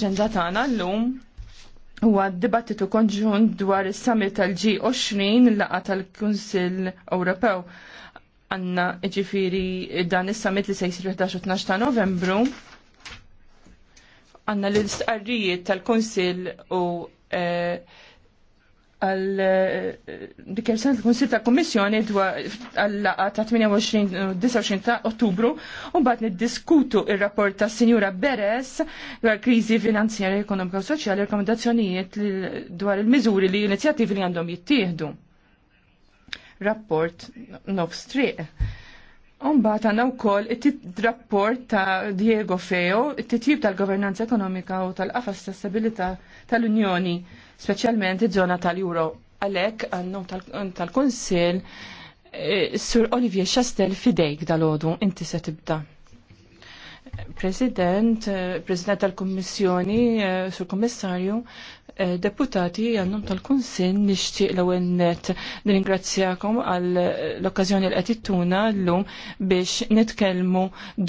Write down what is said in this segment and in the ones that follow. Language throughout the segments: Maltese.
l-ġenda tagħna llum huwa dibattitu konġunt dwar is-summit tal-G20 laqa tal-Kunsill Ewropew. Għanna ġifiri dan is-summit li se jsir 11-12 ta' Novembru. Għanna l-istqarrijiet tal-Kunsill u eh, għal eh, dikjerzjoni tal-Konsil ta' Kommissjoni għal ta' 28-29 ta' Ottubru u bat niddiskutu il-rapport ta' Sinjura Beres dwar krizi finanzjarja, ekonomika u soċjali rekomendazzjonijiet dwar il-miżuri li inizjattivi li għandhom jittieħdu. Rapport nofs triq. Umbat għanna u koll it-rapport ta' Diego Feo, it-titjib tal-governanza ekonomika u tal-qafas ta' stabilita tal-Unjoni speċjalment iż-żona tal-Euro. Għalhekk għannum tal-Kunsill eh, Sur Olivier Chastel fidejk dal ħodu inti se tibda. President, eh, President tal-Kommissjoni, eh, Sur Kommissarju, Eh, deputati għannum tal-Kunsin nixtieq l-ewwel net nirringrazzjakom għal l-okkażjoni l tuna llum biex nitkellmu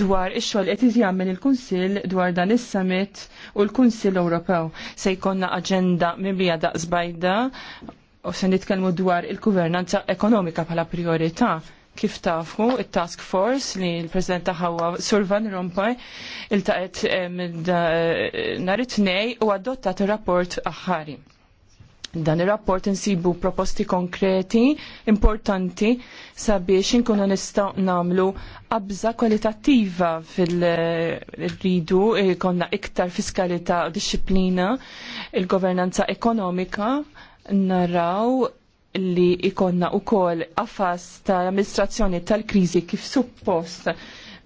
dwar ix-xogħol qed jagħmel il-Kunsill dwar dan is-summit u l-Kunsill Ewropew. Se jkollna aġenda mibija daqs bajda u se nitkellmu dwar il-gvernanza ekonomika bħala priorità kif tafu il-task force li l-President taħawa Sur Van Rompuy il-taqet eh, nhar eh, it u adottat ir-rapport aħħari. Dan ir-rapport insibu proposti konkreti, importanti, sabiex inkunu nistgħu nagħmlu abza kwalitattiva fil-ridu konna iktar fiskalità u disċiplina, il-governanza ekonomika, naraw li ikonna u kol għafas ta' amministrazzjoni tal-krizi kif suppost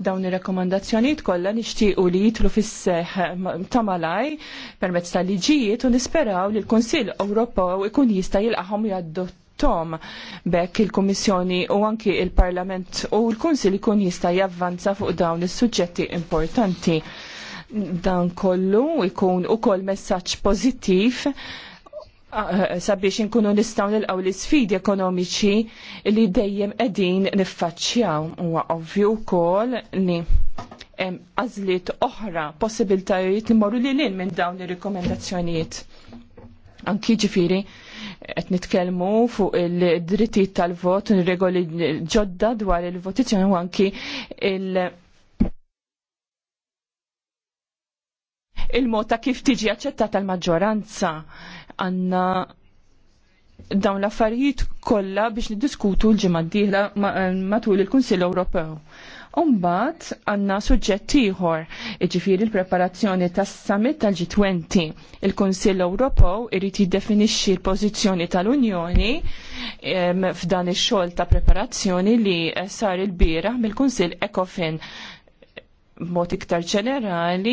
dawn ir-rekomandazzjonijiet kollha nixtiequ li jitlu fis-seħ ta' malaj permezz tal-liġijiet u nisperaw li l-Kunsill Ewropew ikun jista' jilqahom jaddottom bekk il-Kummissjoni u anki il-Parlament u l-Kunsill ikun jista' javvanza fuq dawn is-suġġetti importanti. Dan kollu ikun ukoll messaġġ pożittiv Ah, sabiex inkunu nistgħu nilqaw l-isfidi ekonomiċi li dejjem qegħdin niffaċċjaw. Huwa ovvju wkoll li hemm għażliet oħra possibiltajiet li morru lil minn dawn ir-rikomendazzjonijiet. Anki ġifiri, qed nitkellmu fuq il-drittijiet tal-vot, regoli ġodda dwar il-votizzjoni u anki il- il-mod ta' kif tiġi aċċettata l-maġġoranza għanna dawn l-affarijiet kollha biex niddiskutu l-ġimgħa d-dieħla matul il-Kunsill Ewropew. Umbat għanna suġġett ieħor, jiġifieri l-preparazzjoni tas-summit tal-G20. Il-Kunsill Ewropew irid jiddefinixxi l-pożizzjoni tal-Unjoni f'dan ix-xogħol ta' preparazzjoni li sar il-bieraħ mill-Kunsill ECOFIN b'mod iktar ġenerali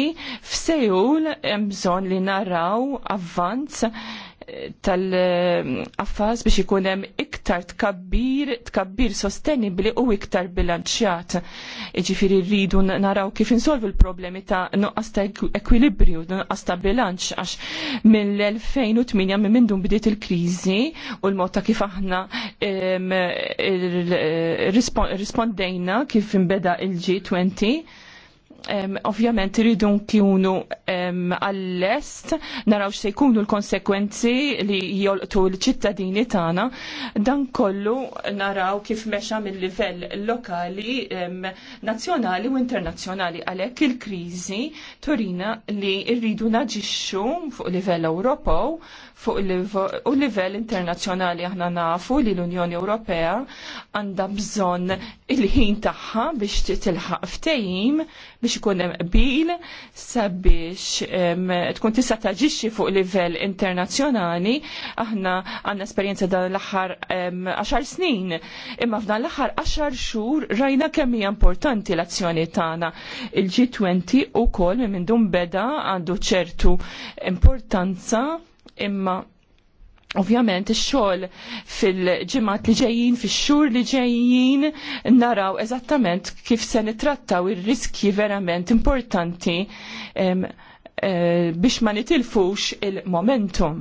f'sejul hemm bżonn li naraw avvanz eh, tal-affaz biex ikun hemm iktar tkabbir, tkabbir sostenibli u iktar bilanċjat. Jiġifieri rridu naraw kif insolvu l-problemi ta' nuqqas ta' ekwilibrju, nuqqas ta' bilanċ għax mill-2008 minn dun bdiet il-kriżi u l-mod ta' kif aħna rispondejna kif inbeda il-G20 ovvjament iridu nkunu għall-est, naraw se jkunu l-konsekwenzi li jolqtu l-ċittadini tagħna, dan kollu naraw kif mexa mill-livell lokali, nazzjonali u internazzjonali għalhekk il-kriżi turina li rridu naġixxu fuq livell Ewropew fuq u livell internazzjonali aħna nafu li l-Unjoni Ewropea għandha bżonn il-ħin tagħha biex tilħaq ftehim biex ikun hemm qbil sabiex tkun tista' taġixxi fuq livell internazzjonali aħna għandna esperjenza dan l-aħħar 10 snin imma f'dan l-aħħar 10 xhur rajna kemm hija importanti l-azzjoni tagħna. Il-G20 ukoll minn dun beda għandu ċertu importanza imma Ovvjament, ix-xogħol fil-ġimgħat li ġejjin, fix-xhur li ġejjin, naraw eżattament kif se nitrattaw ir-riskji verament importanti eh, biex ma nitilfux il-momentum.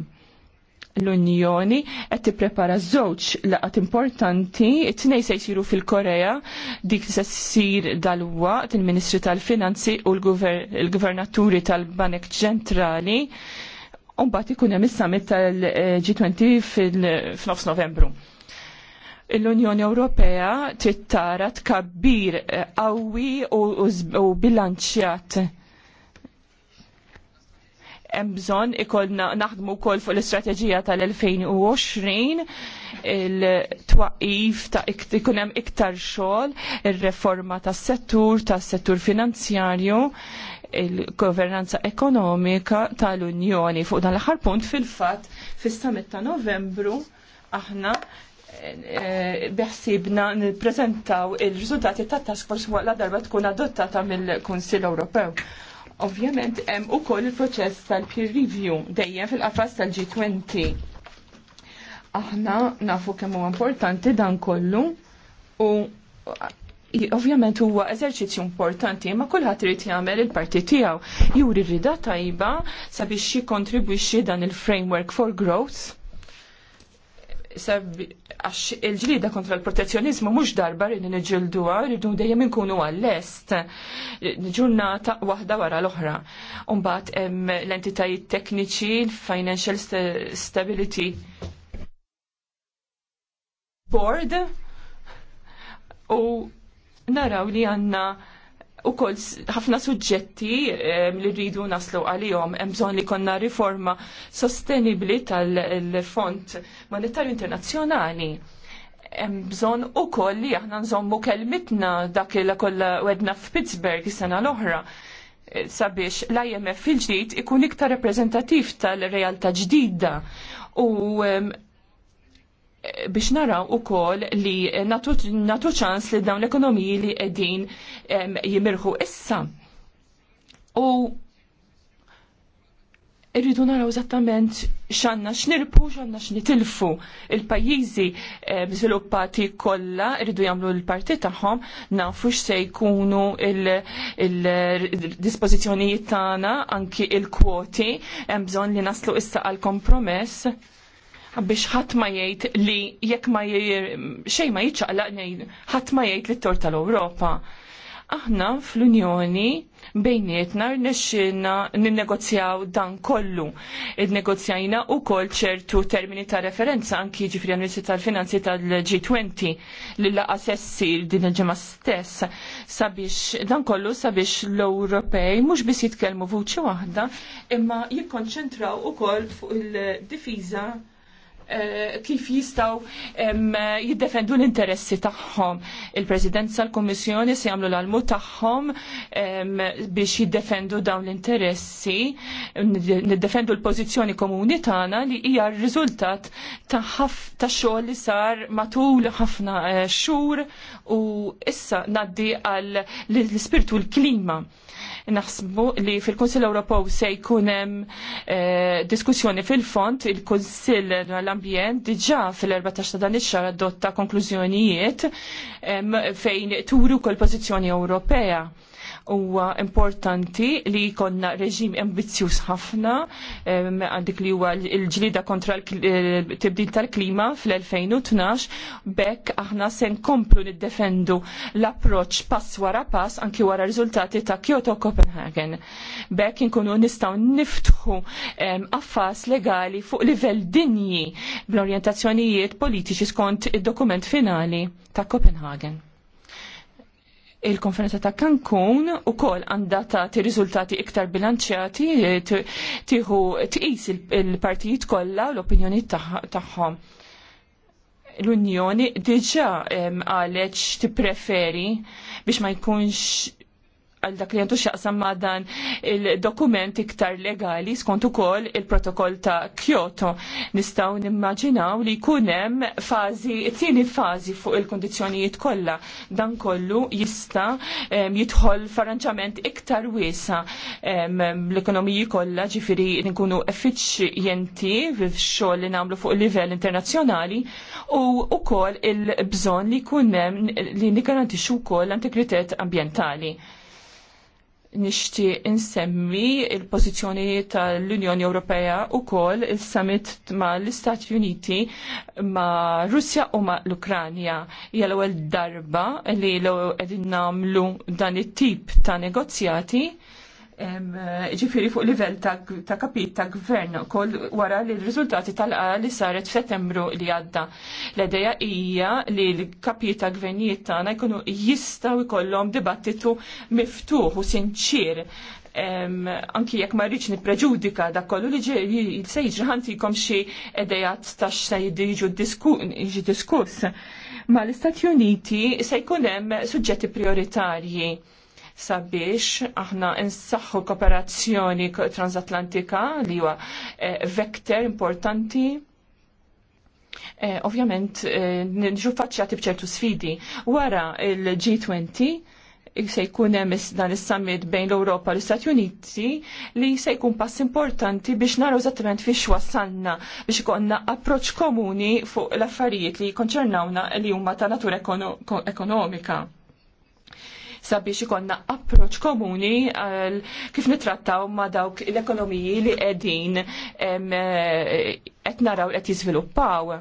L-Unjoni qed tipprepara żewġ laqat importanti, it-tnejn se jsiru fil-Korea, dik se ssir dalwaqt il-Ministri tal-Finanzi u l-Gvernaturi tal-Banek Ċentrali bat ikun hemm is-summit tal-G20 f'nofs Novembru. L-Unjoni Ewropea trid tara tkabbir eh, qawwi u bilanċjat hemm bżonn ikollna naħdmu wkoll fuq l-istrateġija tal-2020 il-twaqif ta' ikun hemm iktar xogħol, ir-reforma tas-settur, tas-settur finanzjarju, il-governanza ekonomika tal-Unjoni. Fuq dan l-aħħar punt fil-fatt fis-summit ta' Novembru aħna eh, eh, beħsibna nippreżentaw il-riżultati tat task force waqla darba tkun adottata mill-Kunsill Ewropew Ovvjament hemm ukoll il-proċess tal-peer review dejjem fil-qafas tal-G20. Aħna nafu kemm huwa importanti dan kollu u ovvjament huwa eżerċizzju importanti, ma kulħadd irid jagħmel il-parti tiegħu. Juri rida tajba sabiex jikkontribwixxi dan il-framework for growth għax il-ġlida kontra l-protezzjonizmu mhux darba rridu niġilduha, rridu dejjem inkunu għall-est, ġurnata waħda wara l-oħra. Umbagħad hemm l-entitajiet tekniċi, l-Financial Stability Board u naraw li għandna u kol ħafna suġġetti li rridu naslu għalihom hemm bżonn li konna riforma sostenibli tal-Fond Monetarju Internazzjonali. Hemm bżonn ukoll li aħna nżommu kelmitna dak li kollha wedna f'Pittsburgh is-sena l-oħra eh, sabiex l-IMF fil-ġdid ikun iktar reprezentativ tal-realtà ġdida u biex naraw u kol li natu ċans li dawn l-ekonomiji li edin jimirħu issa. U irridu naraw eżattament xanna x'nirpu, xanna x'nitilfu. Il-pajjiżi żviluppati kollha irridu jagħmlu l-parti tagħhom nafu x'se jkunu il-dispożizzjonijiet tagħna anki il-kwoti hemm bżonn li naslu issa għal kompromess biex ħadd ma jgħid li jekk ma xejn ma jiċċaqlaq ngħid ħadd ma jgħid li t tort tal-Ewropa. Aħna fl-Unjoni bejnietna rnexxielna ninnegozjaw dan kollu. Id-negozjajna wkoll ċertu termini ta' referenza anki ġifri għal tal-Finanzi tal-G20 li laqa sessir din il ġimgħa stess sabiex dan kollu sabiex l-Ewropej mhux biss jitkellmu vuċi waħda imma jikkonċentraw ukoll fuq il-difiża Eh, kif jistaw jiddefendu l-interessi tagħhom. Il-Presidenza sal kummissjoni se jagħmlu l-almu tagħhom biex jiddefendu dawn l-interessi, niddefendu l-pożizzjoni komuni tagħna li hija r-riżultat ta' xogħol li sar matul ħafna eh, xhur u issa ngħaddi għall l-ispirtu l-klima naħsbu li fil-Kunsill Ewropew se jkun hemm eh, diskussjoni fil-fond il-Kunsill l-Ambjent diġà fil-14 ta' dan ix-xahar adotta konklużjonijiet fejn turu kol pożizzjoni Ewropea huwa importanti li jkollna reġim ambizzjuż ħafna għandik li huwa l-ġlida kontra l-tibdil eh, tal-klima fl-2012 bekk aħna se nkomplu niddefendu l-approċ pass wara pass anki wara riżultati ta' Kyoto Copenhagen. Bekk inkunu nistgħu niftħu affas legali fuq livell dinji bl-orjentazzjonijiet politiċi skont id-dokument finali ta' Copenhagen il-konferenza ta' Cancun u kol għandata ti riżultati iktar bilanċjati tiħu tqis il-partijiet kollha u l-opinjoni tagħhom. L-Unjoni diġa għalet ti preferi biex ma jkunx għal dak li jentu xaqsam ma dan il-dokument iktar legali skont ukoll il-protokoll ta' Kyoto. Nistaw nimmaġinaw li kunem fazi, tieni fazi fuq il-kondizjonijiet kollha. Dan kollu jista jidħol faranġament iktar wiesa l-ekonomiji kollha ġifiri nkunu effiċjenti f'xogħol li nagħmlu fuq livell internazzjonali u wkoll il-bżonn li kunem li nigarantixxu wkoll l-integritet ambjentali nixtieq insemmi il-pożizzjoni tal-Unjoni Ewropea wkoll il-summit ma l-Istati Uniti ma Russja u ma l-Ukranja. Hija l-ewwel darba li l qegħdin nagħmlu dan it-tip ta' negozjati ġifiri fuq livell ta' kapit ta' gvern kol wara li l-rizultati tal-qala li saret f'Settembru li għadda. L-ideja hija li l-kapit ta' gvernijiet tagħna jkunu jistgħu jkollhom dibattitu miftuħ u sinċir anki jekk ma rridx nippreġudika da kollu li se jiġri ħantikom xi edejat tax se jiġi diskuss. Ma l-Istati Uniti se jkun hemm suġġetti prioritarji sabiex aħna nsaħħu kooperazzjoni transatlantika li huwa eh, vektor importanti. Eh, ovvjament, eh, nġu faċċati bċertu sfidi. Wara il-G20, se jkun hemm dan is-summit bejn l-Ewropa u l-Istati Uniti li se jkun pass importanti biex naraw eżattament fiex wassalna biex ikonna approċċ komuni fuq l-affarijiet li jkonċernawna li huma ta' natura ekonomika sabiex ikonna approċ komuni għal kif nitrattaw ma dawk l-ekonomiji li qegħdin eh, qed naraw qed jiżviluppaw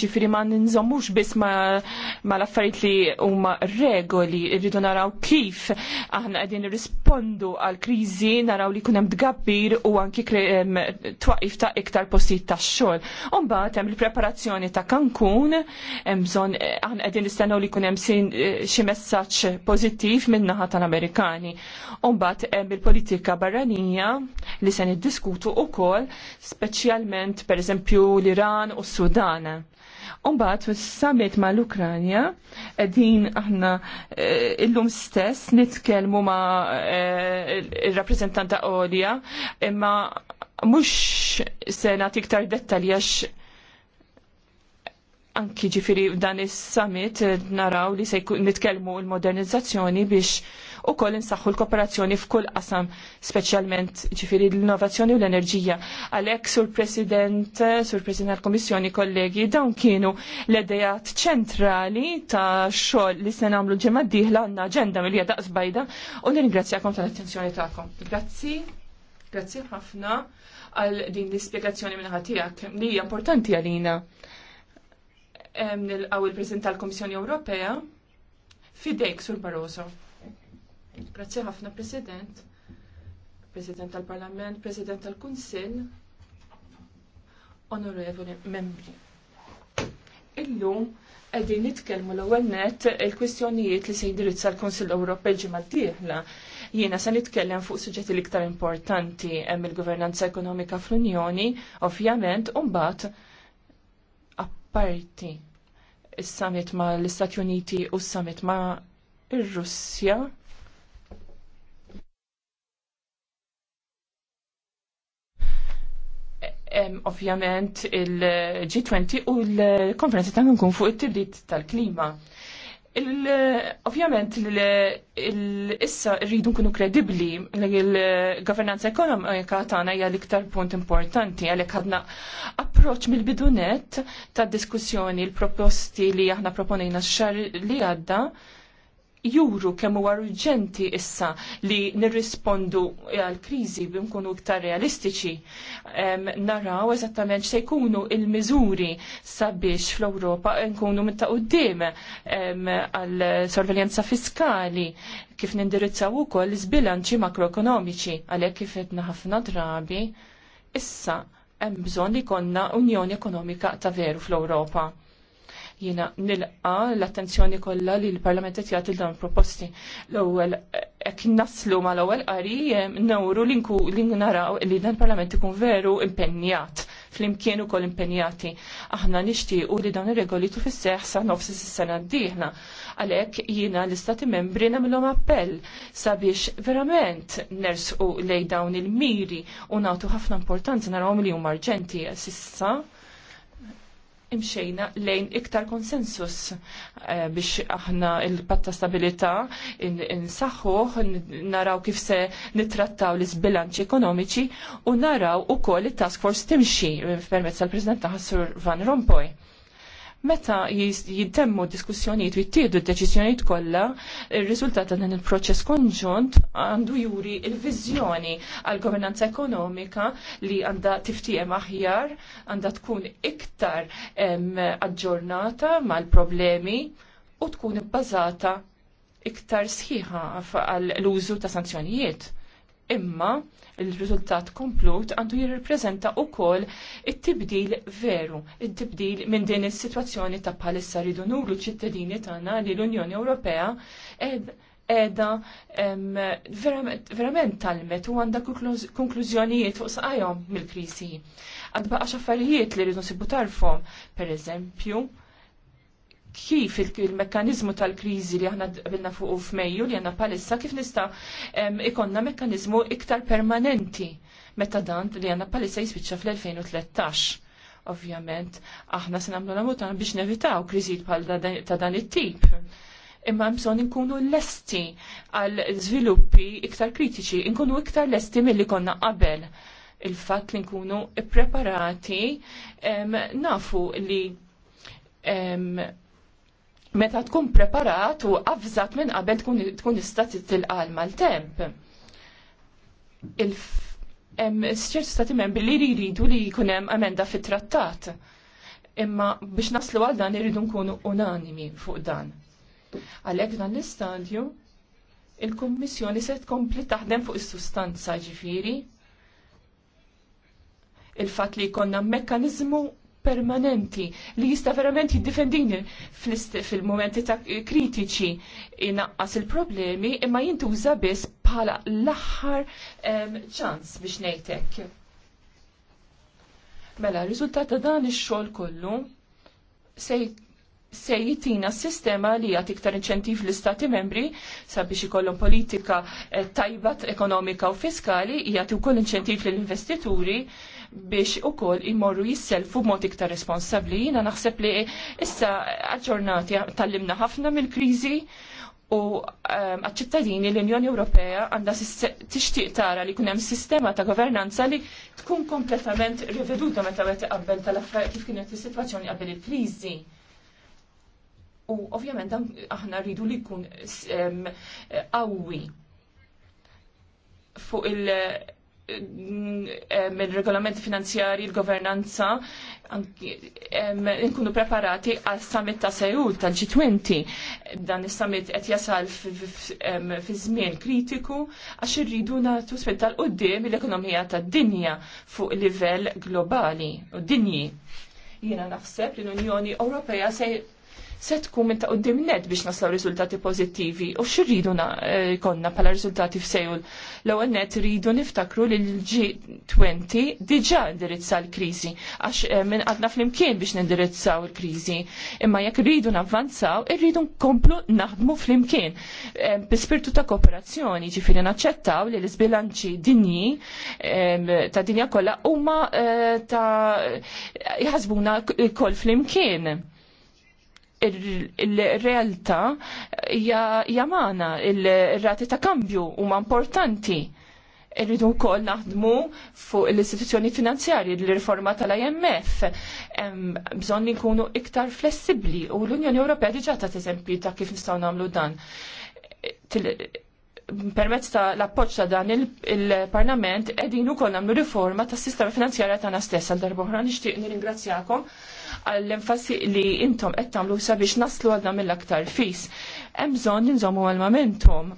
ġifiri ma ninżommux biss ma, ma l-affarijiet li huma regoli, rridu naraw kif aħna qegħdin rispondu għal kriżi, naraw li kunem tgabbir u anki twaqif ta' iktar postijiet ta' xogħol. Umba hemm il-preparazzjoni ta' Cancun, hemm bżonn eh, aħna qegħdin nistennew li kunem eh, xi messaġġ pożittiv min-naħa tal-Amerikani. Umba hemm il-politika barranija li se niddiskutu wkoll speċjalment pereżempju l-Iran u s-Sudan Umbat, summit ma l-Ukranja, din aħna eh, illum stess nitkelmu ma eh, il-rappresentanta Olja, imma mux sena tiktar dettalji għax anki ġifiri dan is-summit eh, naraw li se nitkelmu l-modernizzazzjoni biex u koll insaħħu l-kooperazzjoni f'kull qasam, speċjalment ġifiri l-innovazzjoni u l-enerġija. Għalek, sur President, sur President tal komissjoni kollegi, dawn kienu l-edejat ċentrali ta' xogħol li se nagħmlu ġemma diħla għandna aġenda mill-hija daqs bajda u nirringrazzjakom tal-attenzjoni tagħkom. Grazzi, grazzi ħafna għal din l-ispjegazzjoni minn ħatijak li hija importanti għalina mill-għaw il-President tal-Komissjoni Ewropea fidejk sur Barroso. Grazzi ħafna President, President tal-Parlament, President tal-Kunsill, Onorevoli Membri. Illum qegħdin nitkellmu l-ewwel net il-kwistjonijiet li se jindirizza l-Kunsill Ewropej ġimgħa d-dieħla. Jiena se nitkellem fuq suġġetti l-iktar importanti hemm il-governanza ekonomika fl-Unjoni, ovvjament, u mbagħad apparti is-summit mal istati Uniti u s-summit ma' ir-Russja ovvjament il-G20 u l-konferenza ta' nkun fuq it-tibdit tal-klima. Ovvjament, issa rridu nkunu kredibli l governanza ekonomika tagħna hija l-iktar punt importanti għalhekk għadna approċċ mill-bidunet ta' diskussjoni l-proposti li aħna proponejna x-xar li għadda juru kemm huwa urġenti issa li nirrispondu għal kriżi bi nkunu iktar realistiċi. Naraw eżattament se jkunu il-miżuri sabiex fl-Ewropa nkunu minn ta' qudiem għal sorveljanza fiskali kif nindirizzaw ukoll l-iżbilanċi makroekonomiċi għalhekk kif qedna ħafna drabi issa hemm bżonn li konna Unjoni Ekonomika ta' veru fl-Ewropa Jiena nilqa l-attenzjoni kollha li l-Parlament qed jagħti dan proposti. L-ewwel hekk naslu mal-ewwel qari nawru li li naraw li dan il-Parlament ikun veru impenjat flimkien ukoll impenjati. Aħna nixtiequ li dawn ir-regoli fisseħ sa nofs is-sena d-dieħla. Għalhekk jiena l-Istati Membri nagħmilhom appell sabiex verament nersqu lejn dawn il-miri u nagħtu ħafna importanza narawhom li huma arġenti s'issa imxejna lejn iktar konsensus eh, biex aħna il-patta stabilita nsaħħuħ, naraw kif se nitrattaw l-izbilanċi ekonomiċi u naraw u koll il-task force timxi permezz tal-President Van Rompuy Meta jintemmu diskussjonijiet u jittiedu d-deċizjonijiet kollha, il riżultat ta' dan il-proċess konġunt għandu juri il-viżjoni għal governanza ekonomika li għandha tiftijem aħjar, għandha tkun iktar aġġornata mal-problemi u tkun ibbażata iktar sħiħa għal l-użu ta' sanzjonijiet imma il-riżultat komplut għandu jirrippreżenta wkoll il tibdil veru, il tibdil minn din is-sitwazzjoni ta' bħalissa ridu nuru ċittadini tagħna li l-Unjoni Ewropea edha verament talmet u għandha konklużjonijiet fuq saqajhom mill-krisi. Għadbaqa xaffarijiet li rridu nsibu tarfhom, per eżempju, kif il-mekkanizmu tal-krizi li aħna bilna fuq f'Mejju li għanna palissa kif nista' ikonna mekkanizmu iktar permanenti meta dan li għanna palissa jisbitxa fl-2013. Ovvjament, aħna se nagħmlu namutan biex nevitaw krizi bħal ta' dan it-tip. Imma bżonn inkunu lesti għal żviluppi iktar kritiċi, inkunu iktar lesti milli konna qabel il-fatt li nkunu ippreparati nafu li meta tkun preparat u avżat minn qabel tkun tista' titilqal mal-temp. Hemm ċertu stati membri li jridu li jkun hemm emenda fit-trattat. Imma biex naslu għal dan irridu nkunu unanimi fuq dan. Għalhekk dan l-istadju il-Kummissjoni se tkompli taħdem fuq is-sustanza ġifiri il-fatt li jkollna mekkaniżmu permanenti li jista verament jiddifendini fil-momenti ta' kritiċi inaqqas il-problemi imma jintuża biss bħala l-aħħar ehm, ċans biex ngħidlek. Mela, riżultat ta' dan ix-xogħol kollu se jitina sistema li għat iktar inċentiv l-istati membri sabiex ikollhom politika eh, tajba ekonomika u fiskali jgħati wkoll inċentiv l-investituri biex ukoll imorru jisselfu mod iktar responsabbli. Jiena naħseb li issa aġġornati tallimna ħafna mill-kriżi u ehm, għadċittadini ċittadini l-Unjoni Ewropea għandha tixtieq tara li jkun hemm sistema ta' governanza li tkun kompletament riveduta meta qed qabel tal-affarijiet kif kienet is-sitwazzjoni qabel il-kriżi. U ovvjament aħna rridu li jkun ehm, qawwi fuq il- il-regolament finanzjari, il-governanza, nkunu preparati għal summit ta' sejut tal-G20. Dan is-summit qed jasal fi żmien kritiku għax irridu nagħtu spett tal-qudiem l-ekonomija tad-dinja fuq livell globali u dinji. Jiena naħseb li l-Unjoni Ewropea se se tkun minn ta' qoddim net biex naslaw rizultati pożittivi u xirridu eh, konna pala riżultati f'sejul. L-ewwel net rridu niftakru li l-G20 diġà indirizza l-kriżi għax eh, minn għadna flimkien biex nindirizzaw il-kriżi. Imma jekk rridu navvanzaw, irridu nkomplu naħdmu flimkien. Eh, Bispirtu ta' kooperazzjoni ġifiri naċċettaw li l-isbilanċi dinji ta' dinja kollha huma ta' jħazbuna kol flimkien il-realtà jamana, il-rati ta' kambju huma importanti. Irridu wkoll naħdmu fuq l-istituzzjoni finanzjarji l-riforma tal-IMF. Bżonn nkunu iktar flessibbli u l-Unjoni Ewropea diġà ta' eżempji ta' kif nistgħu nagħmlu dan. Permezz ta' l-appoġġ ta' dan il-Parlament qegħdin ukoll nagħmlu riforma tas-sistema finanzjarja tagħna stessa għal darbohra nishtiq nixtieq nirringrazzjakom għall-enfasi li intom qed tagħmlu sabiex naslu għadna mill-aktar fis. Hemm bżonn inżommu għall momentum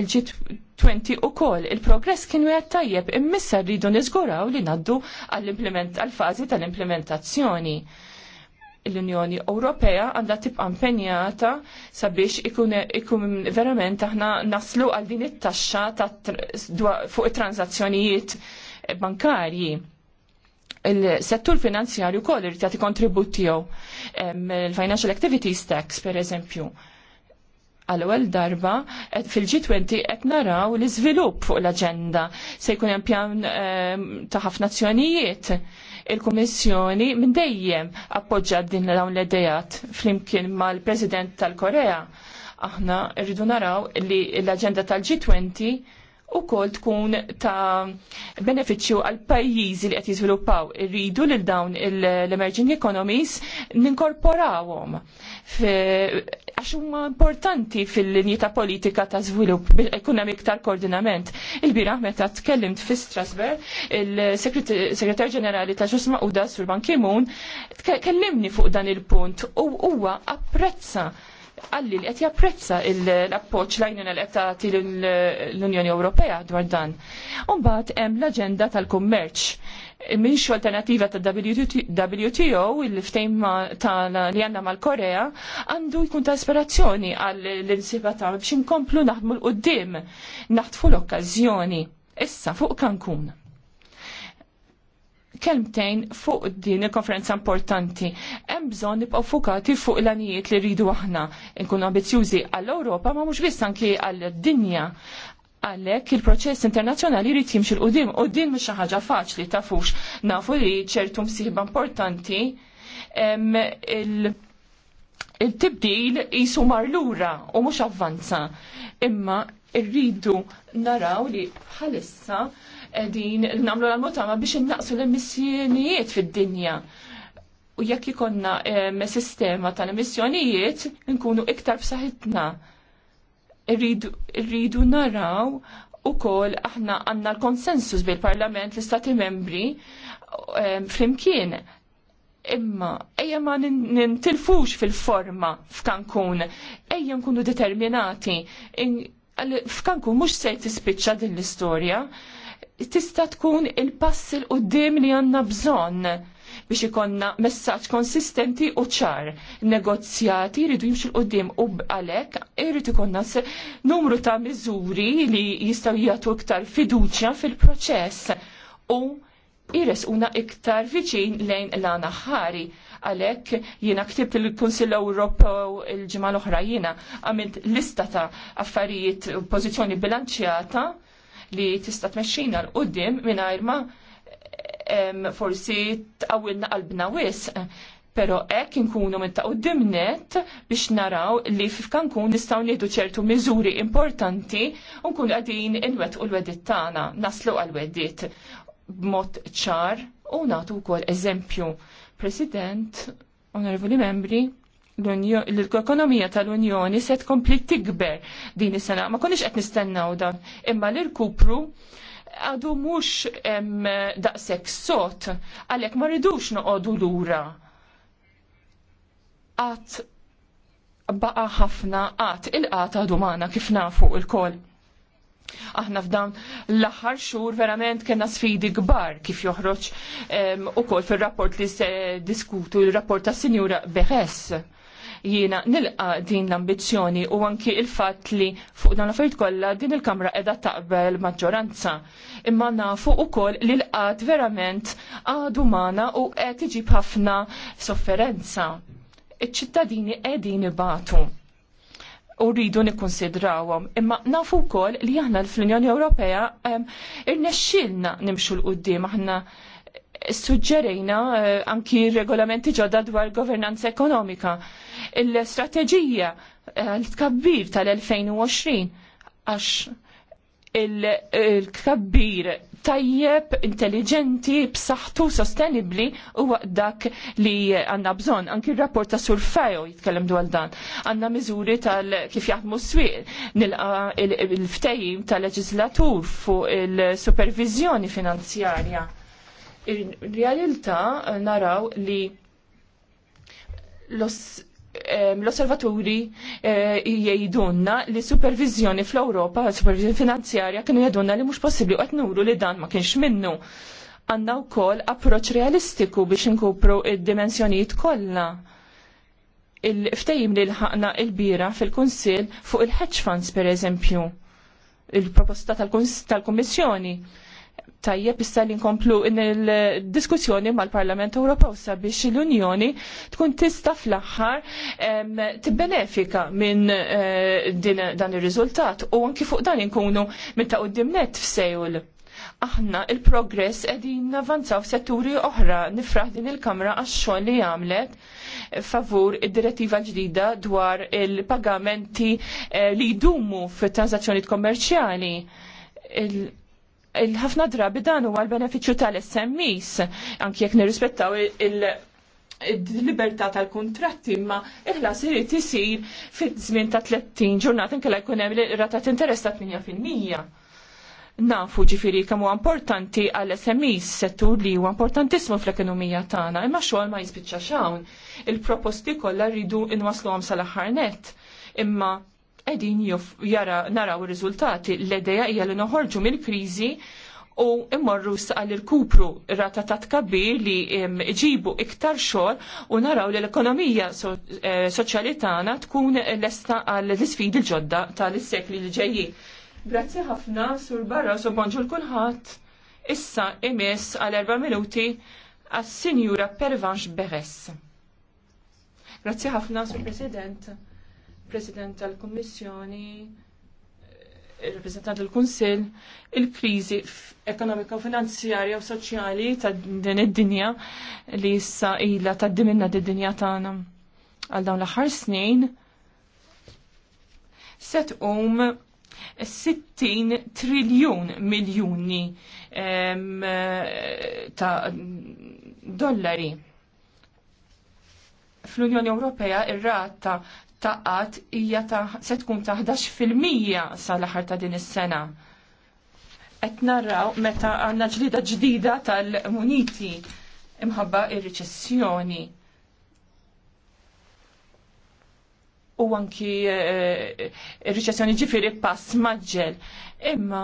il il-G20 u il-progress kienu għed tajjeb immissa rridu nizguraw li naddu għal-fazi tal-implementazzjoni. L-Unjoni Ewropea għandha tibqa' impenjata sabiex ikun verament aħna naslu għal din it-taxxa fuq it-transazzjonijiet bankarji il-settur finanzjarju kol irrid jagħti kontribut tiegħu il-financial activities tax per eżempju. Għal-ewwel darba fil-G20 qed naraw l-iżvilupp fuq l-aġenda se jkun hemm pjan ta' ħafna azzjonijiet il-Kummissjoni minn dejjem appoġġa din dawn l-idejat flimkien mal-President tal-Korea. Aħna rridu naraw li l-aġenda tal-G20 u kol tkun ta' beneficju għal pajjiżi li qed jiżviluppaw. Irridu lil dawn l-emerging economies ninkorporawhom għax huma importanti fil-linji ta' politika ta' żvilupp ikun hemm iktar koordinament. Il-bira meta tkellimt fi Strasberg, il-Segretar Ġenerali ta' Ġusma Maquda Sur Ban Kimun, tkellimni fuq dan il-punt u huwa apprezza għalli li qed japprezza l-appoġġ lajnuna l tagħti l-Unjoni Ewropea dwar dan. Umbagħad hemm l-aġenda tal-kummerċ minx alternativa ta' WTO il-ftejm ta' li għanna mal-Korea għandu jkun ta' ispirazzjoni għall l-insiba ta' biex nkomplu naħdmu l-qoddim naħtfu l-okkazjoni. Issa fuq kankun kelmtejn fuq din il-konferenza importanti. Hemm bżonn nibqgħu fukati fuq l-anijiet li rridu aħna nkunu ambizjużi għall-Ewropa ma mhux biss anki għall-dinja għalek il-proċess internazjonali jrid jimxil qudiem u din mhux xi ħaġa faċli tafux nafu li ċertu msiħba importanti il-tibdil jisu marlura u mhux avvanza. Imma rridu naraw li bħalissa edin namlu l-mutama biex innaqsu l-emissjonijiet fid-dinja. U jekk ikonna sistema tal-emissjonijiet, nkunu iktar b'saħitna. Irridu naraw u kol aħna għanna l-konsensus bil-parlament l-istati membri flimkien imma ejja ma nintilfux fil-forma f'Kankun, ejja nkunu determinati. F'Kankun mhux se tispiċċa din l-istorja, tista' tkun il-pass il qudiem li għandna bżonn biex ikonna messaġġ konsistenti u ċar. Negozjati jridu jimxu l-qoddim u għalhekk irid ikonna numru ta' miżuri li jistgħu jagħtu iktar fiduċja fil-proċess u jiresquna iktar viċin lejn l-għana ħari għalek jiena ktibt il-Kunsill Ewropew il-ġimgħa l-oħra jiena għamilt lista ta' affarijiet pożizzjoni bilanċjata li tista' tmexxina l qudiem mingħajr ma forsi tqawilna qalbna wisq. Pero hekk inkunu minn ta' net biex naraw li f'Kankun nistaw nieħdu ċertu miżuri importanti u nkun qegħdin inwet u l-wedit tagħna naslu għal-wedit b'mod ċar u nagħtu wkoll eżempju. President, onorevoli membri, l-ekonomija tal-Unjoni se tkompli tikber din is-sena. Ma konniex qed nistennaw dan. Imma l kupru għadu mhux daqshekk sot għalhekk ma rridux noqogħdu lura. Qatt baqa' ħafna qatt il-qatt għadu magħna kif nafu il Aħna f'dan l-aħħar xhur verament kena sfidi kbar kif joħroġ ukoll fir-rapport li se diskutu, il-rapport tas Sinjura Beres Jiena nilqa din l-ambizzjoni u anki il-fatt li fuq dan l-affarijiet kollha din il-Kamra qiegħda taqbel maġġoranza. Imma nafu wkoll li l-qad verament għadu mana u qed iġib ħafna sofferenza. Iċ-ċittadini qegħdin ibatu u rridu nikkonsidrawhom. Imma nafu wkoll li aħna fl-Unjoni Ewropea irnexxilna nimxu l-qudiem aħna suġġerejna eh, anki regolamenti ġodda dwar governanza ekonomika. Il-strateġija eh, l-tkabbir tal-2020 għax il-kabbir tajjeb, intelligenti, b'saħħtu sostenibli huwa dak li għandna bżonn. Anki r-rapport ta' Surfejo jitkellem dwar dan. Għandna miżuri tal kif jaħdmu s-swieq, nilqa il-ftejim tal-leġislatur fuq il-supervizjoni finanzjarja realtà eh, naraw li eh, l-osservaturi eh, jgħidunna li supervizjoni fl-Europa, supervizjoni finanzjarja, kienu jgħidunna li mux possibli għat nuru li dan ma kienx minnu. Għanna u koll approċ realistiku biex nkupru id-dimensjonijiet kollha il-ftejim li l-ħakna il-bira fil-Kunsil fuq il-hedge funds per eżempju, il-proposta tal-Kommissjoni. tal kommissjoni tajjeb issa li nkomplu il-diskussjoni mal-Parlament Ewropew sabiex l-Unjoni tkun tista' fl-aħħar tibbenefika minn eh, dan ir-riżultat u anki fuq dan inkunu minn ta' qudiem net f'sejul. Aħna il-progress qegħdin navanzaw setturi oħra nifraħ din il-Kamra għax-xogħol li għamlet favur id-direttiva ġdida dwar il-pagamenti eh, li jdumu fit-transazzjoni kommerċjali il-ħafna drabi dan huwa l-beneficju tal-SMEs, anki jekk nirrispettaw il-libertà tal-kontratti, imma il-ħlas irid isir fiż-żmien ta' 30 ġurnata inkella jkun hemm rata ta' interess ta' 8%. Nafu ġifiri kemm huwa importanti għall smis settur li huwa importantissimu fl-ekonomija tagħna, imma xogħol ma jispiċċax hawn. Il-proposti kollha rridu inwasluhom sal-aħħar net imma edin jara naraw rizultati l-edeja hija li noħorġu mill-kriżi u immorru saqal il-kupru rata ta' tkabbir li ġibu iktar xor u naraw li l-ekonomija eh, soċjali tagħna tkun lesta għal l-isfidi l-ġodda tal-sekli li ġejji. Grazzi ħafna, Sur Barra, so bonġu l-kulħadd. Issa imis għal erba' minuti għas-Sinjura Pervanx Beres. Grazzi ħafna, Sur President. President tal-Kummissjoni, il-Reprezentant tal-Kunsill, il-kriżi ekonomika u finanzjarja u soċjali ta' din id-dinja li issa ilha din d-dinja tagħna għal dawn l-aħħar snin set um 60 triljun miljuni ta' dollari fl-Unjoni Ewropea ir-rata ta' hija ta' se tkun ta' 11% sal-aħħar ta' din is-sena. Qed narraw meta għandna ġlida ġdida tal-muniti imħabba ir-riċessjoni. u anki eh, il-riċessjoni ġifiri pass maġġel. Imma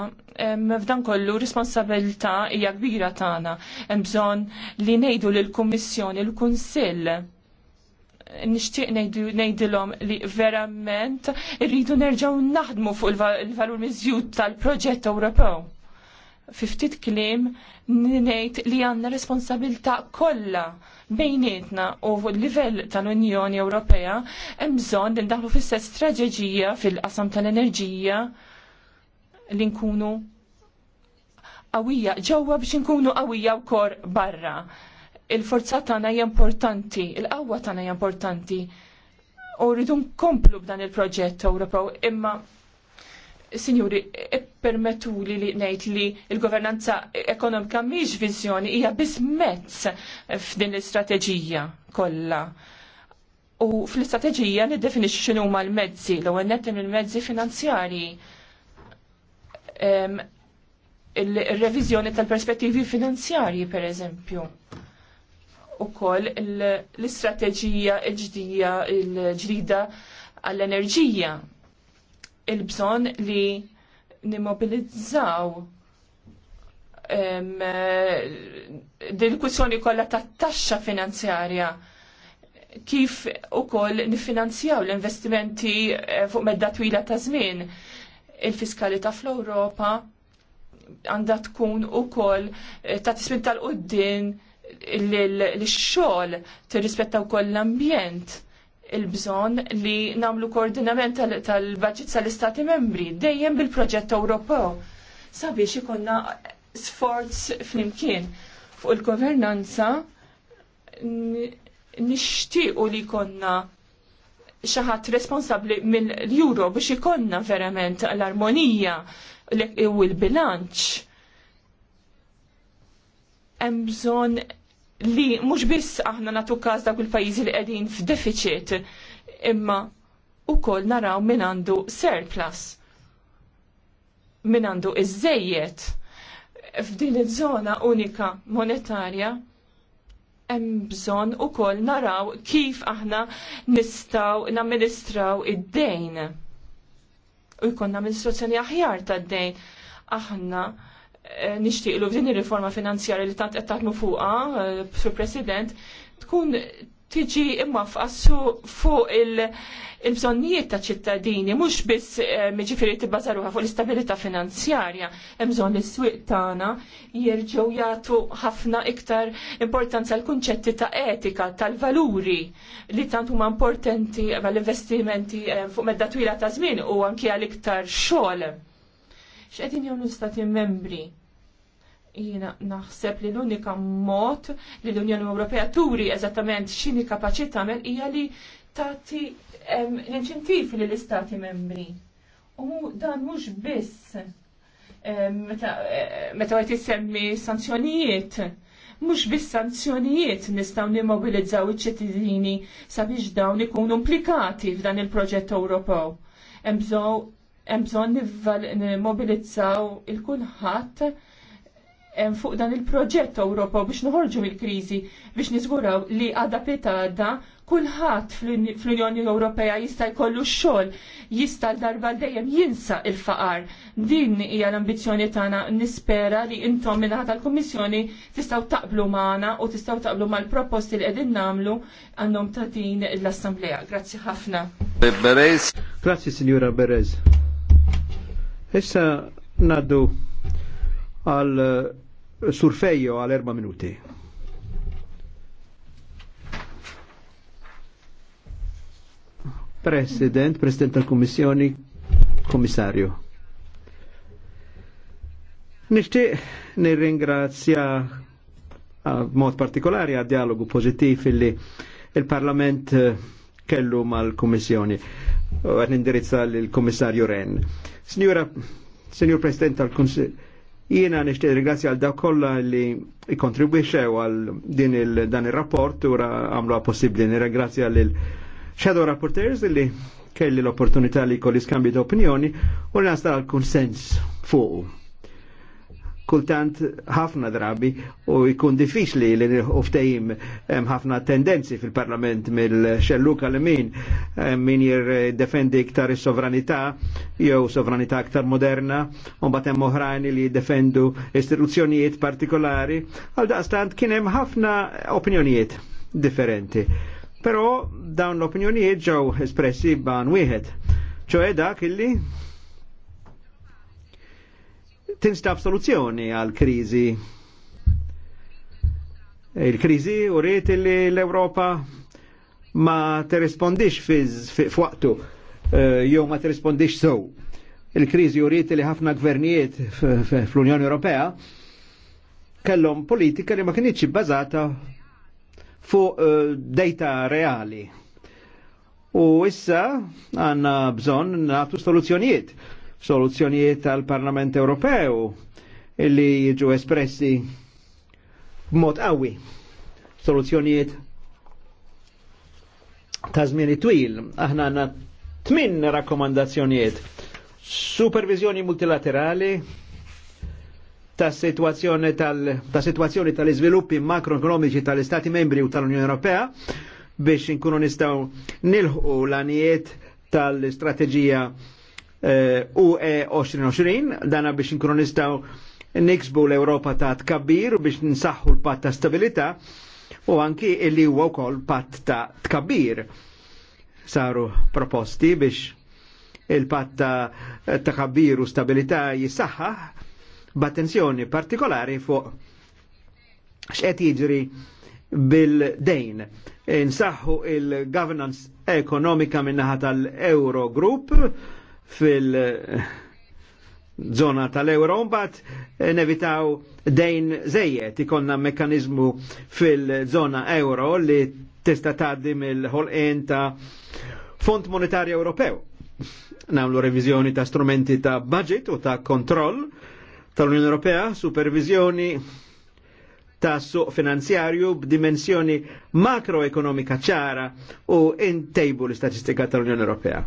f'dan kollu responsabilità hija kbira tagħna. Hemm bżonn li ngħidu lill-Kummissjoni, l-Kunsill nixtieq ngħidilhom li verament irridu nerġgħu naħdmu fuq il-valur miżjud tal-proġett Ewropew. Fiftit klim kliem ngħid li għandna responsabilità kollha bejnietna u livell tal-Unjoni Ewropea hemm bżonn li ndaħlu fis-sess fil-qasam tal-enerġija li nkunu qawwija ġewwa biex nkunu qawwija wkoll barra il-forza tagħna hija importanti, il-qawwa tagħna hija importanti. U rridu nkomplu b'dan il-proġett Ewropew imma Sinjuri, e permettu li li nejt li il-governanza ekonomika miex vizjoni hija biss mezz f'din l-istrateġija kollha. U fl-istrateġija niddefinixxu x'inhu huma l-mezzi, l-ewwel nettem il-mezzi finanzjarji. Il-reviżjoni tal-perspettivi finanzjarji, per eżempju ukoll l-istrateġija ġdija l-ġdida għall-enerġija. Il-bżon li nimmobilizzaw dil-kwissjoni kollha tat-taxxa finanzjarja kif ukoll nifinanzjaw l-investimenti eh, fuq medda twila ta' żmien il-fiskalità fl-Ewropa għandha tkun ukoll eh, ta' tismin tal-qoddin l-xogħol tirrispetta wkoll l-ambjent il-bżon li namlu koordinament tal-budget tal-istati membri dejjem bil-proġett Ewropew sabiex ikonna sforz flimkien fuq il-governanza nixtiequ li konna xaħat responsabli mill-euro biex ikonna verament l-armonija u l-bilanċ. Hemm bżonn li mhux biss aħna natu każ dak il-pajjiżi li qegħdin f'deficit, imma ukoll naraw min għandu surplus, min għandu iżejjed f'din iż-żona unika monetarja hemm bżonn ukoll naraw kif aħna nistgħu namministraw id-dejn. U jkollna amministrazzjoni aħjar tad-dejn aħna Eh, l f'din ir-riforma finanzjarja li tant qed taħdmu fuqha, eh, Sur President, tkun tiġi imma fuq il-bżonnijiet ta' ċittadini, mhux biss eh, miġifieri tibbażaruha fuq l-istabilità finanzjarja, hemm bżonn li s-swieq tagħna jerġgħu jagħtu ħafna iktar importanza l kunċetti ta' etika, tal-valuri li tant huma importanti għall-investimenti fuq medda twila ta' żmien u anke għal iktar xogħol x'qegħdin jagħmlu stati membri. Jiena naħseb li l-unika mod li l-Unjoni Ewropea turi eżattament x'inhi kapaċi tagħmel hija li tagħti l-inċentiv lill istati membri. U dan mhux biss meta qed jissemmi sanzjonijiet. Mux biss sanzjonijiet nistaw nimmobilizzaw iċ-ċittadini sabiex dawn ikunu implikati f'dan il-proġett Ewropew. Emżow hemm bżonn nimmobilizzaw il-kulħadd fuq dan il-proġett Ewropa biex noħorġu mill-kriżi biex niżguraw li għadha pitada kulħadd fl-Unjoni Ewropea jista' jkollu xogħol, jista' l-darba dejjem jinsa il-faqar. Din hija l-ambizzjoni tagħna nispera li intom minn tal-Kummissjoni tistgħu taqblu magħna u tistgħu taqblu mal-proposti li qegħdin nagħmlu għandhom ta' din l-Assemblea. Grazzi ħafna. Grazzi Sinjura Berez. Issa naddu għal eh, surfejo għal erba minuti. President, President tal-Kommissjoni, Kommissarju. Nishtiq nirringrazzja eh, mod partikolari għad dialogu pozittiv illi il-Parlament eh, kellu mal-Kommissjoni għat nindirizza l-Kommissarju Ren. Signora, Signor President tal Consiglio, jiena nishtiet ringrazzja għal daw kollha li kontribwixxew għal din il dan ir-rapport u għamluha possibbli. Nirringrazzja lil Shadow Rapporteurs li kelli l-opportunità li kolli skambju ta' opinjoni u nastal għal konsens fuq kultant ħafna drabi u jkun diffiċli li uftejim hemm ħafna tendenzi fil-parlament mill-xelluka li min min jir-defendi iktar sovranità jew sovranità iktar moderna un batem oħrajn li defendu istituzzjonijiet partikolari għal daqstant kien hemm ħafna opinjonijiet differenti. Però dawn l-opinjonijiet ġew espressi ban wieħed. ċoe dak illi tinstab soluzzjoni għal kriżi. Il-kriżi u rrit li l-Europa ma tirrispondix fuqtu. Eh, jew ma tirrispondix sow. Il-kriżi u rrit li ħafna gvernijiet fl-Unjoni Ewropea kellhom politika li ma kienitx bbażata fuq eh, data reali. U issa għanna bżon natu soluzzjonijiet soluzzjonijiet tal-Parlament Ewropew illi jiġu espressi b'mod qawwi. Soluzzjonijiet ta' żmien twil. Aħna għandna tmin rakkomandazzjonijiet. Supervizjoni multilaterali, ta' situazzjoni tal iżviluppi ta makroekonomiċi tal-Istati membri u tal-Unjoni Ewropea biex inkunu nistaw nilħu l-anijiet tal-istrateġija Eh, UE 2020, dana biex nkronistaw niksbu l-Europa ta' tkabbir biex nsaħħu l-pat ta' stabilita u anki illi huwa wkoll pat ta' tkabbir. Saru proposti biex il-pat ta' tkabbir u stabilita jisaħħa b'attenzjoni partikolari fuq x'qed jiġri bil-dejn. Nsaħħu il-governance ekonomika minnaħa tal eurogroup Group fil- zona tal-euro, mbagħad eh, nevitaw dejn zejjed ikonna mekkanizmu fil-zona euro li tista' tgħaddi mill-ħolqien ta' Fond Monetarju Ewropew. Nagħmlu reviżjoni ta' strumenti ta' budget u ta' kontroll tal-Unjoni Ewropea, supervizjoni ta' suq finanzjarju b'dimensjoni makroekonomika ċara u intejbu l-istatistika tal-Unjoni Ewropea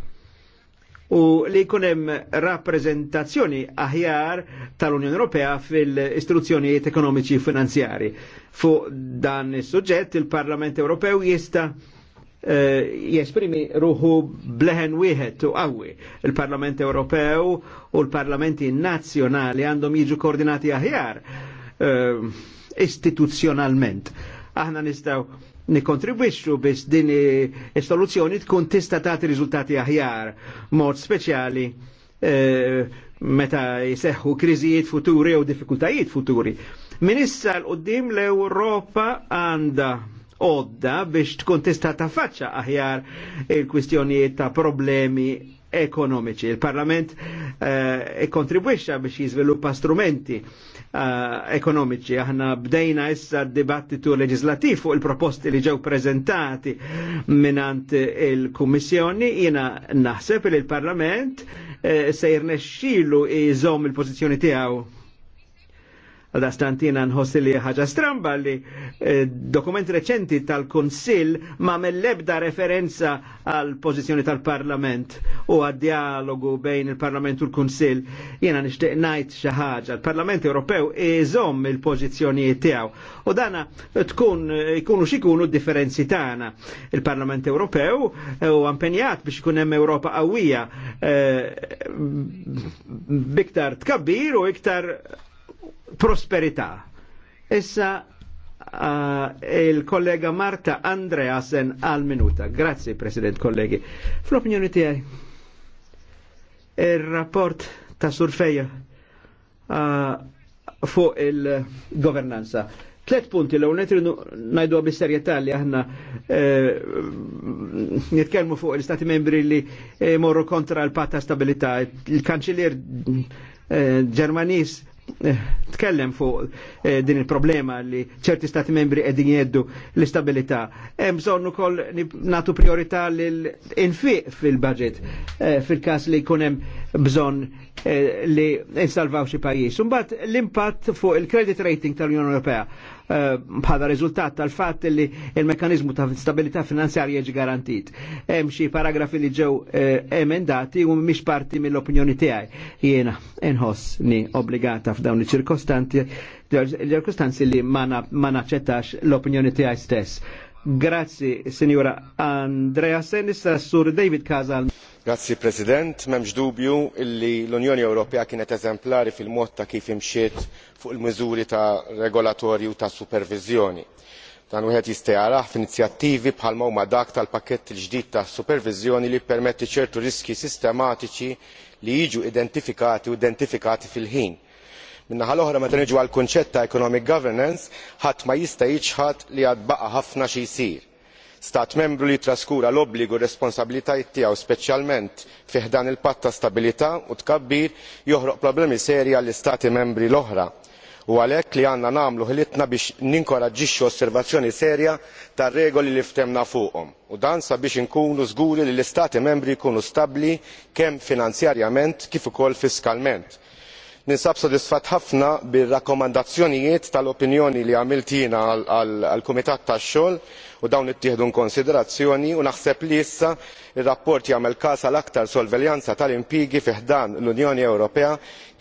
u li jkunem rappresentazzjoni aħjar tal-Unjoni Ewropea fil-istruzzjonijiet ekonomiċi finanzjari. Fu dan is-suġġett il parlament Ewropew jista' eh, jesprimi ruħu bleħen wieħed u għawi Il-Parlament Ewropew u l-Parlamenti nazzjonali għandhom jiġu koordinati aħjar eh, istituzzjonalment. Aħna nistgħu nikontribwixxu biex din is-soluzzjoni tkun tista' tagħti riżultati aħjar mod speċjali eh, meta jseħħu kriżijiet futuri u diffikultajiet futuri. Min issa l qudiem l-Ewropa għandha odda biex tkun tista' tafaċċa aħjar il-kwistjonijiet ta' problemi ekonomiċi. Il-Parlament eh, kontribwisċa biex jizviluppa strumenti eh, ekonomiċi. Aħna bdejna issa d dibattitu leġislativ fuq il-proposti li ġew prezentati minant il-Kummissjoni. Jina naħseb il-Parlament eh, se jirnexxilu jżomm il-pożizzjoni tiegħu Għada stantina nħossi li ħaġa stramba li eh, dokument reċenti tal-Konsil ma mill-ebda referenza għal pożizzjoni tal-Parlament u għad dialogu bejn il-Parlament u l-Konsil. Jena nishtiq najt xi ħaġa. parlament Ewropew iżomm il-pożizzjonijiet tiegħu. U dana tkun ikunu xikunu differenzi tagħna. Il-Parlament Ewropew u għampenjat biex ikun hemm Ewropa qawwija eh, biktar tkabbir u iktar prosperità. Issa uh, ah, il-kollega Marta Andreasen għal minuta. Grazie, President, kollegi. Fl-opinjoni tiegħi, il-rapport ta' surfeja uh, ah, fuq il-governanza. Tlet punti l għonet najdu għabi serjetà li aħna eh, nitkelmu fuq l stati membri li eh, morru kontra l-patta stabilità. Il-kanċilir eh, Ġermanis tkellem fuq eh, din il-problema li ċerti stati membri edin jeddu l-istabilità. Hemm bżonn ukoll natu priorità l-infiq fil-budget eh, fil-każ li jkun hemm bżonn eh, li insalvaw xi pajjiż. Imbagħad l-impatt fuq il-credit rating tal-Unjoni Ewropea Eh, bħala riżultat tal-fatt li il-mekanizmu ta' stabilità finanzjarja ġi garantit. Hemm xi paragrafi li ġew eh, emendati u mhix parti mill-opinjoni tiegħi. Jiena inħoss ni obbligata f'dawn iċ-ċirkostanti ċirkostanzi li ma naċċettax l-opinjoni tiegħi stess. Grazzi, Signora Andrea Senis, Sur David Casal. Grazzi President, m'hemmx dubju li l-Unjoni Ewropea kienet eżemplari fil-mod ta' kif imxiet fuq il-miżuri ta' regolatorju ta' superviżjoni. Dan wieħed jista' jarah f'inizjattivi bħalma huma dak tal-pakkett il-ġdid ta' superviżjoni li jippermetti ċertu riskji sistematiċi li jiġu identifikati u identifikati fil-ħin. Min-naħa l-oħra meta niġu għall kunċett ta' economic governance ħadd ma jista' jiġħad li għad baqa' ħafna xi jsir stat membru li traskura l-obbligu u r-responsabbiltajiet tiegħu speċjalment fi ħdan il-patt ta' stabbiltà u tkabbir joħroq problemi serji għall istati membri l-oħra u għalhekk li għandna nagħmlu ħilitna biex ninkoraġġixxu osservazzjoni serja tar-regoli li ftehmna fuqhom u dan sabiex inkunu żguri li l-istati membri jkunu stabbli kemm finanzjarjament kif ukoll fiskalment ninsab sodisfatt ħafna bir rakkomandazzjonijiet tal opinjoni li għamilt jiena għall kumitat tax xogħol u dawn ittieħdu konsiderazzjoni, u naħseb li issa ir-rapport jagħmel każ għal aktar sorveljanza tal impjiegi fi ħdan l-unjoni ewropea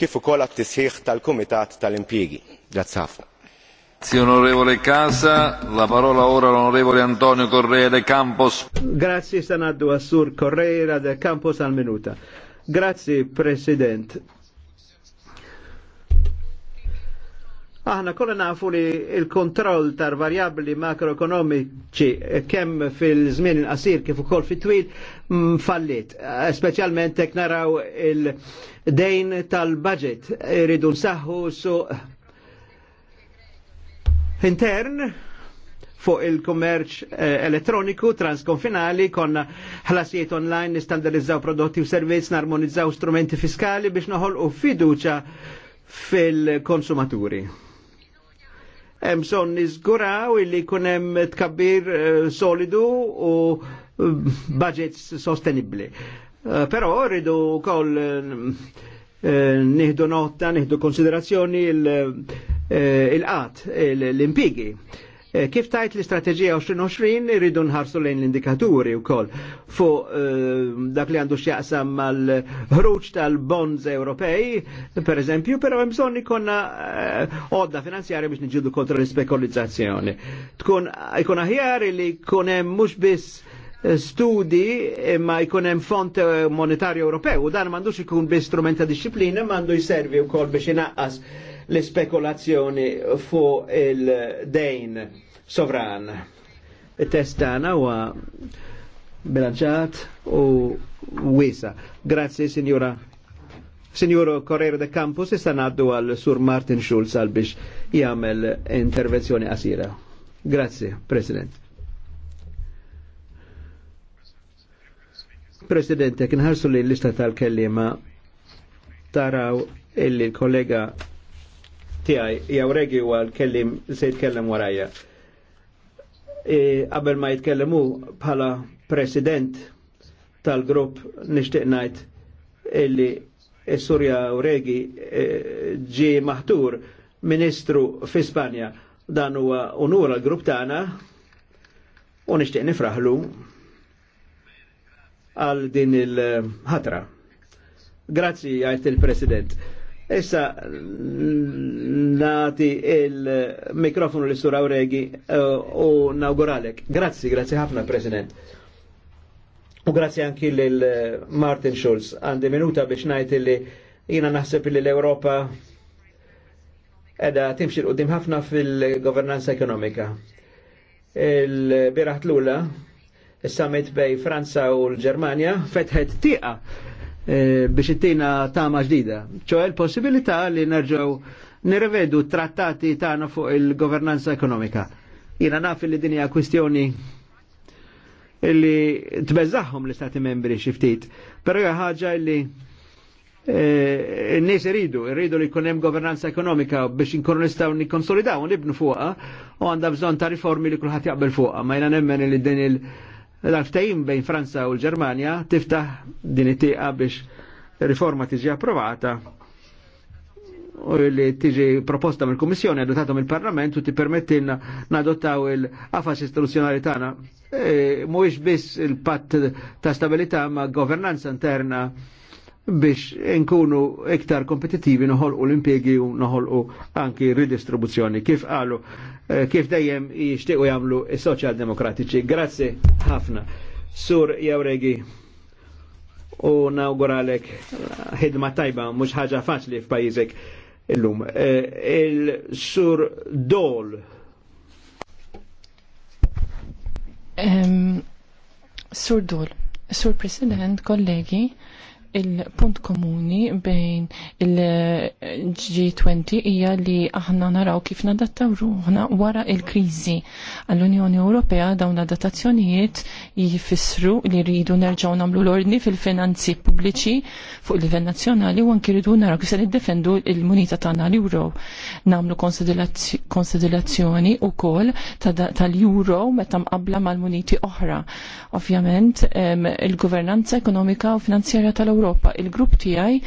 kif ukoll għat-tisħiħ tal kumitat tal impjiegi Grazzi, sanaddu għassur Correa del Campos al minuta. Grazzi, President. Aħna kollha nafu li l-kontroll tar varjabli makroekonomiċi kemm fil-żmien qasir kif ukoll fit-twil mm, fallit, speċjalment hekk naraw il-dejn tal-budget iridu nsaħħu su intern fuq il-kommerċ eh, elettroniku transkonfinali konna ħlasijiet online nistandarizzaw prodotti u servizz, narmonizzaw strumenti fiskali biex noħolqu fiduċa fil-konsumaturi hemm bżonn niżguraw illi jkun hemm tkabbir eh, solidu u eh, budgets sostenibbli. Eh, però rridu wkoll nieħdu nota, nieħdu konsiderazzjoni il-qat, l-impigi. Il Eh, kif tajt l-istrateġija 2020 irridu nħarsu lejn l-indikaturi u koll fuq eh, dak li għandu xjaqsam mal ħruġ tal-bonds Ewropej, per eżempju, pero hemm bżonn ikonna eh, għodda finanzjarja biex niġġieldu kontra l-spekolizzazzjoni. Tkun ikonna aħjar li jkun hemm mhux biss studi imma jkun hemm font monetarju Ewropew u dan m'għandux ikun bi strumenta disciplina, disċiplina m'għandu jservi wkoll biex inaqqas l-spekulazzjoni fu il-dejn sovran. Testana huwa bilanċat u wisa. Grazie, signora. Signoro Correro de Campos, issa naddu għal Sur Martin Schulz għal biex jgħamil intervenzjoni asira. Grazie, President. Presidente, kienħarsu li l-lista tal-kellima taraw illi kollega tiegħi jew regi għal kellim se jitkellem warajja. E, qabel e, ma jitkellemu bħala president tal-grupp nixtieq ngħid illi Surja Uregi e, ġi maħtur ministru fi Spanja dan huwa unura l-grupp tagħna u nixtieq nifraħlu għal din il-ħatra. Grazzi għajt il-President. Issa nati il-mikrofonu li sura regi eh, u nawguralek. Grazzi, grazzi ħafna, President. U grazzi anki l-Martin eh, Schulz. Għandi minuta biex najt li jina naħseb li l-Europa edha timxil u ħafna fil-governanza ekonomika. Il-biraħt l-ula, il-summit bej Franza u l-Germania fetħet tiqa Eh, biex ittina tama ġdida. ċoħe l-possibilità li nerġaw nirvedu trattati tagħna fuq il-governanza ekonomika. Jina naf li dinja kwistjoni illi tbeżaħħom l-istati membri xiftit, pero ħaġa illi n eh, nis iridu, iridu li jkun hemm governanza ekonomika biex inkunu nistgħu nikkonsolidaw nibnu fuqha u għandha bżonn ta' riformi li kulħat jaqbel fuqa, ma jiena nemmen li din il- l-ftajim bejn Franza u l-Germania tiftaħ din it tiqa biex riforma tiġi approvata u li tiġi proposta mill kummissjoni adottata mill parlament u tippermettilna nadottaw il-qafas istituzzjonali tagħna. E, Mhuwiex biss il-patt ta' stabilità ma' governanza interna biex nkunu iktar kompetitivi noħolqu l impiegi u noħolqu anki ridistribuzzjoni. Kif għalu. Eh, kif dejjem jixtiequ jagħmlu is-Soċjal Demokratiċi. Grazzi ħafna. Sur Jawregi u nawguralek ħidma tajba mhux ħaġa faċli f'pajjiżek illum. Eh, il-sur Dol. sur Dol, Sur President, kollegi, il-punt komuni bejn il-G20 hija li aħna naraw kif nadattaw ruħna wara il-kriżi. Għall-Unjoni Ewropea dawn adattazzjonijiet jifissru li rridu nerġgħu nagħmlu l-ordni fil-finanzi pubbliċi fuq livell nazzjonali u anki rridu naraw kif se niddefendu l-munita tagħna l-euro. Nagħmlu konsiderazzjoni wkoll tal-euro meta mqabbla mal-muniti oħra. Ovvjament il-governanza ekonomika u finanzjarja tal-Ewropa ewropa Il-grupp tiegħi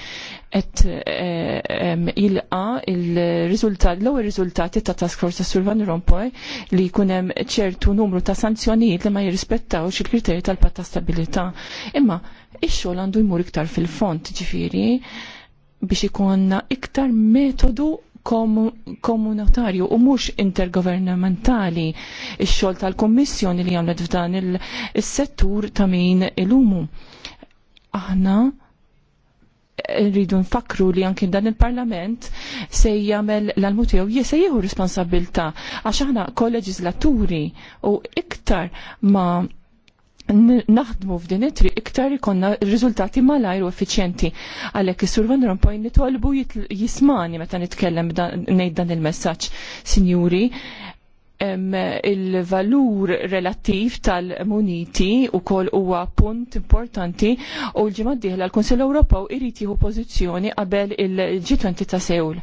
qed eh, a il-riżultat l-ewwel riżultati ta' task force ta' Sur Rompoy Rompuy li jkun hemm ċertu numru ta' sanzjonijiet li ma jirrispettawx il-kriterji tal-patt ta' stabilità. Imma ix-xogħol għandu jmur iktar fil-font ġifieri biex ikonna iktar metodu komunitarju u mhux intergovernamentali ix-xogħol tal-Kummissjoni li għamlet f'dan is-settur ta' min ilumu. Aħna rridu nfakru li anki dan il-parlament se jagħmel l-almutiju jisa jieħu responsabilta għax aħna kolleġislaturi u iktar ma naħdmu f'din it-tri iktar ikonna riżultati malajr u effiċjenti. Għalhekk is-Sur Van Rompuy nitolbu jismani meta nitkellem ngħid dan il-messaġġ. Sinjuri, il-valur relattiv tal-muniti u kol huwa punt importanti u l-ġimgħa d-dieħla l-Kunsell Ewropew irid jieħu pożizzjoni qabel il-G20 ta' Sewl.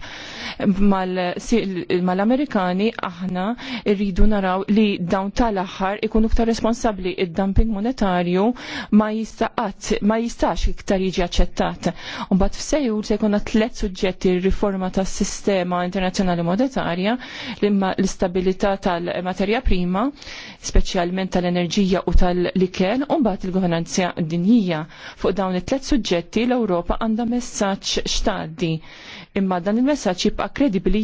Mal-Amerikani aħna rridu naraw li dawn tal-aħħar ikunu ktar responsabbli id-dumping monetarju ma jistaqat ma jistax iktar jiġi aċċettat. Mbagħad f'Sejul se jkunna tliet suġġetti r-riforma tas-sistema internazzjonali monetarja l-istabilità ta' tal-materja prima, speċjalment tal-enerġija u tal-likel, u mbagħad il-governanza dinjija. Fuq dawn it-tlet suġġetti l-Ewropa għandha messaċ xtaddi. Imma dan il-messaġġ jibqa' kredibbli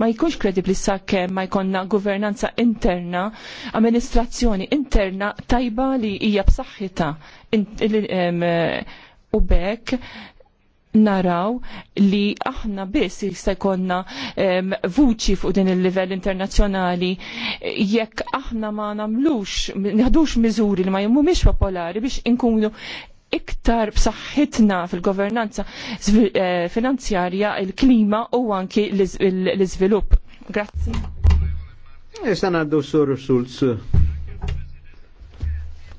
ma jkunx kredibbli sakemm ma jkollna governanza interna, amministrazzjoni interna tajba li hija b'saħħitha u bekk naraw li aħna biss jista' jkollna vuċi fuq din il-livell internazzjonali jekk aħna ma nagħmlux nieħdux miżuri li ma jmumiex popolari biex inkunu iktar b'saħħitna fil-governanza eh, finanzjarja il-klima u anki l-iżvilupp. Grazzi. E,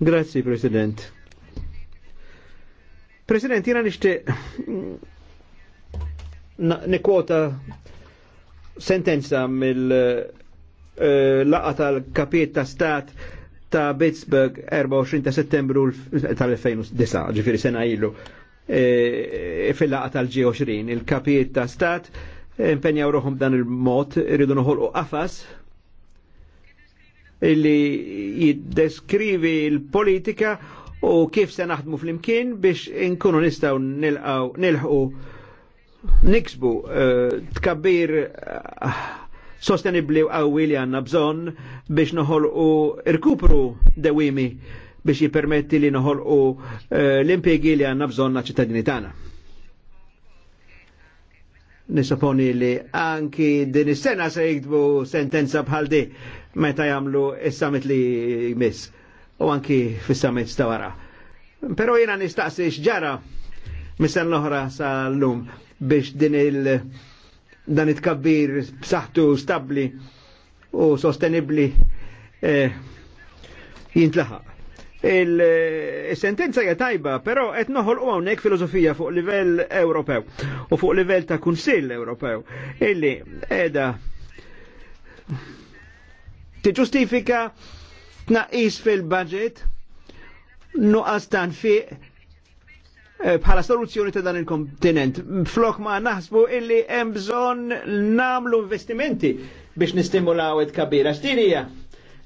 Grazie sur President. President, jina nishti nekwota sentenza mill eh, laqa tal-kapiet ta' stat ta' Pittsburgh 24 ta' settembru tal-2009, ġifiri sena ilu, e, fil-laqa tal-G20, il-kapiet ta' stat impenjaw ruħum dan il-mod, irridu noħolqu qafas illi jiddeskrivi l-politika u kif se naħdmu fl-imkien biex inkunu nistaw nilqaw nilħu niksbu eh, tkabbir eh, sostenibli u għawi li għanna bżon biex u irkupru dewimi biex jipermetti li noħolqu eh, l-impiegi li għanna na ċittadini tagħna nisaponi li anki din is-sena se jikdbu sentenza bħal di meta jagħmlu is-summit li jmiss u anki fis stawara. Pero jena nistaqsi x'ġara misan l sa sal-lum biex din il- dan it-kabbir b'saħħtu stabli u sostenibli eh, Il-sentenza eh, hija tajba, però qed u hawnhekk filosofija fuq livell Ewropew u fuq livell ta' Kunsill Ewropew illi qiegħda tiġustifika tnaqis fil-budget nuqqas fi eh, bħala soluzzjoni ta' dan il-kontinent. Flok ma' naħsbu illi hemm bżonn namlu investimenti biex nistimulaw id kabira. X'dinija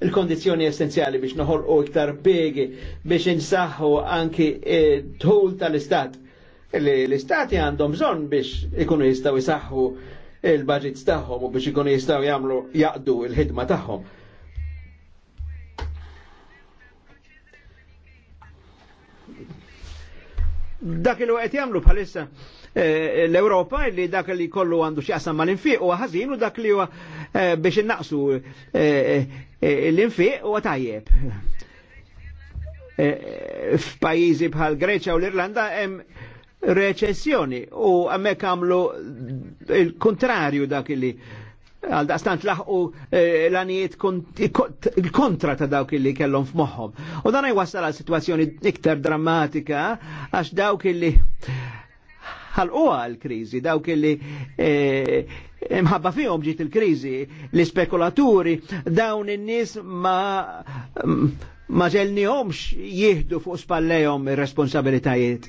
il-kondizjoni essenzjali biex noħolqu iktar bigi biex insaħħu anki tħul eh, tal-istat. L-istati għandhom bżonn biex ikunu jistgħu jisaħħu il-budgets tagħhom u biex ikunu jistgħu jagħmlu jaqdu il-ħidma tagħhom. dak il qed jagħmlu bħalissa eh, l-Ewropa li dak li kollu għandu xi qasam mal-infiq huwa ħażin u dak li huwa eh, biex innaqsu eh, l-infiq huwa tajjeb. F'pajjiżi bħal Greċja u l-Irlanda hemm reċessjoni u hemmhekk għamlu il-kontrarju dak li għal daqstant laħqu eh, l-għaniet kontra ta' dawk li kellhom f'moħħom. U dan jwassal għal situazzjoni iktar drammatika għax dawk li ħalquha l-kriżi, dawk li eh, imħabba fihom ġiet il-kriżi, l-spekulaturi, dawn in-nies ma ma ġelnihomx jihdu fuq spallejhom ir-responsabilitajiet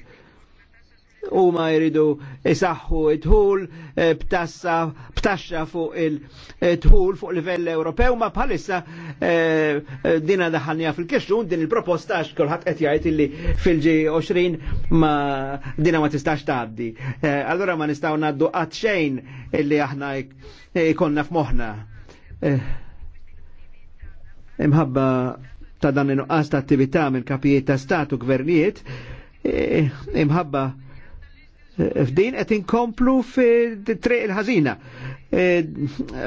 u ma jridu jisaxħu it-tħul eh, b'taxxa fuq il-tħul fuq livell Ewropew ma bħalissa eh, eh, dina daħalnija fil-kexxun din il-proposta għax kulħadd qed jgħid illi fil-G20 ma dina ma tistax tgħaddi. Allura ma nistgħu ngħaddu qatt xejn illi aħna jkollna f'moħħna. Imħabba ta' dan il-nuqqas ta' attività minn kapijiet ta' statu gvernijiet imħabba F'din qed inkomplu fit-triq il-ħażina.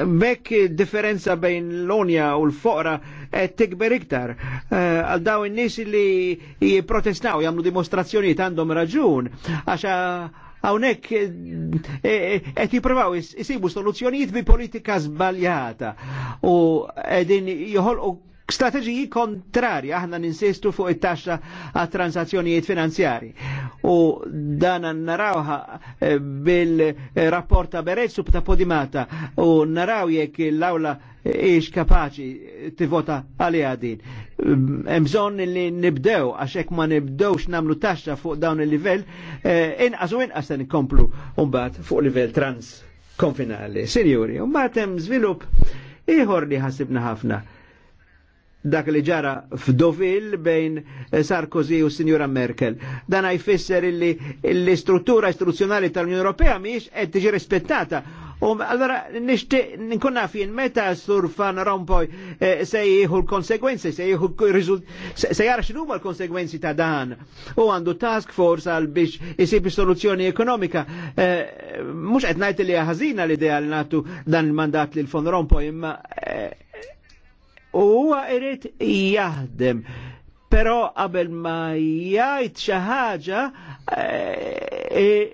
Mek e, differenza bejn l-onja u l-foqra qed tikber iktar. E, Għal daw in-nies li jipprotestaw jagħmlu dimostrazzjonijiet għandhom raġun għax hawnhekk e, qed jippruvaw isibu soluzzjonijiet bi politika żbaljata u qegħdin joħolqu Strategiji kontrarja aħna ninsistu fuq it-taxxa għat transazzjonijiet finanzjari. U dan narawha eh, bil-rapport ta' Berezzu ta' Podimata u naraw jekk l-awla ix kapaċi tivota għalija din. Mżon li nibdew, għaxek ma nibdewx namlu taxxa fuq dawn il-livell, eh, inqas u inqas ta' nikomplu umbat fuq livell trans konfinali. Sinjuri, umbat hemm żvilupp ieħor li ħasibna ħafna dak li ġara f'Dovil bejn eh, Sarkozy u Sinjura Merkel. Dan jfisser illi l-istruttura istituzzjonali tal-Unjoni Ewropea miex qed tiġi rispettata. U allora nixtieq nkun naf jien meta Sur fan rompoj eh, se jieħu l-konsegwenzi, se jieħu se jara x'inhu l-konsegwenzi ta' dan. U għandu task force għal biex isib soluzzjoni ekonomika. Eh, Mhux qed ngħid li ħażina l-idea li nagħtu dan il-mandat lil fan rompoj, imma eh, u huwa irid jaħdem. Però qabel ma jgħid xi ħaġa eh, eh,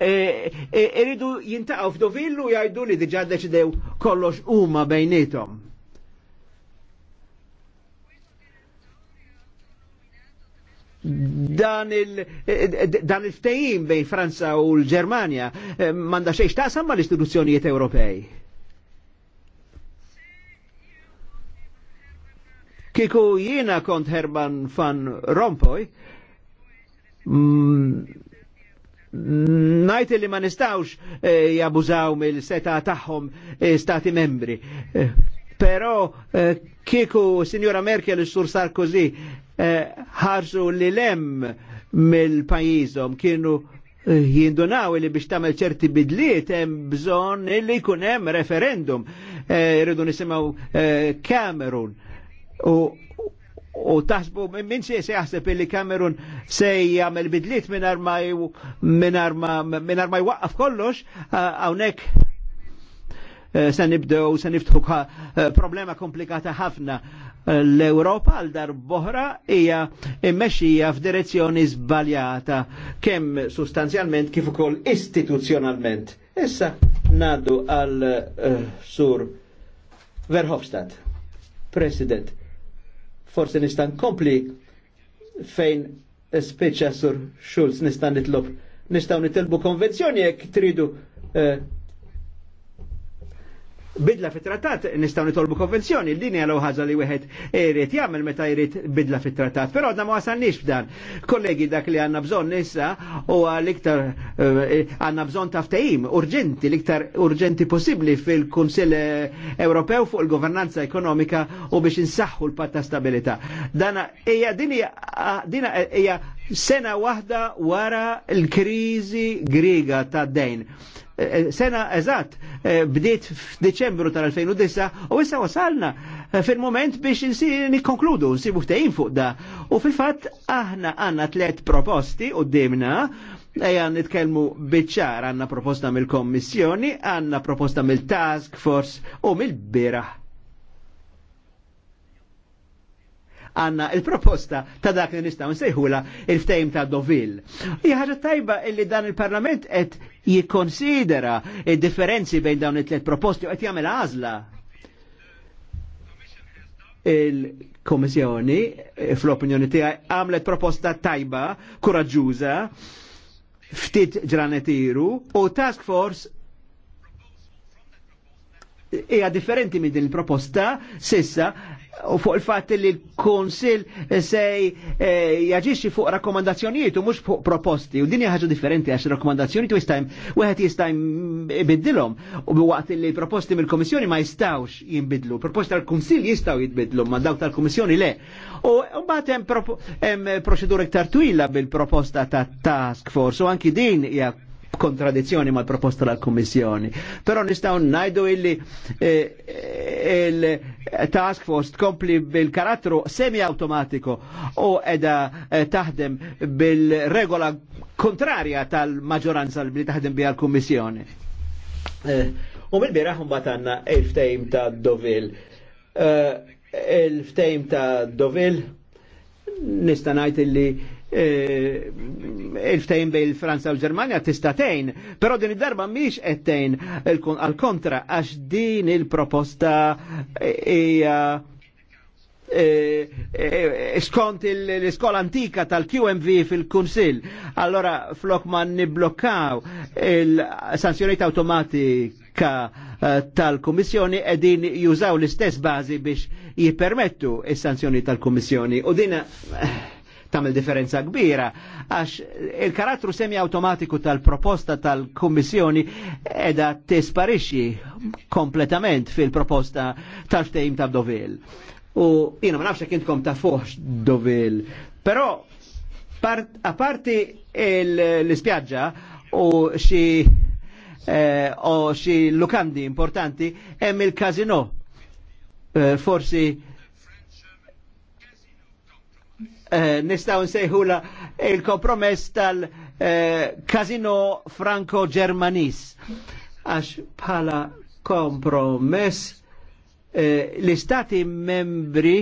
eh, iridu jintaqgħu f'dovillu jgħidu li diġà deċidew kollox huma bejnietom. dan il-ftejim il bejn Franza u l-Germania manda xejn taqsam mal istituzzjonijiet Ewropej. Kiku jina kont Herman van Rompuy, mm, najt li ma nistawx eh, jabużaw mill-seta taħħom eh, stati membri. Eh, pero kiku Signora Merkel Sur Sarkozy ħarsu li lem mill-pajizom kienu jindunaw li biex tamel ċerti bidliet hemm bżonn li jkun hemm referendum. Irridu nisimgħu Kamerun U u taħsbu minn se jaħseb illi Kamerun se jagħmel bidliet mingħajr ma mingħajr ma jwaqqaf kollox hawnhekk e, se nibdew se niftħu e, problema komplikata ħafna l ewropa għal dar boħra hija immexxija f'direzzjoni żbaljata kemm sustanzjalment kif ukoll istituzzjonalment. Issa ngħaddu għal uh, sur Verhofstadt, President Forse nistan kompli fejn speċa sur Schulz nistan nitlob nistgħu nitilbu konvenzjoni jek tridu eh, bidla fit-trattat nistgħu nitolbu konvenzjoni, din hija ħaġa li wieħed irid jagħmel meta jrid bidla fit-trattat. Però għadna ma wasalniex f'dan. Kollegi dak li għandna bżonn issa u l-iktar eh, għandna bżonn ta' ftehim urġenti, l-iktar urġenti possibbli fil-Kunsill eh, Ewropew fuq il-governanza ekonomika u biex insaħħu l-patta stabilità. Dana hija din hija sena waħda wara l-kriżi griega tad dejn Eh, sena eżatt eh, bdiet f'Deċembru tal-2009 u issa wasalna eh, fil-moment biex nsir nikkonkludu, nsibu ftehim fuq da. U fil-fatt aħna għanna tlet proposti u d-dimna nitkelmu biċċar għanna proposta mill-Kommissjoni, għanna proposta mill-Task Force u mill-Biraħ għanna il-proposta ta' dak li nistaw nsejħula il-ftejm ta' Dovil. ħaġa tajba illi dan il-Parlament qed jikkonsidera il-differenzi bejn dawn it-tliet proposti u qed jagħmel għażla. Il-Komissjoni, fl-opinjoni tiegħi, għamlet proposta tajba, kuraġġuża, ftit ġranetiru u task force hija differenti minn din il-proposta sissa u fuq il-fat li l-Konsil sej eh, jaġixxi fuq rakkomandazzjonijiet u mux fuq proposti. U dinja ħagġa differenti għax rakkomandazzjoni tu u għet jistajm ibiddilom u waqt li proposti mill-Komissjoni ma jistawx jimbidlu Proposti tal konsil jistaw jibidlu ma dawk tal komissjoni le. U mbagħad jem proċedur iktar twila bil-proposta ta' task force u anki din jak kontradizzjoni mal proposta tal kommissjoni Però nistaw najdu illi eh, il-task force tkompli bil-karattru semi-automatiku u edha eh, taħdem bil-regola kontrarja tal-maġoranza li taħdem bija l-kommissjoni. Eh, u mill biraħ un batanna il-ftejm ta' Dovil. Il-ftejm ta' Dovil nistanajt illi Eh, il ftajn bej il-Franza u Ġermanja tistatejn, pero din id-darba miex ettejn għal-kontra għax din il-proposta hija eh, skont l-iskola antika tal-QMV fil-Kunsil. Allora flok ma niblokkaw il-sanzjoniet automatika eh, tal komissjoni edin jużaw l-istess bazi biex jipermettu il-sanzjoni tal komissjoni U dina tagħmel differenza kbira għax il-karattru semi automatiku tal-proposta tal kommissjoni edha t tisparixxi kompletament fil-proposta tal ftejm ta' Dovil. U jiena ma nafx kintkom ta' fuħx Dovil. Pero, a parti l-ispjaġġa u xi eh, o xi lukandi importanti hemm il-kazino eh, forsi Eh, nistaw nsejħula il-kompromess tal-Casino eh, Franco-Germanis. Għax bħala kompromess eh, l-istati membri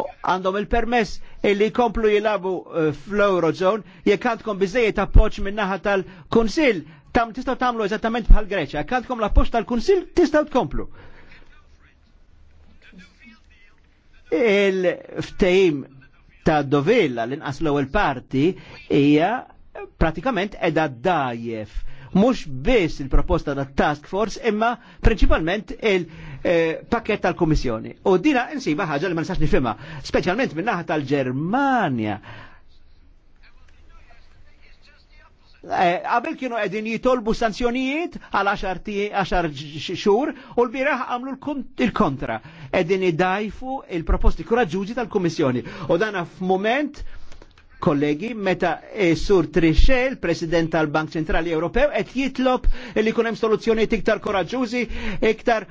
għandhom il-permess il-li komplu jilabu eh, fl-Eurozone jekk għandkom bizzejiet appoċ minnaħa tal konsil tam tistaw tamlu eżattament bħal Greċja, għandkom l-appoċ tal konsil tistaw tkomplu. Il-ftejim ta' dovella l-inqas l-ewwel parti hija pratikament edha dajjef. Mhux biss il-proposta ta' task force imma principalment il-pakket eh, tal-Kummissjoni. U dina insiba ħaġa li ma nistax nifhimha, speċjalment min-naħa tal-Ġermanja Għabel eh, kienu għedin jitolbu sanzjonijiet għal 10 xur u l-biraħ għamlu l-kontra. Qegħdin idajfu il-proposti kuraġuġi tal komissjoni U dan f-moment kollegi, meta eh, sur Trichet, il-President tal-Bank Centrali Ewropew, qed jitlob li kunem soluzzjoni iktar koraġġużi, iktar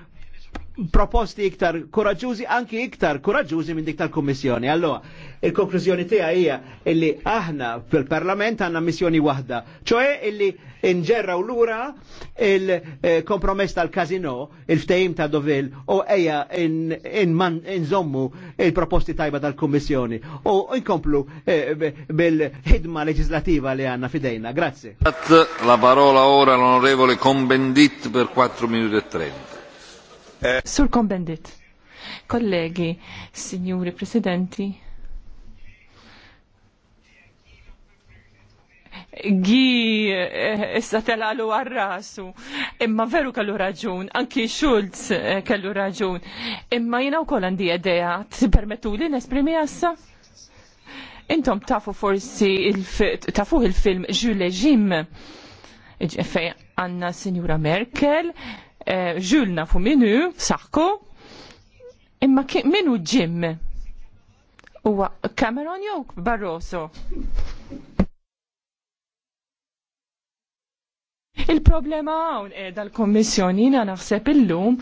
proposti iktar koraġużi, anki iktar koraġużi minn dik tal-Kommissjoni. Allora, il-konklużjoni tiegħi hija illi aħna fil-Parlament għandna missjoni waħda, ċoe illi nġerraw lura il-kompromess tal-Kazino, il-ftehim ta' Dovil, u eja nżommu il-proposti tajba tal-Kommissjoni u inkomplu eh, bil-ħidma leġislativa li għanna fidejna. Grazie. La parola ora l'onorevole Combendit per 4 minuti e 30. Sur Kombendit, kollegi, signori presidenti, gi eh, issa telalu għarrasu. Imma veru kellu raġun, anki Schulz eh, kellu raġun. Imma jina u għandi għedeja, t-permetu li nesprimi għassa? Intom tafu forsi tafu il-film Jules Jim, fej għanna Signora Merkel, ġulna eh, fu minu, saħku, imma minu ġim? Uwa Cameron jew Barroso? Il-problema hawn qiegħda eh, l-Kommissjoni na naħseb illum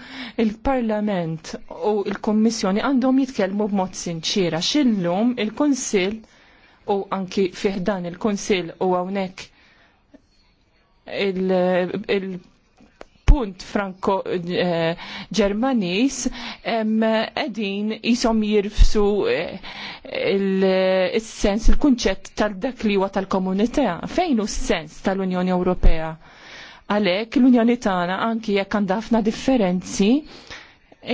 il-Parlament u l-Kommissjoni għandhom jitkellmu b'mod sinċira x'illum il-Kunsill u anki fih dan il-Kunsill u hawnhekk il-, il punt franko eh, ġermanis edin jisom jirfsu eh, il-sens, il-kunċett tal-dak li huwa tal-komunità. Fejn hu s-sens tal-Unjoni Ewropea? Għalhekk l-Unjoni tagħna anki jekk għandha ħafna differenzi,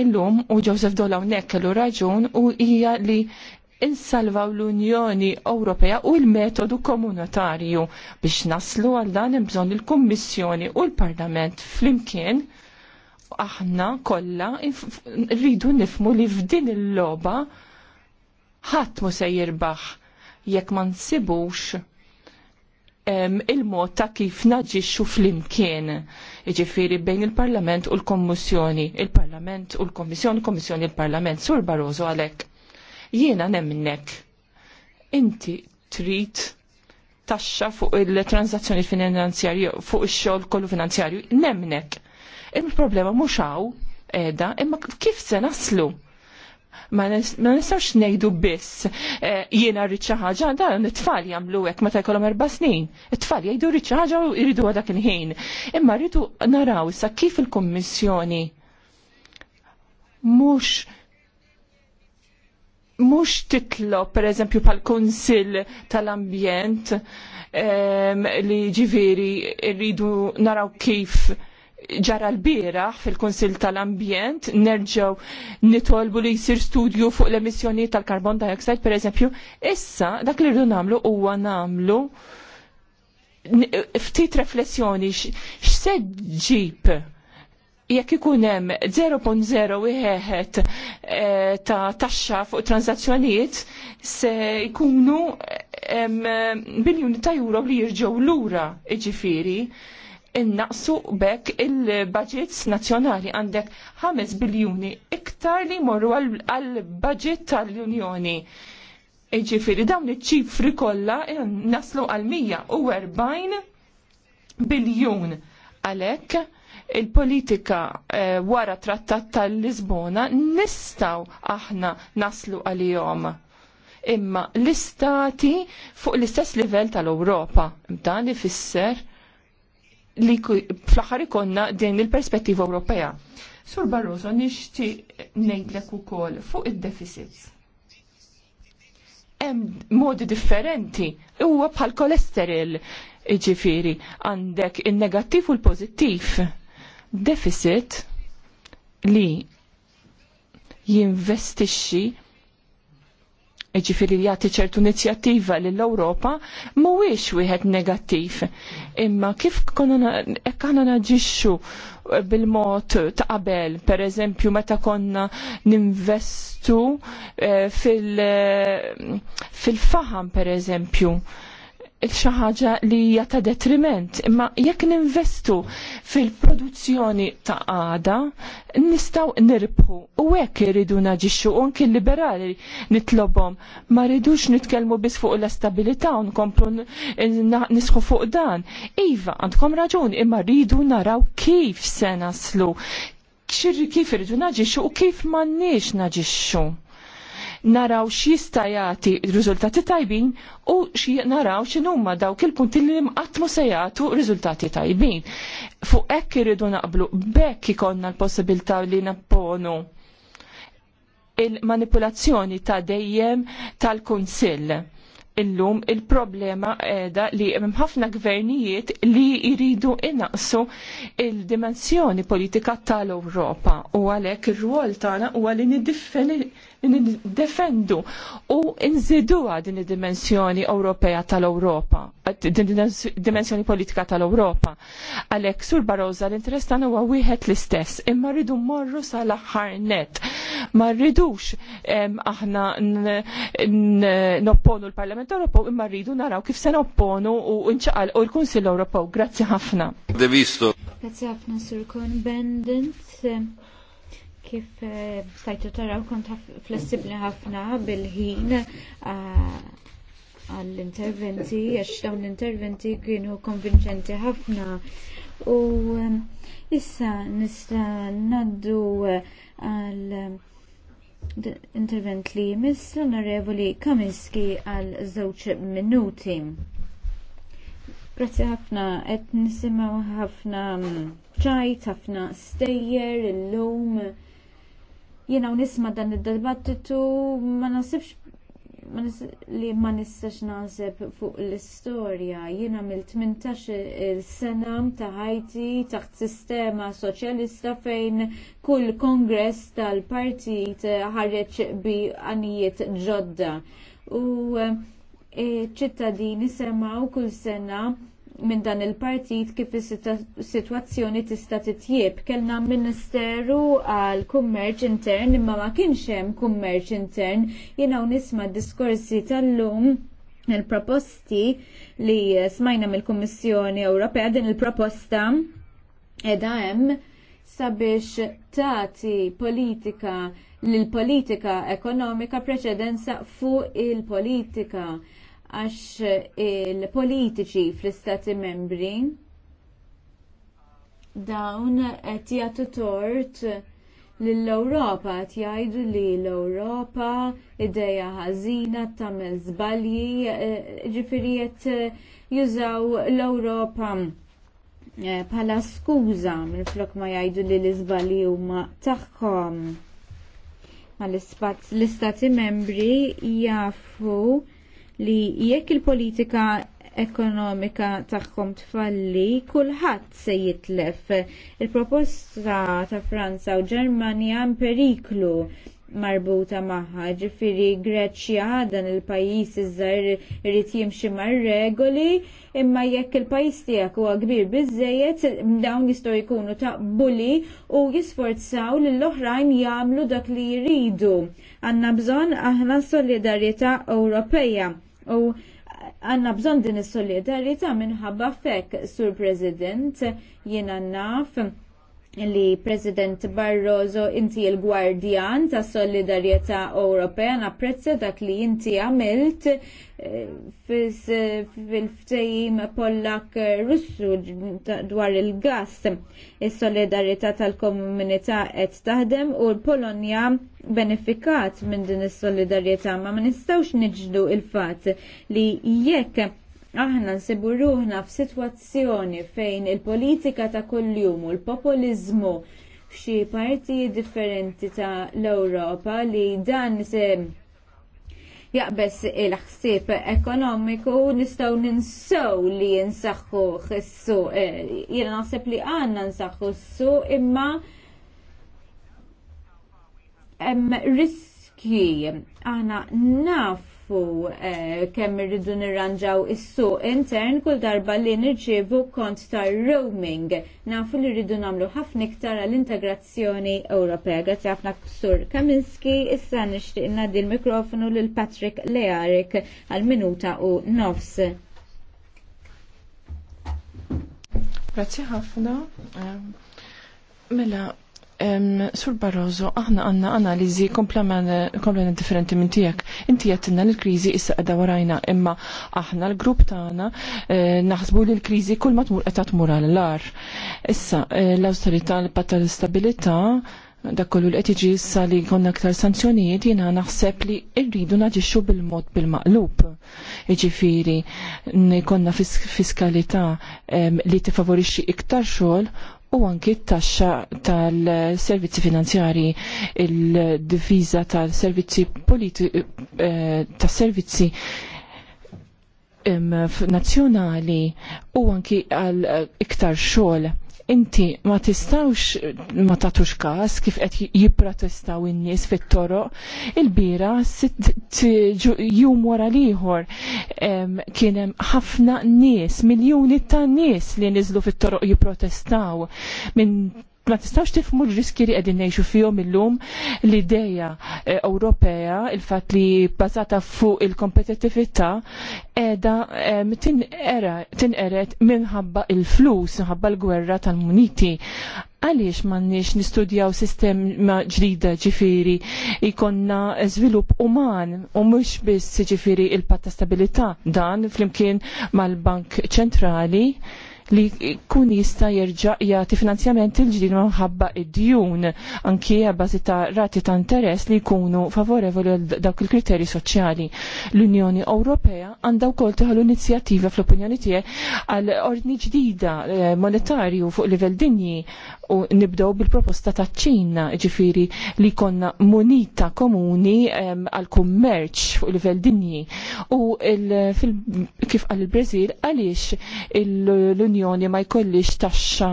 illum u Joseph Dolaw nekkelu kellu raġun u hija li insalvaw l-Unjoni Ewropea u l-metodu komunitarju biex naslu għal dan bżonn il-Kummissjoni u l-Parlament flimkien aħna kollha rridu nifmu li f'din il-logħba ħadd mu se jirbaħ jekk ma nsibux il-mod ta' kif naġixxu flimkien jiġifieri bejn il-Parlament u l-Kommissjoni, il-Parlament u l-Kommissjoni, Kommissjoni il-Parlament, Sur Barroso għalhekk. Jiena nemmek. Inti trid taxxa fuq il-transazzjoni finanzjarju fuq ix-xogħol kollu finanzjarju nemnek. Il-problema mhux hawn edha, imma kif se naslu? ma nistawx nejdu biss eh, jiena rriċa ħaġa, dan it-tfal jagħmlu hekk meta jkollhom erba' snin. It-tfal jgħidu rriċa ħaġa u jridu dak il-ħin. Imma rridu naraw issa kif il-Kummissjoni mhux mux titlob per eżempju pal konsil tal-ambjent li ġiviri rridu naraw kif ġara l fil-Konsil tal-Ambjent nerġaw nitolbu li jisir studju fuq l-emissjoni tal-karbon dioxide, per eżempju, issa dak li rridu namlu huwa namlu ftit reflessjoni x'se ġib jekk ikun hemm 0.01 eh, ta' taxxa fuq transazzjonijiet se jkunu eh, biljuni ta' euro li jirġgħu lura iġifieri innaqsu bekk il-budgets nazzjonali għandek 5 biljuni iktar li morru għall budget tal-Unjoni. Iġifieri dawn iċ-ċifri kollha naslu għal 140 biljun għalhekk il-politika eh, wara trattat tal-Lisbona nistaw aħna naslu għal-jom. Imma l-istati fuq l-istess livell tal-Europa, dan ifisser li fl-aħħar ikonna din il-perspettiva Ewropea. Sur Barroso, nixti ngħidlek ukoll fuq id-deficits. Hemm modi differenti, huwa bħal kolesterol ġifiri, għandek il-negattiv u l-pozittiv deficit li jinvestixxi ġifiri li jagħti ċertu inizjattiva lill europa mhuwiex wieħed negattiv. Imma kif konna naġixxu eh, bil-mod ta' qabel, per eżempju meta konna ninvestu eh, eh, fil-faham per eżempju xi ħaġa li hija ta' detriment, imma jekk ninvestu fil-produzzjoni ta' għada, nistgħu nirbħu u hekk iridu naġixxu anki liberali nitlobhom ma rridux nitkellmu biss fuq l-istabilità u nkomplu nisħu fuq dan. Iva, għandkom raġun, imma rridu naraw kif se naslu, kif irridu naġixxu u kif m'għandniex naġixxu naraw x'jista' jagħti riżultati tajbin u xi naraw x'inhuma dawk il-punti li mqatmu se jagħtu riżultati tajbin. Fuq hekk irridu naqblu bekk ikonna l-possibilità li napponu il-manipulazzjoni ta' dejjem tal-Kunsill illum il-problema edha li hemm ħafna gvernijiet li jridu innaqsu il-dimensjoni politika tal-Ewropa u għalhekk ir-rwol tagħna huwa li nindefendu u nżiduha din id-dimensjoni Ewropea tal-Ewropa, din id-dimensjoni politika tal-Ewropa. Għalhekk sur Barroza l-interess tagħna huwa wieħed l-istess, imma rridu morru sal-aħħar net. Ma rridux aħna nopponu l-Parlament Ewropew imma rridu naraw kif se nopponu u nċaqal u l-Kunsill Ewropew. Grazzi ħafna. Grazzi ħafna Sur Kon Bendent kif eh, stajtu taraw kont flessibli ħafna bil-ħin eh, għall-interventi, għax dawn l-interventi kienu konvinċenti ħafna. U eh, issa nista naddu għal intervent li miss l-onorevoli Kaminski għal żewġ minuti. Grazzi ħafna, qed nisimgħu ħafna ċajt, ħafna stejjer, illum. Jiena u nisma dan id-dibattitu ma nasibx li ma nistax naħseb fuq l-istorja. Jiena mill-18 il-sena ta' ħajti taħt sistema soċjalista fejn kull kongress tal-partit ħareġ bi għanijiet ġodda. U eh, ċittadini semaw kull sena minn dan il-partit kif is-sitwazzjoni tista' titjieb. Kellna Ministeru għal kummerċ intern imma ma kienx hemm kummerċ intern. Jiena nisma' diskorsi tal-lum il-proposti li smajna mill-Kummissjoni Ewropea din il-proposta edha hemm sabiex tagħti politika l-politika ekonomika preċedenza fuq il-politika għax eh, il-politiċi fl-istati membri dawn qed jagħtu tort lill-Ewropa qed jgħidu li l-Ewropa idejja ħażina tagħmel żbalji eh, ġifieri qed jużaw l-Ewropa eh, bħala skuża minflok ma jgħidu li l-iżbalji huma tagħhom. Ma l-istati membri jafu li jekk il-politika ekonomika tagħhom tfalli, kulħadd se jitlef. Il-proposta ta' Franza u Ġermanja periklu marbuta magħha. Ġifieri Greċja dan il-pajjiż iżżar irid jimxi mar-regoli, imma jekk il-pajjiż tiegħek huwa kbir biżejjed dawn jistgħu jkunu taqbuli u jisforzaw lill oħrajn jagħmlu dak li jridu. Għandna bżonn aħna solidarjetà Ewropeja. U għanna bżon din is-solidarjetà minħabba fekk, Sur President, jiena naf li President Barroso inti il-gwardjan ta' solidarieta Ewropea napprezza dak li inti għamilt eh, fil-ftejim Pollak eh, Russu dwar il-gas. Is-solidarieta tal-komunità qed taħdem u l-Polonja benefikat minn din is-solidarieta ma ma nistgħux niġdu il-fatt li jekk aħna nsibu ruħna f'sitwazzjoni fejn il-politika ta' kuljum u l-populizmu f'xi parti differenti ta' l-Ewropa li dan se jaqbess il-ħsieb ekonomiku nistgħu ninsew li nsaħħu s-suq. Eh, jiena naħseb li għandna nsaħħu s-suq imma hemm riskji aħna naf nafu eh, kemm irridu nirranġaw is-suq intern kull darba li nirċievu kont ta' roaming. Nafu li rridu nagħmlu ħafna iktar għall-integrazzjoni Ewropea. Grazzi ħafna Sur Kaminski, issa nixtieq ngħaddi l-mikrofonu lil Patrick Learik għal-minuta u nofs. Grazzi ħafna. Mela, Sur Barroso, aħna għanna analizi komplement differenti minn tijak. Inti jattinna l-krizi issa għada warajna, imma aħna l-grupp tagħna eh, naħsbu li l-krizi kull matmur qed tmur għall ar Issa eh, l-austerità l-patta l-istabilità dak kollu l qed issa li jkollna ktar sanzjonijiet jiena naħseb li rridu naġixxu bil-mod bil-maqlub. Jiġifieri jkollna fiskalità li tifavorixxi iktar xogħol u anki t-taxxa tal-servizzi finanzjari il-diviża tal-servizzi eh, tas-servizzi nazzjonali u anki għal eh, iktar xogħol inti ma tistawx ma tatux każ kif qed jipprotestaw in-nies fit-toroq il-bira jum wara liħor kien hemm ħafna nies, miljuni ta' nies li niżlu fit-toroq jipprotestaw minn ma tistax tifmu l-riski li qegħdin ngħixu fihom illum l-idea eh, Ewropea il-fatt li bbażata fuq il-kompetittività qiegħda eh, tinqeret minħabba il-flus, minħabba l-gwerra tal-muniti. Għaliex m'għandniex nistudjaw sistema ġdida ġifiri jkollna żvilupp uman u mhux biss ġifiri il-patta stabilità dan flimkien mal-Bank Ċentrali li kun jista jerġa' jagħti finanzjament il-ġdid minħabba id-djun anki bażi ta' rati ta' interess li jkunu favorevoli għal dawk il-kriterji soċjali. L-Unjoni Ewropea għandha wkoll tieħu inizjattiva fl-opinjoni tiegħek għal ordni ġdida eh, monetarju fuq livell dinji u nibdew bil-proposta ta' ċina ġifiri li konna monita komuni għal kummerċ fuq livell dinji. U kif għal il-Brazil għaliex l-Unjoni l-Unjoni ma jkollix taxxa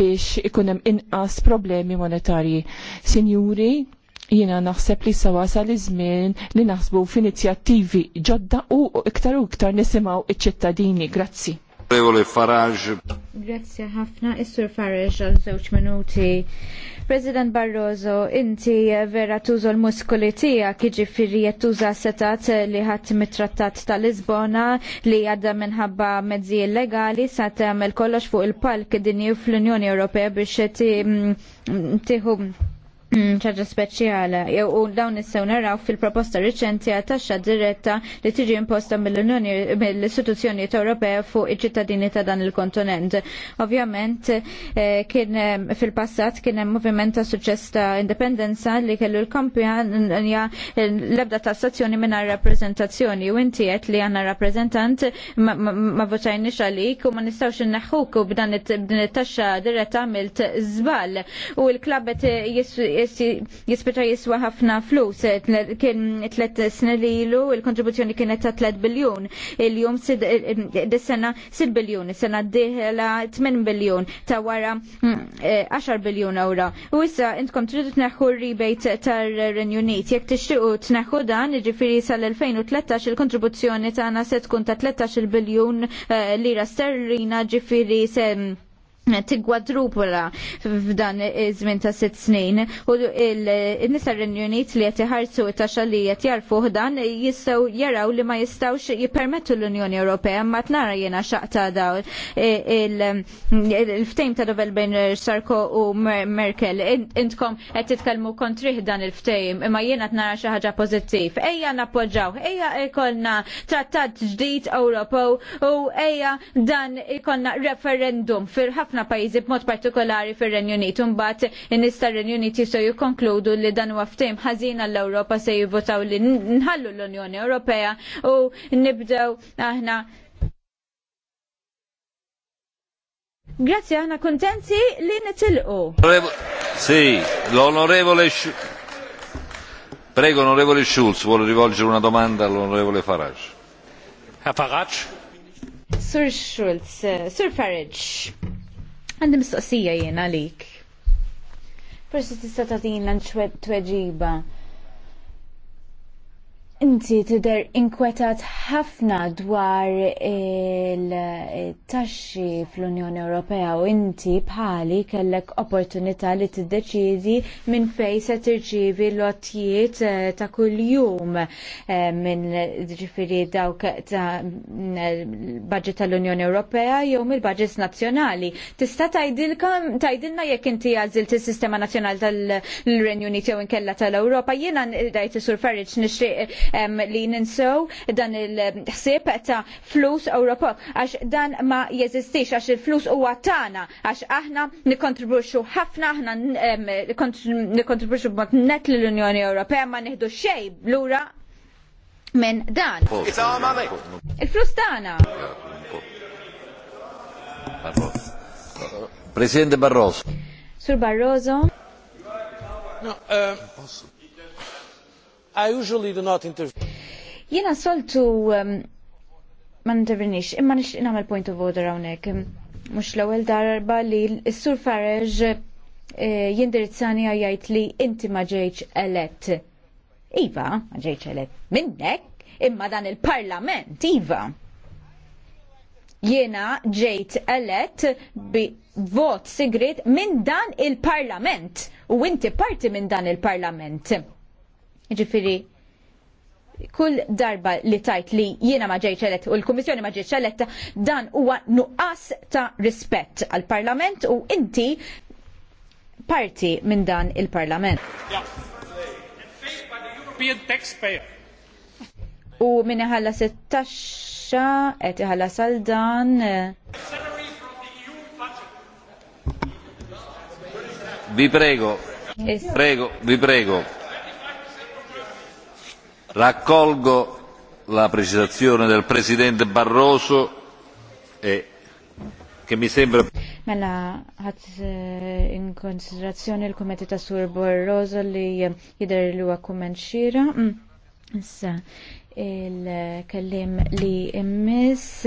biex ikun hemm inqas problemi monetarji. Sinjuri, jiena naħseb li sa wasal iż-żmien li naħsbu f'inizjattivi ġodda u iktar u iktar nisimgħu iċ-ċittadini. Grazzi. Onorevole Farage. Grazie ħafna, Issur Farage għal żewġ minuti. President Barroso, inti vera tużol muskoli tijak, ġifiri jettuża setat li ħadd mit-trattat Lisbona li għadda minħabba mezzi illegali sa' tagħmel kollox fuq il-palk dinju fl-Unjoni Ewropea biex tieħu Hmm, ċaġa speċjala, jew dawn nistgħu naraw fil-proposta riċenti għal taxxa diretta li tiġi imposta mill-Unjoni mill-istituzzjonijiet Ewropea fuq iċ-ċittadini ta' dan il-kontinent. Ovvjament eh, kien eh, fil-passat kien hemm moviment ta' suċċess ta' indipendenza li kellu l-kampanja l-ebda tassazzjoni mingħajr rappreżentazzjoni u inti qed li għandna rappreżentant ma votajniex għalik u ma nistgħux inneħħuk u b'dan it-taxxa diretta għamilt żball u l-klabet jispita jiswa ħafna flus. Kien tlet snin ilu il-kontribuzzjoni kienet ta' 3 biljun. Il-jum dis-sena 6 biljun, sena d 8 biljun, ta' wara 10 mm, e, biljun ura. U issa intkom tridu tneħħu rebate tar-Renju Unit. Jekk tixtiequ tneħħu dan, jiġifieri sal-2013 il-kontribuzzjoni tagħna se tkun ta' 13 biljun e, lira sterlina ġifieri se mm, tigwadrupola f'dan iż-żmien ta' sitt snin u n-nisa Renjunit li qed iħarsu t-taxxa qed jarfu dan jistgħu jaraw li ma jistgħux jippermettu l-Unjoni Ewropea ma tnara jiena xaqta daw il-ftejm ta' dovel bejn Sarko u Merkel. Intkom qed titkellmu kontrih dan il-ftejm imma jiena tnara xi ħaġa pożittiv. Ejja nappoġġaw, ejja ikolna trattat ġdid Ewropew u ejja dan ikolna referendum fil-ħafna ħafna pajjiżi b'mod partikolari fir-Renju Unit. Imbagħad in nista tar-Renju Unit jistgħu jikkonkludu li dan huwa ftehim ħażin għall-Ewropa se jivvotaw li nħallu l-Unjoni Ewropea u nibdew aħna Grazie, għana kontenti li nitilqu. Sì, l'onorevole Prego, onorevole Schulz, vuole rivolgere una domanda all'onorevole Farage. Herr Farage. Sir Schulz, eh, Sir Farage. Għandi mistoqsija jiena għalik. Forsi tista' tagħtina tweġiba Inti tidher inkwetat ħafna dwar il-taxxi fl-Unjoni Ewropea u inti bħali kellek opportunità li tiddeċidi minn fejn se tirċievi lotjiet eh, ta' kuljum eh, minn ġifiri dawk ta' budget tal-Unjoni Ewropea jew mill-budgets nazzjonali. Tista' tajdilna jekk inti għazil is-Sistema Nazzjonali tal-Renju Uniti jew inkella tal-Ewropa jiena rajt isur Farriġ nixtieq um, li ninsow dan il-ħsieb ta' flus Ewropa għax dan ma jeżistix għax il-flus huwa tagħna għax aħna nikkontribwixxu ħafna aħna um, nikkontribwixxu b'mod net l unjoni Ewropea ma nieħdu xejn lura minn dan. Il-flus tagħna. Presidente Barroso. Sur Barroso. No, uh, I usually do not intervene. Jena soltu um, ma intervenix, imma nix namel point of order għonek. Mux l-ewel darba li s-sur Farage eh, jindirizzani għajajt li inti ma ġejċ elett. Iva, ma ġejċ elett minnek, imma dan il-parlament, Iva. Jena ġejt elett bi vot sigrit minn dan il-parlament u inti parti minn dan il-parlament. Ġifiri, kull darba li tajt li jiena ma ġejċ eletta u l komissjoni ma ġejċ eletta dan huwa nuqqas ta' rispett għal parlament u inti parti minn dan il-Parlament. U minn ħalla 16 qed ħalla sal dan. Eh. E vi prego. Prego, vi prego. Raccolgo la precisazione del Presidente Barroso e che mi sembra. Mela, ħat eh, in konsiderazzjoni l-kumenti ta' Sur Barroso li jider li huwa kumment xira. Mm. Issa, il-kellim li immiss.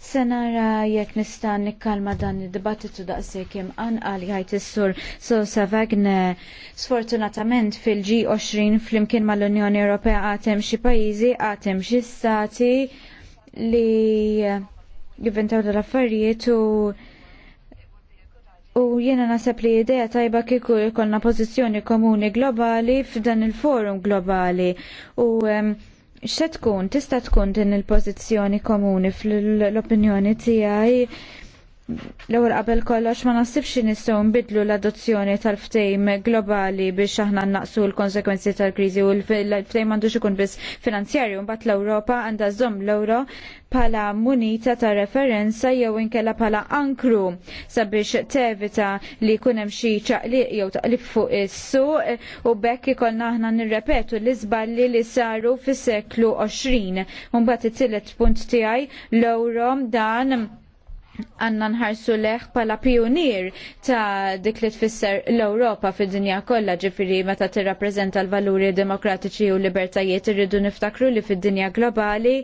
Senara jekk nista'n nikkalma dan id-dibattitu sekim għan għal jgħid il sur Sosa Wagner sfortunatament fil-G20 flimkien mal-Unjoni Ewropea għatem xi pajjiżi għad xi stati li jivventaw dal-affarijiet u U jiena nasab li ideja tajba kiku jkollna pożizzjoni komuni globali f'dan il-forum globali. U um, xa tkun, tista tkun din il-pozizjoni komuni fl-opinjoni tijaj l-ewwel qabel kollox ma nasibx nistgħu nbidlu l-adozzjoni tal-ftejm globali biex aħna naqsu l-konsekwenzi tal-kriżi u l-ftejm m'għandux ikun biss finanzjarju mbagħad l-Ewropa għandha żomm l-ewro bħala munita ta' referenza jew inkella bħala ankru sabiex tevita li jkun hemm xi ċaqliq jew taqlib fuq issu u bekk ikollna aħna nirrepetu l-iżballi li saru fis-seklu 20. Mbagħad it-tielet punt tiegħi l-ewro dan għanna nħarsu leħ pala pionir ta' dik li tfisser l-Europa fid-dinja kollha ġifiri meta tirrappreżenta l-valuri demokratiċi u libertajiet irridu niftakru li fid-dinja globali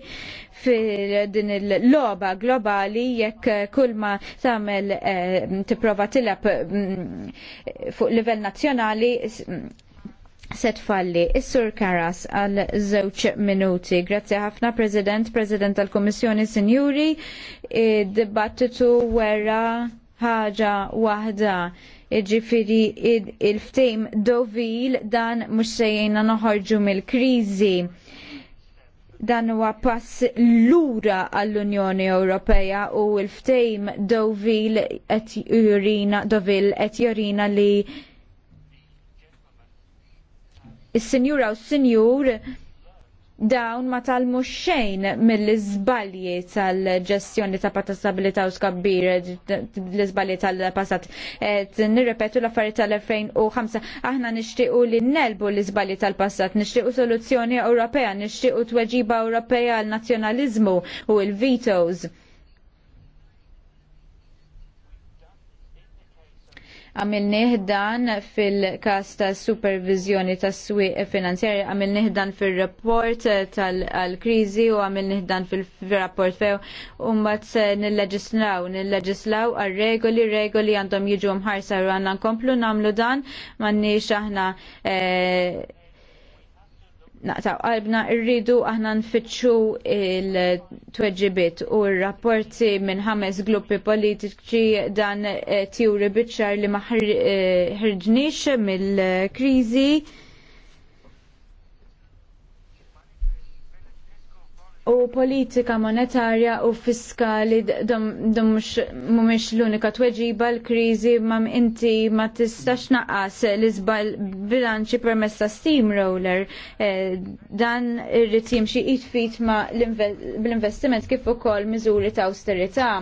fil-din il-loba globali jekk kull ma tagħmel eh, tipprova tilab mm, fuq livell nazzjonali se tfalli is-Sur Karas għal żewġ minuti. Grazzi ħafna President, President tal-Kummissjoni Sinjuri, dibattitu wera ħaġa waħda. Ġifiri il-ftejm dovil dan mux sejjena noħorġu mill-krizi. Dan huwa pass lura għall-Unjoni Ewropea u l-ftejm dovil et jurina, dovil et jurina li Is-sinjura u s-sinjur dawn ma talmu xejn mill-izbalji tal-ġestjoni ta' patasabilita u skabbir l-izbalji tal-passat. Nirrepetu l-affarijiet tal-2005. Aħna nixtiequ li nelbu l-izbalji tal-passat, nixtiequ soluzzjoni Ewropea, nixtiequ tweġiba Ewropea għal nazzjonaliżmu u l-vetoes Għamilnih dan fil-kas ta' supervizjoni ta' swieq finanzjari, għamil dan fil-rapport tal-krizi u għamilnih dan fil-rapport few umbat nil-leġislaw, nil-leġislaw għal-regoli, regoli għandhom jiġu mħarsa u għanna nkomplu namlu dan, manni xaħna eh, naqtaw qalbna rridu aħna nfittxu il-tweġibit u r-rapporti minn ħames gruppi politiċi dan tiuri bitxar li ma eh, ħirġniex mill-krizi u politika monetarja u fiskali mhumiex l-unika tweġiba l-kriżi ma inti ma tistax naqas l-iżbal bilanċi permessa ta' steamroller eh, dan irrid jimxi jitfit ma bl-investiment kif ukoll miżuri ta' austerità.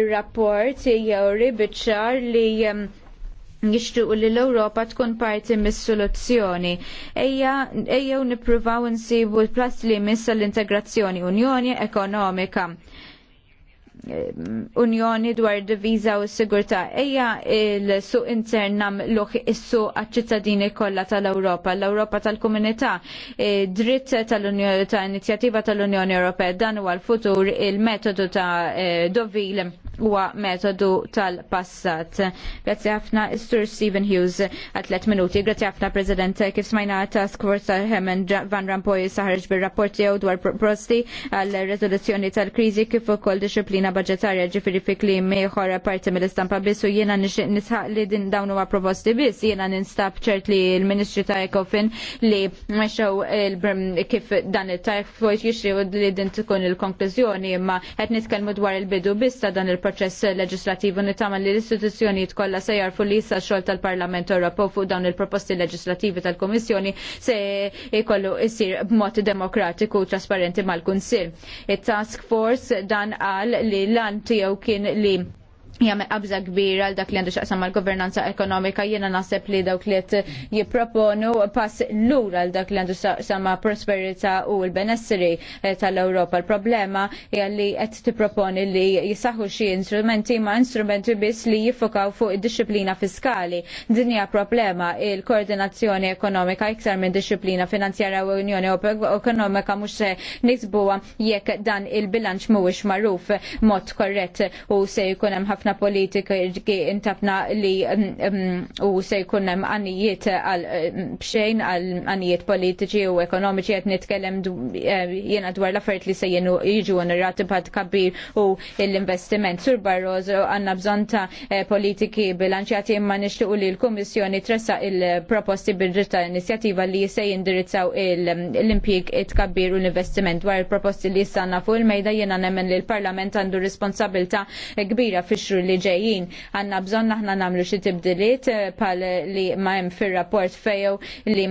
Ir-rapport jew ribiċċar li jixtiequ li l-Ewropa tkun parti mis-soluzzjoni. Ejja ejjew nippruvaw insibu l-plast li missa l-integrazzjoni Unjoni Ekonomika. Eh, unjoni dwar diviża u s-sigurtà. Ejja il-suq intern namluħ issu suq għaċ-ċittadini kollha tal-Ewropa, l-Ewropa tal-Komunità, eh, dritt tal-Unjoni ta' inizjattiva tal-Unjoni Ewropea dan huwa l-futur il-metodu ta' eh, Dovil huwa metodu tal-passat. Grazzi ħafna Sir Stephen Hughes għal minuti. Grazzi ħafna President kif smajna task force tal Hemen Van Rampoy saħarġ bir-rapport tiegħu dwar prosti għal rezoluzzjoni tal-kriżi kif ukoll disciplina budgetarja ġifiri fi klim meħor parti mill-istampa biss u jiena nixtieq nisħaq li din dawn huwa proposti biss jiena ninstab ċert li l-Ministri ta' Ekofin li meċaw kif dan il tajf fuq jixri li din tkun il-konklużjoni imma qed nitkellmu dwar il-bidu biss ta' dan il il-proċess leġislativu nittama li l-istituzzjonijiet kollha se jarfu li jissa xogħol tal-Parlament Ewropew fuq dawn il-proposti leġislativi tal-Kummissjoni se jkollu jsir b'mod demokratiku u trasparenti mal-Kunsill. It-Task Force dan qal li l antijaw tiegħu kien li jgħamil qabża kbira għal dak li għandu xaqsam għal governanza ekonomika jiena naħseb li dawk li jipproponu pass lura għal dak li għandu xaqsam prosperita u l-benessri eh, tal-Europa. Il-problema hija li qed tipproponi li jisaħu xi instrumenti ma instrumenti biss li jiffokaw fuq id-disciplina fiskali. Din hija problema il-koordinazzjoni ekonomika iktar minn disciplina finanzjarja u Unjoni Ekonomika mhux se nisbuha jekk dan il-bilanċ mhuwiex magħruf mod korrett u se jkun hemm ħafna politiki intabna li mm, mm, u se jkun hemm għanijiet għal mm, bxejn għal għanijiet politiċi u ekonomiċi qed nitkellem eh, jiena dwar l-affarijiet li se jienu jiġu onorati bħad kabir u l-investiment. Sur Barroso għandna bżonn ta' eh, politiki bilanċjati imma nixtiequ li l-Kummissjoni tressa il-proposti bil-ġitta inizjattiva li se jindirizzaw l-impjieg it u l-investiment dwar il-proposti li issa fuq il-mejda jiena nemmen li l-Parlament għandu responsabilta kbira fix xhur li ġejjin għandna bżonn aħna nagħmlu xi tibdiliet eh, pal li ma hemm fir-rapport fejjew li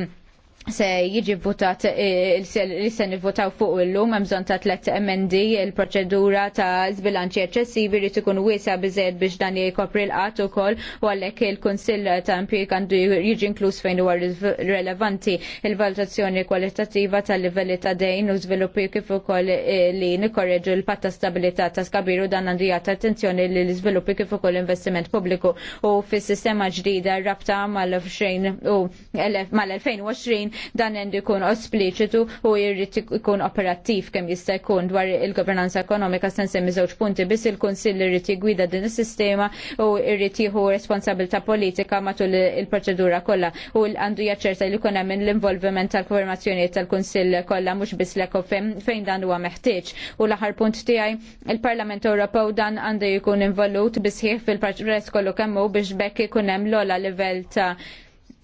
se jiġi votat eh, li se nivvotaw fuq illum hemm bżonn ta' tliet emendi il-proċedura ta' żbilanċi eċċessivi li tkun wiesa' biżejjed biex dan jkopri l-qatt ukoll u għalhekk il-Kunsill ta' impjieg għandu jiġi inkluż fejn huwa rilevanti il-valutazzjoni kwalitattiva tal-livelli ta' dejn u żviluppi kif ukoll eh, li nikkorreġu l-patta stabilità ta' skabiru dan għandu jagħti attenzjoni li l-iżviluppi kif ukoll investiment pubbliku u fis-sistema ġdida rabta mal-2020 u mal-2020 dan għandu jkun ospliċitu u jrid ikun operattiv kemm jista' jkun dwar il-governanza ekonomika se nsemmi żewġ punti biss il-Kunsill irid jigwida din is-sistema u jrid jieħu responsabilità politika matul il-proċedura kollha u għandu jaċċerta li jkun hemm l-involviment tal-konfermazzjonijiet tal-Kunsill kollha mhux biss l fejn dan huwa meħtieġ. U l-aħħar punt tiegħi il-Parlament Ewropew dan għandu jkun involut bisħieħ fil-proċess kollu kemmu biex bekk ikun hemm l-ola livell ta'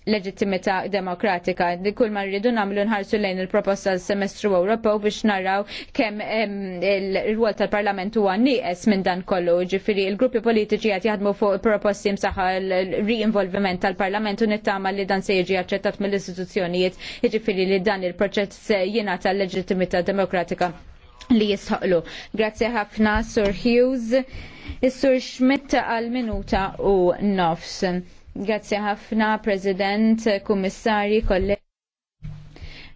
leġittimità demokratika. Dikul kull ma rridu nagħmlu nħarsu lejn il-proposta semestru Ewropew biex naraw kemm il-rwol tal-Parlament huwa nieqes minn dan kollu. Ġifieri il-gruppi politiċi qed jaħdmu fuq proposti msaħħa l-reinvolviment tal-Parlament u nittama li dan se jiġi aċċettat mill-istituzzjonijiet, jiġifieri li dan il-proċess jingħata l-leġittimità demokratika li jisħoqlu. Grazzi ħafna, Sur Hughes. Is-Sur Schmidt għal minuta u nofs. Grazzi ħafna, President, Kummissari, kollegi.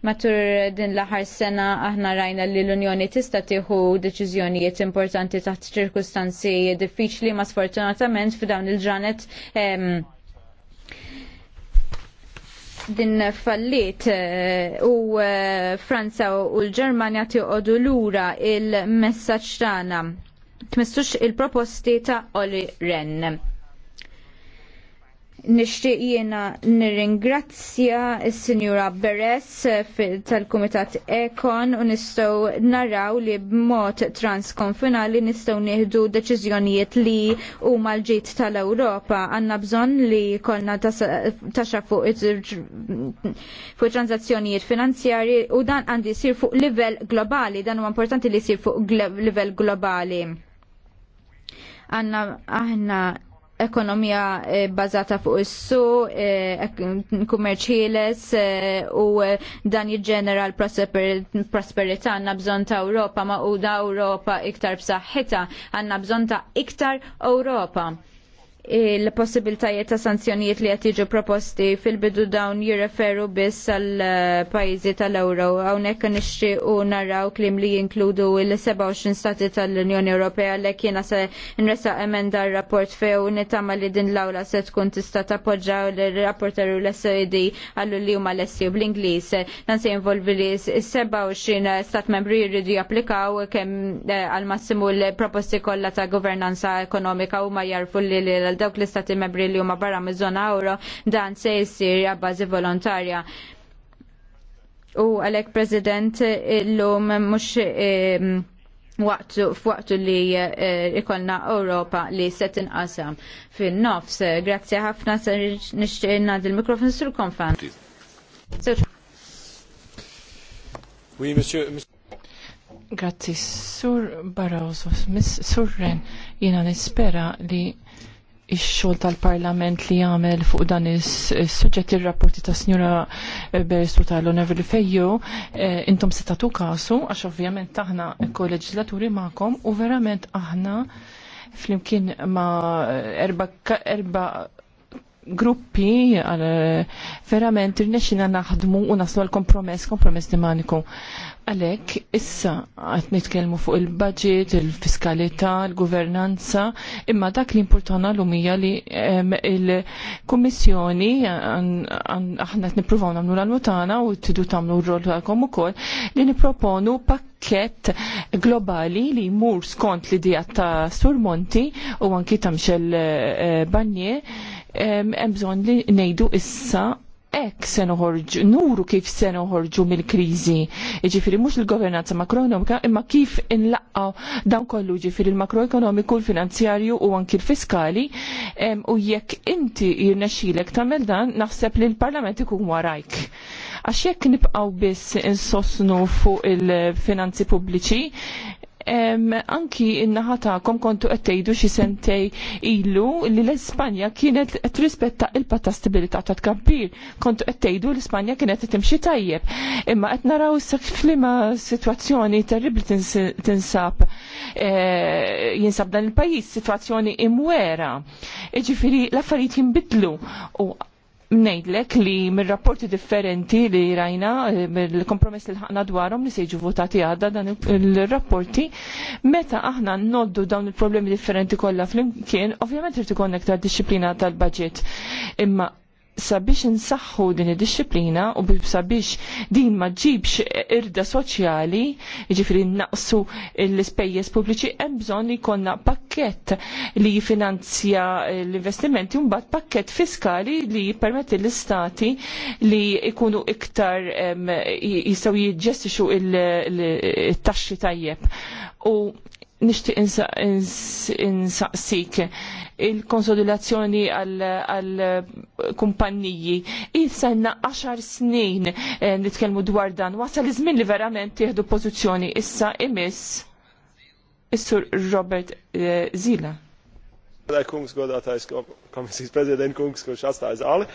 Matur din l-aħar sena aħna rajna li l-Unjoni tista tieħu deċiżjonijiet importanti taħt ċirkustanzi diffiċli ma sfortunatament f'dawn il-ġranet ehm, din fallit eh, u eh, Franza u l-Ġermanja tiqodu lura il-messaċ tagħna. Tmistux il-proposti ta' Oli Renn. Nishtiq jiena nirringrazzja s-Sinjura Beres tal-Kumitat Ekon u nistgħu naraw li b'mod transkonfinali nistgħu nieħdu deċiżjonijiet li huma l-ġid tal-Ewropa. Għandna bżonn li konna taxxa fuq transazzjonijiet finanzjarji u dan għandi jsir fuq livell globali, dan huwa importanti li jsir fuq livell globali. Għanna aħna ekonomija eh, bazata fuq is-su, eh, kummerċ ħieles eh, u dan jiġġenera l-prosperità għandna bżonn ta' Ewropa ma' u da' Ewropa iktar b'saħħitha, għandna bżonn ta' iktar Ewropa il-possibiltajiet ta' sanzjonijiet li qed jiġu proposti fil-bidu dawn jirreferu biss għal eh, pajjiżi tal-Ewro. Hawnhekk nixtiequ naraw klim li jinkludu l-27 stati tal-Unjoni Ewropea li kiena se nresaq emenda r-rapport few nitama li din l-awla se tkun tista' tappoġġa l-rapporteru l-SED għallu li huma lessi bl-Ingliż. Dan se jinvolvi li 27 stat membri jridu japplikaw kemm eh, għal massimu l-proposti kollha ta' governanza ekonomika huma jarfu li l għal dawk l-istati membri li huma barra miż-żona euro dan se jsir bażi volontarja. U għalhekk President illum mhux ehm, waqtu f'waqtu li eh, ikolna Europa li se tinqasam fin-nofs. Grazzi ħafna se nixtieq ngħaddi mikrofon sur konfan. Oui, monsieur, Grazzi, Sur Barroso, Miss Surren, jina nispera li ix-xogħol tal-Parlament li jagħmel fuq dan is-suġġett ir-rapporti ta' Sinjura Bersu tal-Onorevoli Fejju, eh, intom se tagħtu kasu għax ovvjament aħna leġislaturi magħkom u verament aħna flimkien ma' erba' erba' gruppi verament irnexina naħdmu u naslu għal-kompromess, kompromess dimaniku. Għalek, issa għat nitkelmu fuq il-budget, il-fiskalità, il-governanza, imma dak li importana l-umija li il-kommissjoni aħna għat nipruvaw namlu l mutana u t-tidu tamlu r-rol għakom u kol li niproponu pakket globali li jmur skont li dijat ta' surmonti u anki tamxel eh, banje hemm bżonn li ngħidu issa ek se noħorġu, nuru kif se noħorġu mill-krizi. Ġifiri, mux il-governanza makroekonomika, imma kif inlaqqa' dan kollu ġifiri il-makroekonomiku, il-finanzjarju u anki l-fiskali, u jekk inti jirnexilek tamel dan, naħseb li l-parlament ikun warajk. Għax jekk nibqaw biss insosnu fuq il-finanzi pubbliċi, anki in-naħa kontu qed tgħidu xi sentej ilu li l-Ispanja kienet trispetta il-patta stabilita ta' tkabbir. Kontu qed l-Ispanja kienet timxi tajjeb. Imma qed naraw s f'liema sitwazzjoni terribli tinsab eh, jinsab dan il-pajjiż, sitwazzjoni imwera. Jiġifieri l-affarijiet jinbidlu u Nejdlek li mir-rapporti differenti li rajna, eh, mill-kompromess li ħana dwarhom li jiġu votati għadda dan il-rapporti, meta aħna noddu dawn il-problemi differenti kollha flimkien, ovvjament trid ikun tad disċiplina tal-budget. Imma sabiex insaħħu din id-disciplina u sabiex din ma ġibx irda soċjali, ġifri naqsu l spejjes pubbliċi, hemm bżonn jkollna pakkett li jifinanzja l-investimenti un mbagħad pakkett fiskali li jippermetti l-istati li jkunu iktar jistgħu jiġġestixu il-taxxi tajjeb. U nishtiq insaqsik il-konsolidazzjoni għal-kumpanniji. jissanna għanna 10 snin eh, nitkelmu dwar dan, wasal iż-żmien li verament jihdu pozizjoni issa imis is-sur Robert eh, Zila. Lai kungs godātais komisijas prezident kungs, kurš atstājas zāli. Eh,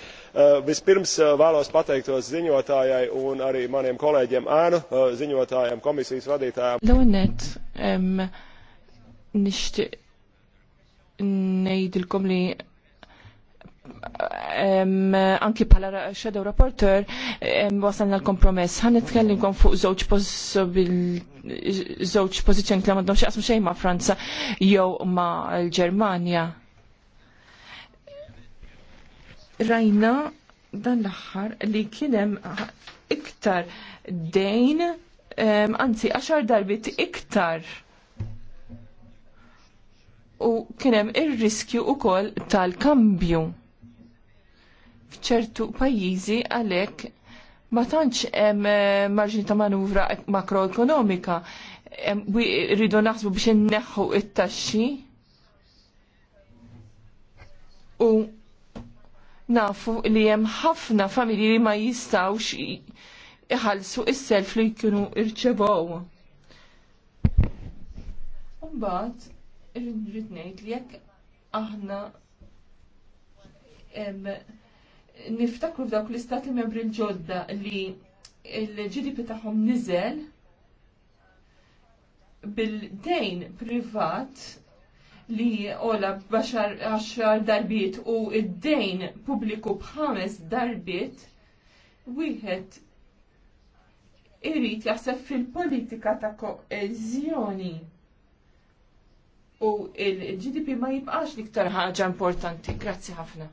vispirms vēlos pateiktos ziņotājai un arī maniem kolēģiem ēnu, ziņotājiem, komisijas vadītājiem. Launet, nishtiq nejdilkom li anki pala shadow reporter um, wasalna l-kompromess. Għan nitkellimkom fuq zoċ zoċ pozizjoni li għandhom xaqsmu xej ma' Franza jew ma' l-Germania. Rajna dan l-axħar li kienem iktar dejn anzi għaxar darbit iktar u kienem ir-riskju ukoll tal-kambju. F'ċertu pajjiżi għalhekk ma tantx hemm eh, marġin ta' manuvra makroekonomika rridu naħsbu biex inneħħu it-taxxi u nafu li hemm ħafna familji li ma jistawx iħallsu is-self li jkunu irċevow. Mbagħad irrid ngħid li jekk aħna niftakru f'dawk l-istati membri l-ġodda li l-GDP tagħhom niżel bil-dejn privat li ola baxar għaxar darbit u id-dejn pubbliku bħames darbit wieħed irrit jaħseb fil-politika ta' koeżjoni u il-GDP ma jibqax liktar ħaġa importanti. Grazzi ħafna.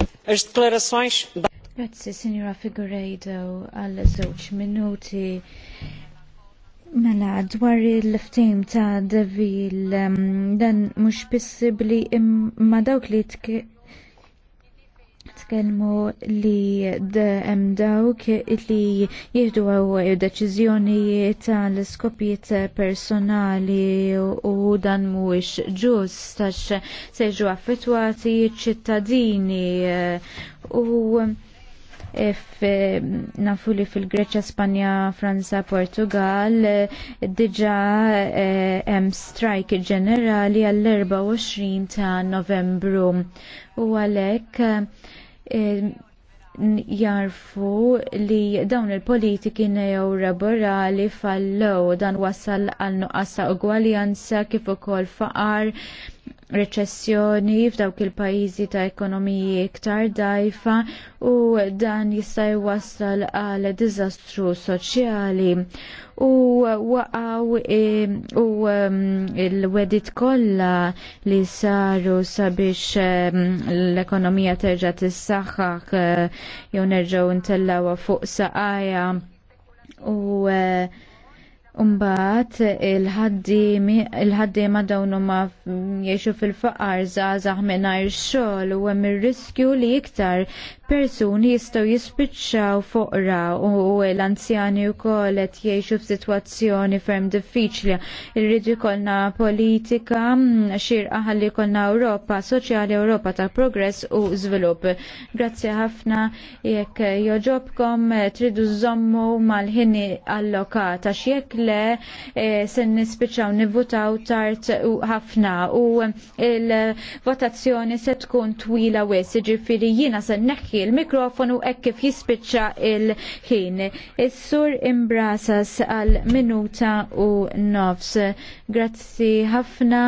Grazzi, Signora Figueredo, għal żewġ minuti. Mela, dwar il-ftim ta' Devil, mm, dan mhux possibbli imma dawk li nitkellmu li hemm dawk li jieħdu deċiżjoni tal-iskopijiet personali u dan mhuwiex ġust għax se jiġu affettwati ċittadini u if nafu li fil-Greċja, Spanja, Franza, Portugal diġa eh, hemm strajk ġenerali għall-24 ta' Novembru. U għalhekk Eh, jarfu li dawn il-politiki neoliberali fallow dan wassal għal nuqqas ta' ugwaljanza kif ukoll faqar reċessjoni f'dawk il-pajjiżi ta' ekonomiji iktar dajfa u dan jista' jwassal għal diżastru soċjali u waqaw e, u um, l-wedit kollha li saru sabiex um, l-ekonomija terġa' tissaħħaħ e, jew nerġgħu ntellawha fuq saqajja u uh, Umbaħt il ma dawn huma jiexu fil-faqar żgħażagħ mingħajr xogħol u hemm ir-riskju li iktar persuni jistgħu jispiċċaw foqra u l-anzjani wkoll qed jgħixu f'sitwazzjoni ferm diffiċli. Irridu jkollna politika xirqa li jkollna Europa, soċjali Ewropa ta' progress u żvilupp. Grazzi ħafna jekk joġobkom tridu żommu mal-ħini allokata x'jekk le eh, se nispiċaw nivutaw tard ħafna u eh, il-votazzjoni se tkun twila wis, ġifiri jina se neħki il-mikrofonu hekk kif jispiċċa il-ħin. Is-sur imbrasas għal minuta u nofs. Grazzi ħafna,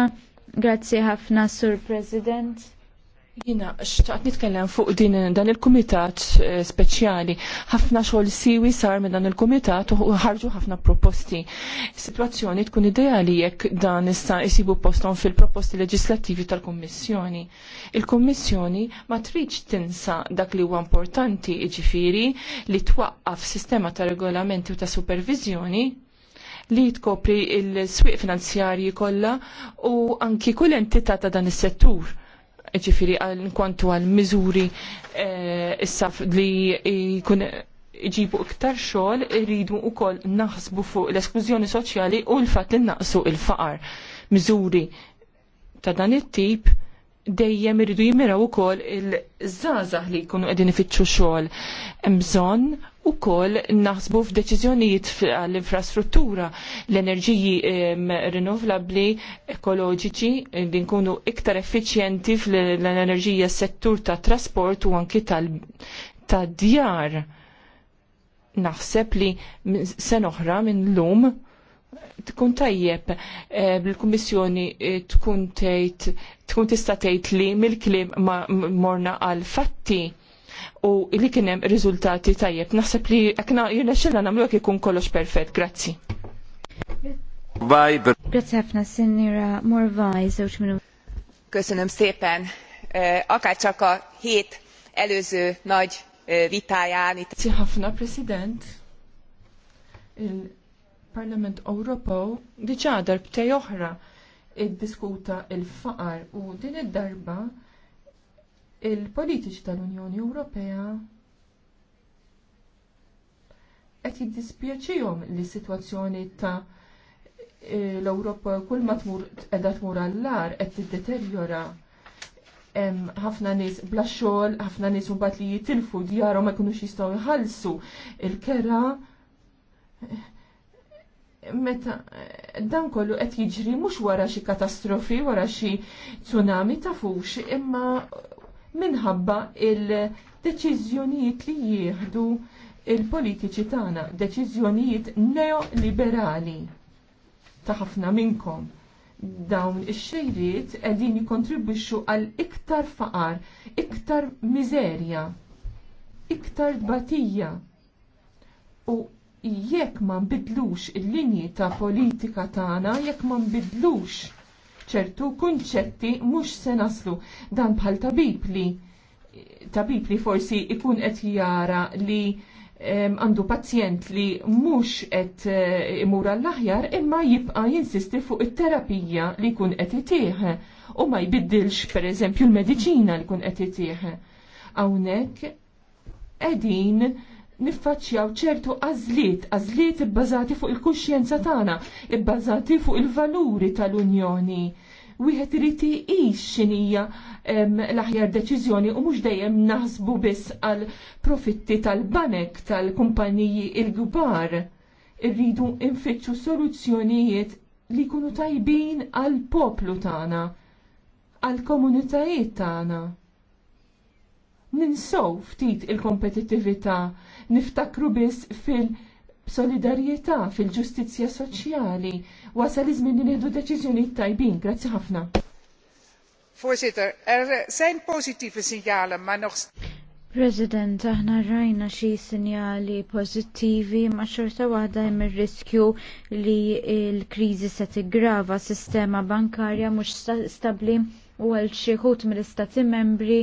grazzi ħafna, sur President. Jina, xtaqt nitkellem fuq din dan il-kumitat eh, speċjali. ħafna xogħol siwi sar minn dan il-kumitat u ħarġu ħafna proposti. Situazzjoni tkun ideali jekk dan issa jsibu postom fil-proposti leġislattivi tal-Kummissjoni. Il-Kummissjoni ma tridx tinsa dak li huwa importanti jiġifieri li twaqqaf sistema ta' regolamenti u ta' supervizjoni li tkopri il-swieq finanzjarji kollha u anki kull entità ta' dan is-settur ġifiri għal-kontu għal-mizuri eh, s-saf li jkun iġibu iktar xogħol u wkoll naħsbu fuq l-esklużjoni soċjali u l-fatt li naqsu il-faqar. Miżuri ta' dan it-tip dejjem iridu jimiraw kol il-żgħażagħ li jkunu għedin ifittxu xogħol. Hemm bżonn u kol naħsbu f'deċizjonijiet għall-infrastruttura l-enerġiji rinnovabli ekoloġiċi li nkunu iktar effiċjenti fl-enerġija settur ta' trasport u anki tal-djar. Naħseb li sen oħra minn lum tkun tajjeb l kummissjoni eh, tkun tgħid tkun tista' tgħid li mill-kliem morna għal fatti u li kien hemm riżultati tajjeb. Naħseb li ekna xilla nagħmlu jekk ikun kollox perfett. Grazzi. Grazzi ħafna Sinjura Morvaj, żewġ minuti. Köszönöm szépen. Akár csak a hét előző nagy vitáján itt. ħafna President, il-Parlament Ewropew diġà darbtej oħra id-diskuta il-faqar u din id-darba il-politiċi tal-Unjoni Ewropea qed jiddispjaċihom li s-sitwazzjoni ta' l-Ewropa kull ma tmur qiegħda tmur għall-lar qed tiddeterjora hemm ħafna nies bla xogħol, ħafna nies mbagħad li jitilfu djarhom ma jkunux jistgħu jħallsu il-kera meta dan kollu qed jiġri mhux wara xi katastrofi, wara xi tsunami tafux, imma minħabba il-deċiżjonijiet li jieħdu il-politiċi tagħna, deċiżjonijiet neoliberali ta' ħafna minnkom dawn ix-xejriet qegħdin jikkontribwixxu għal iktar faqar, iktar miżerja, iktar dbatija. U jekk ma nbidlux il-linji ta' politika tagħna, jekk ma nbidlux ċertu kunċetti mhux se naslu dan bħal tabib li tabib li forsi ikun qed jara li għandu pazjent li mhux qed uh, imur għall-aħjar imma jibqa' jinsisti fuq it-terapija li jkun qed itih u ma jbiddilx pereżempju l-mediċina li jkun qed itih. Hawnhekk qegħdin niffaċċjaw ċertu għażliet, għażliet ibbażati fuq il-kuxjenza tagħna, ibbażati fuq il-valuri tal-Unjoni wieħed irid iqis x'inhija l-aħjar deċiżjoni u mhux dejjem naħsbu biss għal profitti tal-banek tal-kumpaniji il-kbar. Irridu nfittxu soluzzjonijiet li jkunu tajbin għall poplu tagħna, għall komunitajiet tagħna. Ninsow ftit il-kompetittività, niftakru biss fil- solidarjetà fil-ġustizzja soċjali wasal iż-żmien li nieħdu deċiżjonijiet tajbin. Grazzi ħafna. Voorzitter, er zijn positieve signalen, ma' nog President, aħna rajna xi sinjali pożittivi ma xorta waħda hemm ir-riskju li l-kriżi se tiggrava s sistema bankarja mhux stabbli u għal xieħut mill-istati membri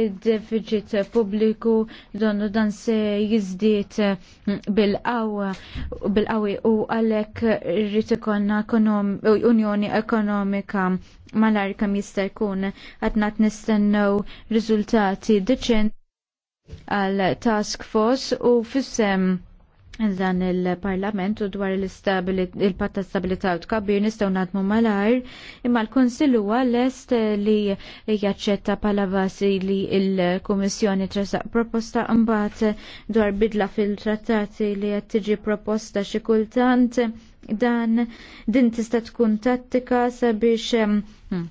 id-deficit publiku donnu dan se jizdiet mm, bil-qawi u għalek rrit ikonna unjoni ekonomika malar kam jista' jkun għatnat nistennew riżultati deċenti għal task force u fissem dan il-Parlament u dwar il-patta stabilita stabilità u tkabbir nistaw nadmu malar imma l-Konsillu għal-est li jaċċetta pala basi li il-Komissjoni trasaq proposta mbaħt dwar bidla fil-trattati li qed tiġi proposta xi kultant dan din tista' tkun tattika sabiex hmm,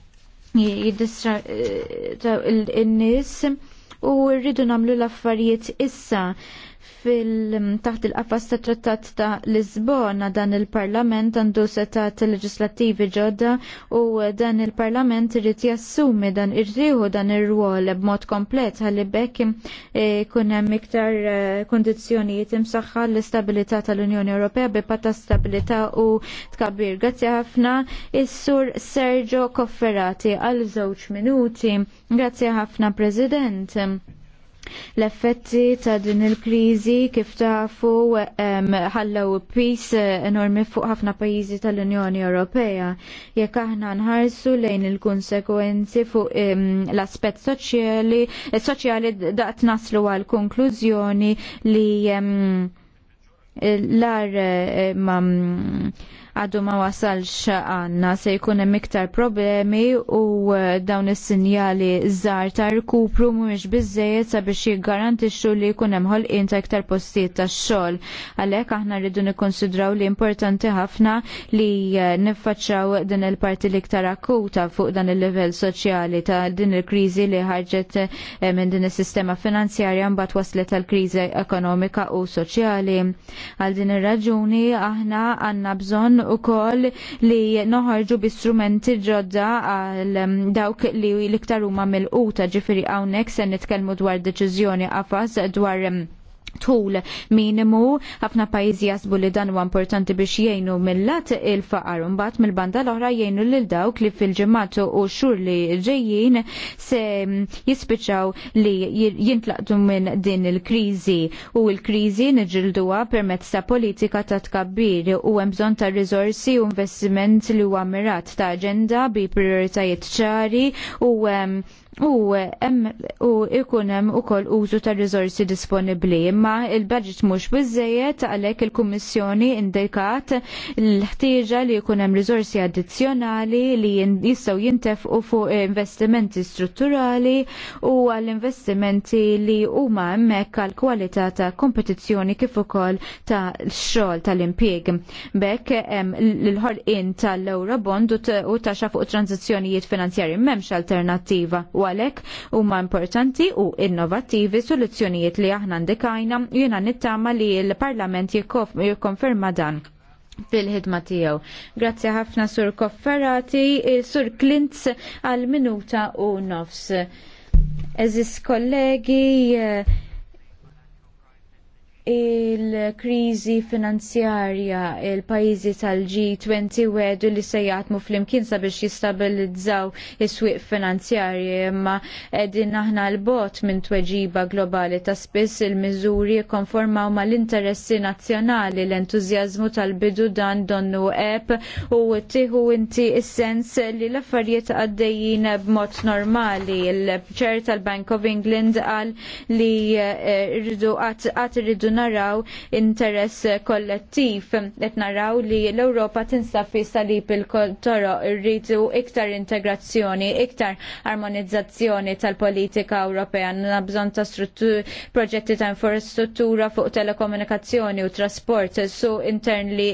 jiddistra eh, il-nies u rridu namlu l-affarijiet issa fil-taħt il-qafas ta' trattat ta' Lisbona dan il-parlament għandu setat leġislativi ġodda u dan il-parlament irrit jassumi dan irriħu dan ir-rwol b'mod komplet għalli bekk eh, kunem iktar eh, kondizjonijiet imsaxħa l-istabilità tal-Unjoni Ewropea bi ta' stabilità u tkabbir. Grazzi ħafna is-sur Sergio Kofferati għal żewġ minuti. Grazzi ħafna President. L-effetti ta' din il-krizi kif tafu ħallew pis enormi fuq ħafna pajjiżi tal-Unjoni Ewropea. Jekk aħna nħarsu lejn il-konsekwenzi fuq l-aspett soċjali, soċjali daqt naslu għal konklużjoni li l-ar ma' għadu ma wasalx għanna se jkun hemm iktar problemi u eh, dawn is-sinjali żgħar ta' rkupru mhumiex biżejjed sabiex jiggarantixxu li jkun hemm ħolqien ta' iktar postijiet tax-xogħol. Għalhekk aħna rridu nikkonsidraw li importanti ħafna li eh, niffaċċaw din il-parti l-iktar akuta fuq dan il-livell soċjali ta' din il-kriżi li ħarġet eh, minn din is-sistema finanzjarja mbagħad waslet tal kriżi ekonomika u soċjali. Għal din ir-raġuni aħna għandna bżonn u ukoll li noħorġu bi strumenti ġodda għal um, dawk li l-iktar huma mill-quta ġifieri hawnhekk se nitkellmu dwar deċiżjoni qafas dwar um, tul minimu ħafna pajjiżi jasbu li dan huwa importanti biex jgħinu mill-lat il-faqar mbagħad mill-banda l-oħra jgħinu lil dawk li fil-ġimgħat u xhur li ġejjin se jispiċaw li jintlaqtu minn din il-kriżi u l-kriżi niġilduha permezz ta' politika ta' tkabbir u hemm bżonn ta' rizorsi u investiment li huwa mirat ta' aġenda bi prioritajiet ċari u um, u ikun hemm ukoll użu ta' riżorsi disponibbli. Imma il-budget mhux biżejjed għalhekk il-Kummissjoni indikat l-ħtieġa li jkun hemm riżorsi addizzjonali li jistgħu jintefqu fuq investimenti strutturali u għall-investimenti li huma hemmhekk għal kwalità ta' kompetizzjoni kif ukoll ta' xogħol tal-impjieg. Bekk hemm l-ħolqien tal-Eurobond u ta' fuq tranzizzjonijiet finanzjarji m'hemmx alternattiva u għalhekk huma importanti u innovattivi soluzzjonijiet li aħna ndikajna jiena nittama li l-Parlament jikkonferma dan fil-ħidma tiegħu. Grazzi ħafna Sur Kofferati, Sur Klintz għal minuta u nofs. Eżis kollegi, il-krizi finanzjarja il-pajizi tal-G20 wedu li se jgħatmu fl-imkien sabiex jistabilizzaw is-swieq finanzjarji imma edin aħna l-bot minn tweġiba globali ta' spiss il-miżuri konformaw ma l-interessi nazzjonali l-entużjażmu tal-bidu dan donnu eb u tiħu inti is-sens li l-affarijiet għaddejjin b'mod normali il-ċer tal-Bank of England għal li eh, rridu għat rridu naraw interess kollettiv. Qed naraw li l-Ewropa tinsab fi salib il kontoro irridu iktar integrazzjoni, iktar armonizzazzjoni tal-politika Ewropea. Għandna bżonn ta' proġetti ta' infrastruttura fuq telekomunikazzjoni u trasport, su intern li,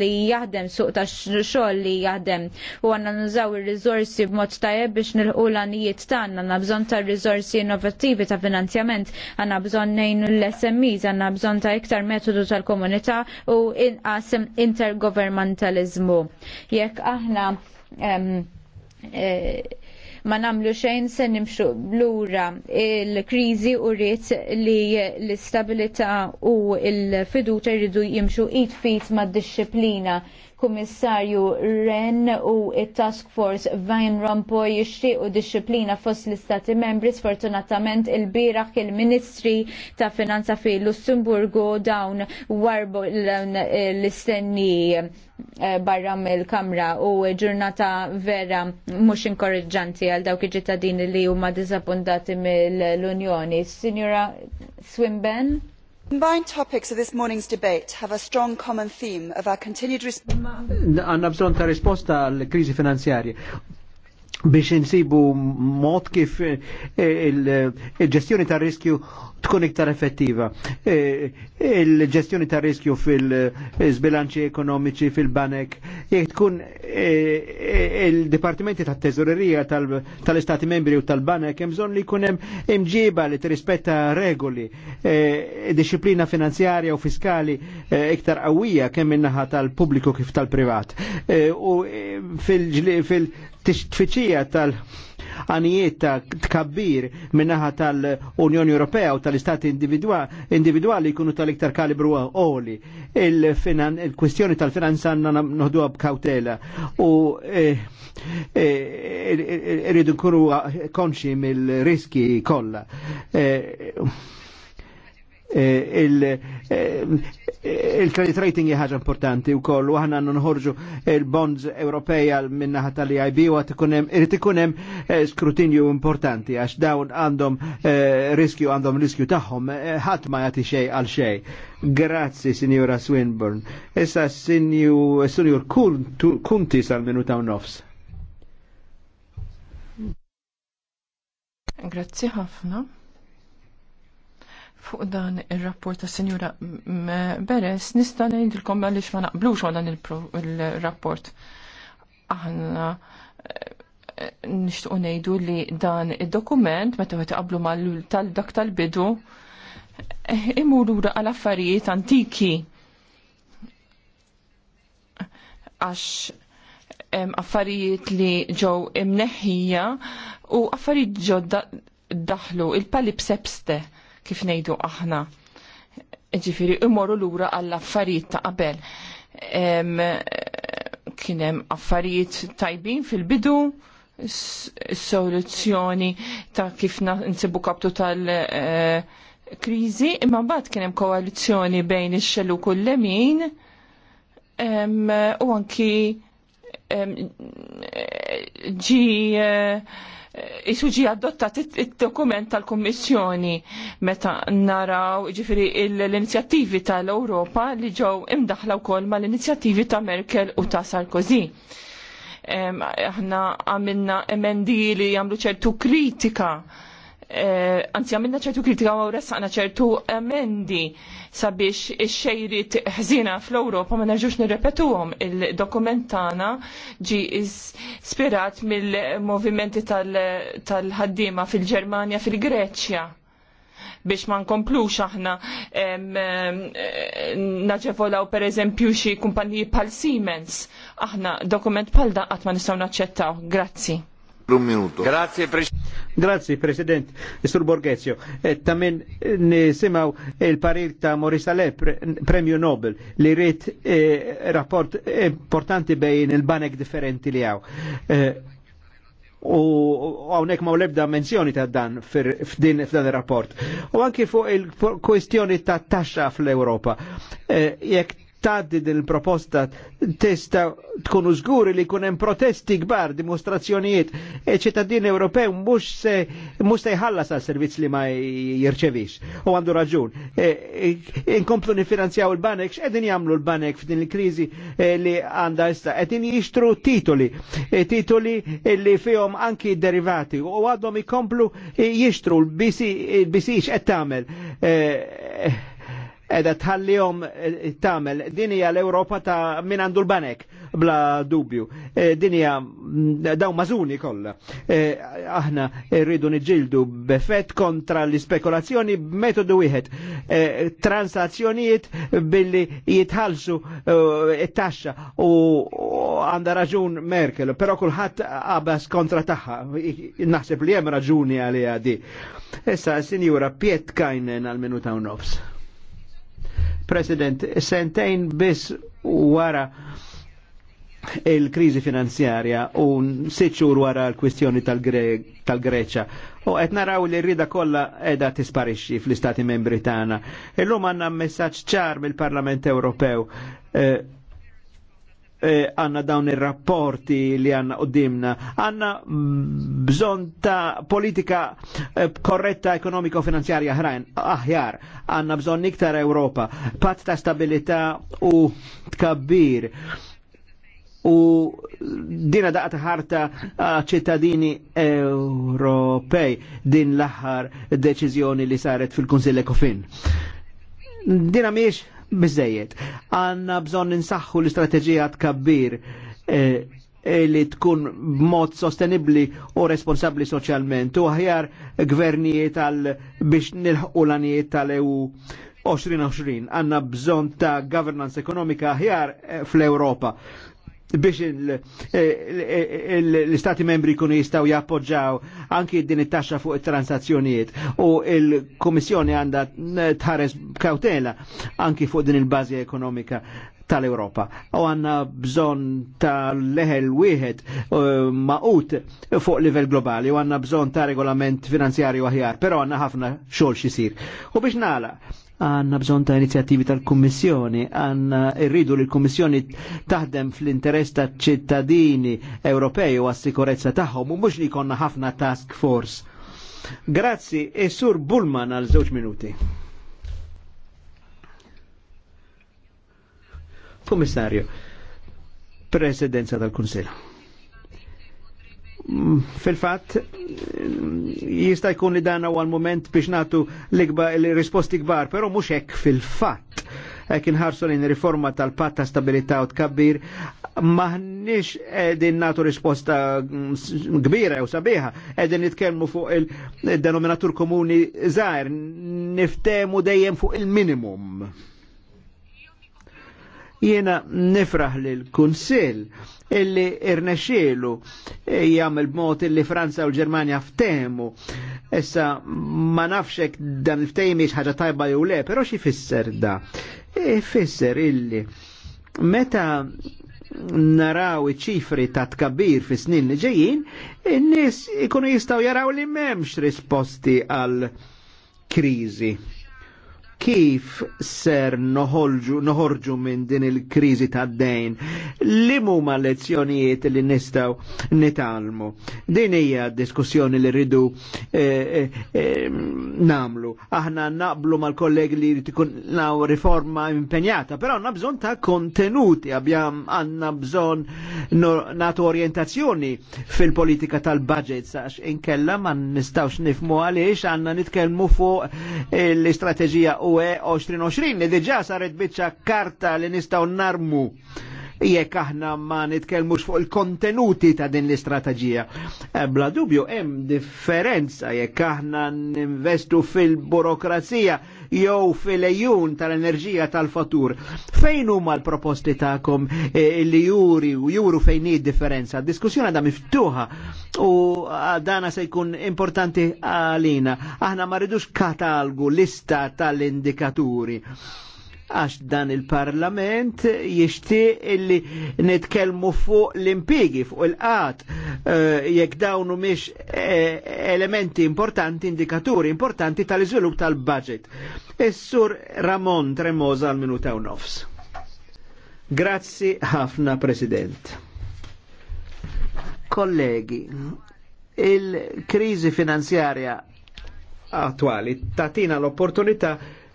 li jaħdem, suq ta' xogħol li jaħdem. U għandna nużaw ir-riżorsi b'mod tajjeb biex nilqu l-anijiet tagħna, għanna bżonn ta' riżorsi innovattivi ta' finanzjament, għandna bżonn nejn l-SMEs, għandna bżonn ta' iktar metodu tal-komunità u inqas intergovernmentalizmu. Jekk aħna e, ma namlu xejn se nimxu lura il-krizi u rrit li l-istabilita u l fiduċa jridu jimxu it-fit ma' disċiplina kummissarju Ren u it-Task Force Van Rompuy u disċiplina fost l-Istati membri sfortunatament il-biraħ il-Ministri ta' Finanza fi Lussemburgu dawn warbu l-istenni eh, barra mill-kamra u ġurnata vera mhux inkorreġġanti għal dawk iġittadini ċittadini li huma diżappuntati mill-Unjoni. Signora Swinben? Combined topics of this morning's debate have a strong common theme of our continued Għanna bżon ta' risposta għall-krizi finanzjarja biex insibu mod kif eh, il-ġestjoni il tar riskju tkun iktar effettiva. E, il-ġestjoni ta' riskju fil-sbilanċi ekonomiċi fil-banek, jek tkun e, e, il-Dipartimenti ta' Teżorerija tal-Istati membri u tal-banek, jemżon li kunem imġiba li t-rispetta regoli, disciplina finanzjarja u fiskali iktar għawija kemm minnaħa tal-pubbliku kif tal-privat. U fil-tfittxija tal-, -privat. U fil tfittxija tal għanijiet ta' tkabbir minnaħa tal-Unjoni Ewropea u tal-Istati individuali jkunu tal-iktar kalibru għoli. Il-kwestjoni il tal-finanza għanna noħduha b'kautela u eh, eh, rridu nkunu eh, konxi mill-riski kollha. Eh, eh, il-credit rating ħaġa importanti u koll, u għahna nħorġu il-bonds Ewropeja minnaħat tal-IB u irrit ikunem eh, skrutinju importanti, għax dawn għandhom riskju għandhom riskju taħħom, ħat ma jati xej għal xej. Grazzi, Signora Swinburne. Issa, Signor Kunti sal-minuta u nofs. Grazzi ħafna fuq dan il-rapport ta' Sinjura Beres, nista' ngħidilkom għaliex ma naqblux għal dan il-rapport. Aħna eh, nixtuq ngħidu li dan id-dokument meta qed qablu mal-dak tal-bidu eh, imur ura għal affarijiet antiki għax affarijiet li ġew imneħħija u affarijiet ġodda daħlu il-palipsepste kif nejdu aħna. Ġifiri, imorru l-ura għall-affarijiet ta' qabel. Kienem affarijiet tajbin fil-bidu, soluzzjoni ta' kif nsibu kaptu tal-krizi, eh, imma bat kienem koalizjoni bejn ix-xellu kullemin u anki ġi eh, isuġi adottat il-dokument tal-Kommissjoni meta naraw ġifiri l-inizjattivi tal-Europa li ġew imdaħla wkoll mal inizjattivi ta' Merkel u ta' Sarkozy. Aħna għamilna emendi li jagħmlu ċertu kritika Eh, anzi għamilna ċertu kritika u ressaqna ċertu emendi sabiex ix-xejrit ħzina fl-Ewropa ma nerġux nirrepetuhom il-dokumentana ġi ispirat mill-movimenti tal-ħaddiema fil-Ġermanja fil-Greċja biex ma nkomplux aħna naġevolaw per eżempju xi kumpaniji pal Siemens. Aħna dokument bħal da qatt ma nistgħu naċċettaw. Grazzi. Un minuto. Grazie, Presidente. Grazie, President. Sur Borghezio, eh, tamen eh, ne nisimaw il-parir ta' Morisa Le, premio Nobel, li rrit eh, rapport importanti bejn il-banek differenti li għaw. Eh, u għawnek ma' u lebda menzjoni ta' dan f'din f'dan il-rapport. U anki fuq il-kwestjoni ta' taxxa fl-Europa. Eh, taddi din il-proposta testa tkunu żguri li kunem protesti gbar, dimostrazzjonijiet, e ċittadin Ewropew mhux se mhux se jħallas għal servizz li ma jirċevix. U għandu raġun. E, e, Inkomplu nifinanzjaw il-banek, xedin jamlu l-banek f'din il krizi e, li għanda jista, qegħdin jixtru titoli, e, titoli li fihom anki derivati u għadhom ikomplu jixtru l-bisi xed tamel. E, edha tħalli eh, tagħmel. Din hija l europa ta' min għandu l-banek bla dubju. Eh, din mm, daw mażuni kolla. Eh, aħna rridu nġildu befett kontra l-ispekulazzjoni b'metodu wieħed. Transazzjonijiet billi jitħallsu it-taxxa u għanda raġun Merkel, però kulħadd qabas kontra tagħha. Naħseb li hemm raġuni għalija di. Issa, sinjura Piet Kajnen għal-minuta u nofs. President, sentejn bis wara il-krizi finanzjarja u n-sitxur wara l-kwistjoni tal-Greċa. U għet naraw li rrida kollha qiegħda tisparixxi fl-Istati Membri tagħna. Illum għandna messaġġ ċar mill-Parlament Ewropew. Eh, Eh, għanna dawn ir-rapporti li għanna dimna. Għanna bżon ta' politika eh, korretta ekonomika u finanzjarja ħrajn, aħjar, għanna bżon iktar Europa, pat ta' stabilità u tkabbir u dina daqta ħarta ċittadini Ewropej din l-aħħar deċiżjoni li saret fil-Kunsill Ekofin. Dina miex bizzejiet. Għanna bżon ninsaħħu l-istrateġija tkabbir eh, eh, li tkun mod sostenibli u responsabli soċjalment u aħjar gvernijiet għal biex nilħu l-anijiet tal-EU 2020. Għanna bżon ta' governance ekonomika aħjar eh, fl-Europa biex eh, l-istati membri kunu jistaw jappoġġaw anki din it-taxxa fuq it-transazzjonijiet u il-Komissjoni għandha eh, tħares kautela anki fuq din il-bażi ekonomika tal-Europa. U għanna bżon tal-leħel wieħed eh, maqut fuq livell globali, u għanna bżon ta' regolament finanzjarju aħjar, pero għanna ħafna xogħol xisir. U biex nala, għanna bżon ta' inizjattivi tal-Kummissjoni, għanna irridu li l kommissjoni taħdem fl-interess ta' ċittadini Ewropej u għas-sikurezza tagħhom u mhux li konna ħafna task force. Grazzi, e sur Bullman għal żewġ minuti. Kommissarju, Presidenza tal-Kunsill fil-fat jista' jkun li dan għal moment biex nagħtu l-risposti kbar, però mhux hekk fil-fatt. Hekk inħarsu lejn riforma tal pat ta' stabilità u tkabbir maħniex qegħdin nagħtu risposta mm, kbira u sabiħa, qegħdin nitkellmu fuq il-denominatur komuni zaħir, niftemu dejjem fuq il-minimum Jiena nifraħ li l-Kunsil illi Irnexxielu e, jagħmel b'mod illi Franza u Ġermanja ftehmu. Issa ma nafxek dan il-ftehim ħaġa tajba jew le, però xi fisser da? Ifisser e, illi meta naraw iċifri ċifri ta' tkabbir fi snin li ġejjin, in-nies ikunu jistgħu jaraw li m'hemmx risposti għal kriżi kif ser noħorġu, noħorġu minn din il-krizi ta' dejn li huma lezzjonijiet li nistaw nitalmu. Din hija diskussjoni li rridu eh, eh, eh namlu. Aħna naqblu mal kollegi li tikun naw riforma impenjata, però għandna bżon ta' kontenuti, abbiam għandna bżon no, natu orientazzjoni fil-politika tal-budget, sax inkella ma nistawx nifmu għaliex għanna nitkelmu fuq eh, l-istrateġija UE 2020 li diġa saret biċċa karta li nistaw narmu jekk aħna ma nitkellmux fuq il-kontenuti ta' din l-istrateġija. Eh, bla dubju hemm differenza jekk aħna ninvestu fil-burokrazija jew fil-ejjun tal-enerġija tal-fatur. Fejn huma l-proposti tagħkom eh, li juri u juru fejn hi differenza? Diskussjoni da miftuħa u dana se jkun importanti għalina. Aħna ma rridux katalgu lista tal-indikaturi għax dan il-parlament jishti illi netkelmu fuq l-impigi, fuq il-qat, eh, jekk dawnu miex eh, elementi importanti, indikaturi importanti tal-izvilup tal-budget. Is-sur Ramon Tremosa għal minuta u nofs. Grazzi ħafna, President. Kollegi, il-krizi finanzjarja attuali tatina l-opportunità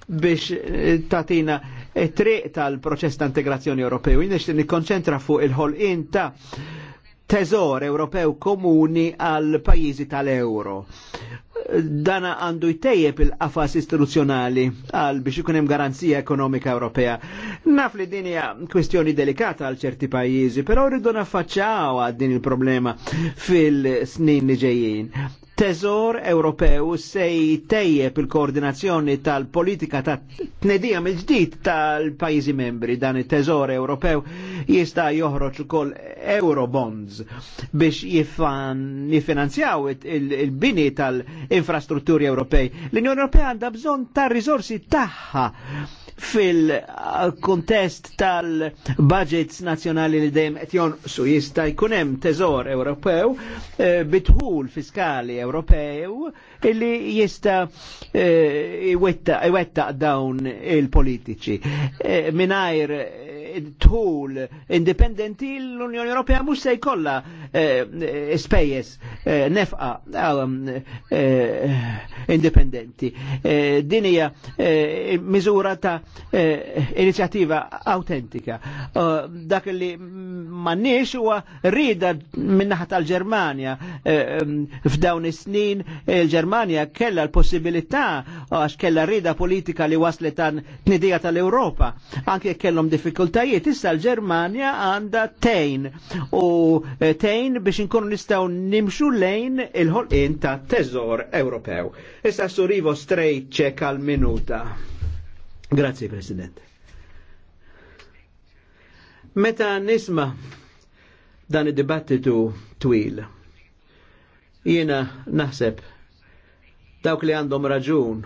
biex eh, tatina eh, triq tal-proċess ta' integrazzjoni Ewropew. Jien nixtieq nikkonċentra fuq il-ħolqien ta' teżor Ewropew komuni għal pajjiżi tal-euro. Dana għandu jtejjeb il-qafas istituzzjonali għal biex ikun hemm garanzija ekonomika Ewropea. Naf li din hija kwestjoni delikata għal ċerti pajjiżi, però rridu naffaċċaw din il-problema fil-snin li ġejjin. Teżor Ewropew se jtejjeb il-koordinazzjoni tal-politika ta' tnedija mill-ġdid tal-pajjiżi membri dan it-Teżor Ewropew jista' joħroġ ukoll Eurobonds biex jiffinanzjaw il-bini tal-infrastrutturi Ewropej. L-Unjoni Ewropea għandha bżonn ta' risorsi tagħha fil-kontest tal-budgets nazjonali li dejjem qed jonqsu jista' jkun hemm teżor Ewropew eh, bitħul fiskali Ewropew Ewropew illi jista eh, iwettaq dawn il-politiċi. Eh, minajr eh, tul indipendenti l-Unjoni Ewropea mhux se jkollha spejjeż nefqa indipendenti. Din hija miżura ta' inizjattiva autentika. Dak li m'għandniex huwa rida min-naħa tal-Ġermanja f'dawn is-snin il-Ġermanja germania kella l-possibilità għax kella rida politika li waslet tan tnidija tal-Europa. Anke kellhom diffikultajiet, issa l-Germania għanda tejn u eh, tejn biex inkunu nistgħu nimxu lejn il-ħolqien ta' teżor Ewropew. Issa surivo strejt ċek minuta Grazie, President. Meta nisma' dan id-dibattitu twil. Jiena naħseb dawk li għandhom raġun.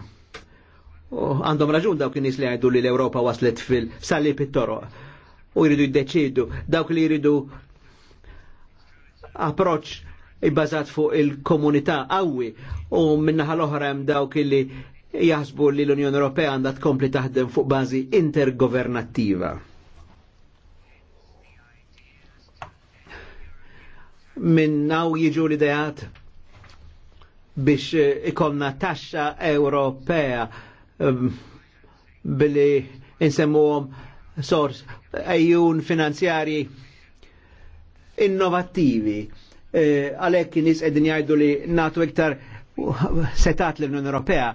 Għandhom raġun dawk nis li għajdu li l-Ewropa waslet fil sali it-toroq u jridu jiddeċidu dawk li jridu approċ ibbażat fuq il-komunità qawwi u minnaħa l-oħra hemm dawk li jaħsbu li l-Unjoni Ewropea għandha tkompli taħdem fuq bażi intergovernattiva. Minnaw jiġu l-idejat biex ikonna taxxa Ewropea um, billi insemmuhom sors ejjun finanzjari innovattivi. E, għalhekk nies qegħdin jgħidu li natu iktar setat l-Unjoni Ewropea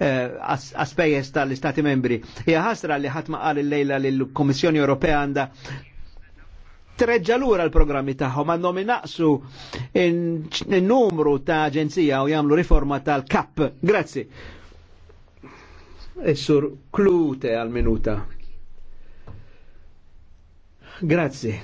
għaspejjeż e, tal-Istati membri. Hija ħasra li ħadd ma qal il-lejla li l-Kummissjoni Ewropea għandha treġġa lura l-programmi tagħhom għandhom inaqsu n-numru ta' aġenzija u jagħmlu riforma tal-kap. Grazzi. Essur klute għal-minuta. Grazzi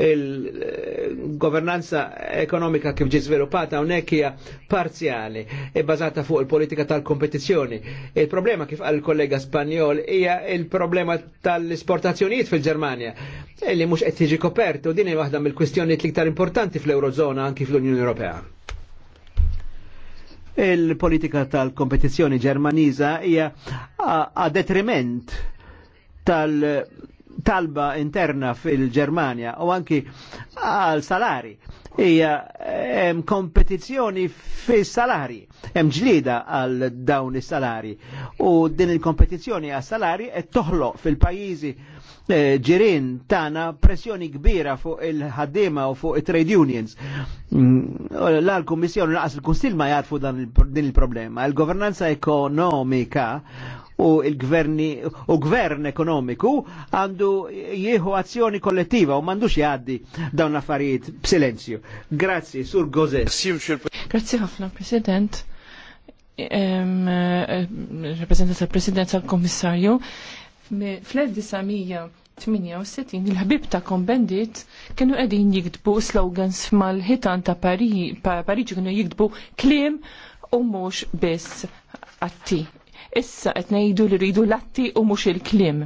il-governanza ekonomika kif ġiet sviluppata hawnhekk hija parzjali e bażata fuq il-politika tal-kompetizzjoni. Il-problema kif għal kollega Spanjol hija il-problema tal-esportazzjonijiet fil-Ġermanja e li mhux qed tiġi kopertu din hija waħda mill-kwistjonijiet l-iktar importanti fl-Eurozona anki fl-Unjoni Ewropea. Il-politika tal-kompetizzjoni Ġermaniża hija a, a detriment tal- talba interna fil-Germania u anki għal salari. Ija hemm kompetizzjoni fis-salari, hemm ġlida għal dawn is-salari. U din il-kompetizzjoni għas salari qed toħlo fil-pajjiżi eh, ġirin tana pressjoni kbira fuq il-ħaddima u fuq il-trade unions. Mm, la l-Kommissjoni laqas il-Kunsil ma jarfu din il-problema. Il-governanza ekonomika u il-gverni u gvern ekonomiku għandu jieħu azzjoni kollettiva u mandux jgħaddi dawn affarijiet b'silenzju. Grazzi, Sur Gozes. Grazzi ħafna, President. Eh, Rappresentant presidenza president tal-Komissarju. Fl-1968 il-ħbib ta' kombendit kienu qegħdin jikdbu slogans mal-ħitan ta' Pariġi kienu jiktbu kliem u mhux biss għatti Issa qed ngħidu li rridu latti u mhux il-kliem.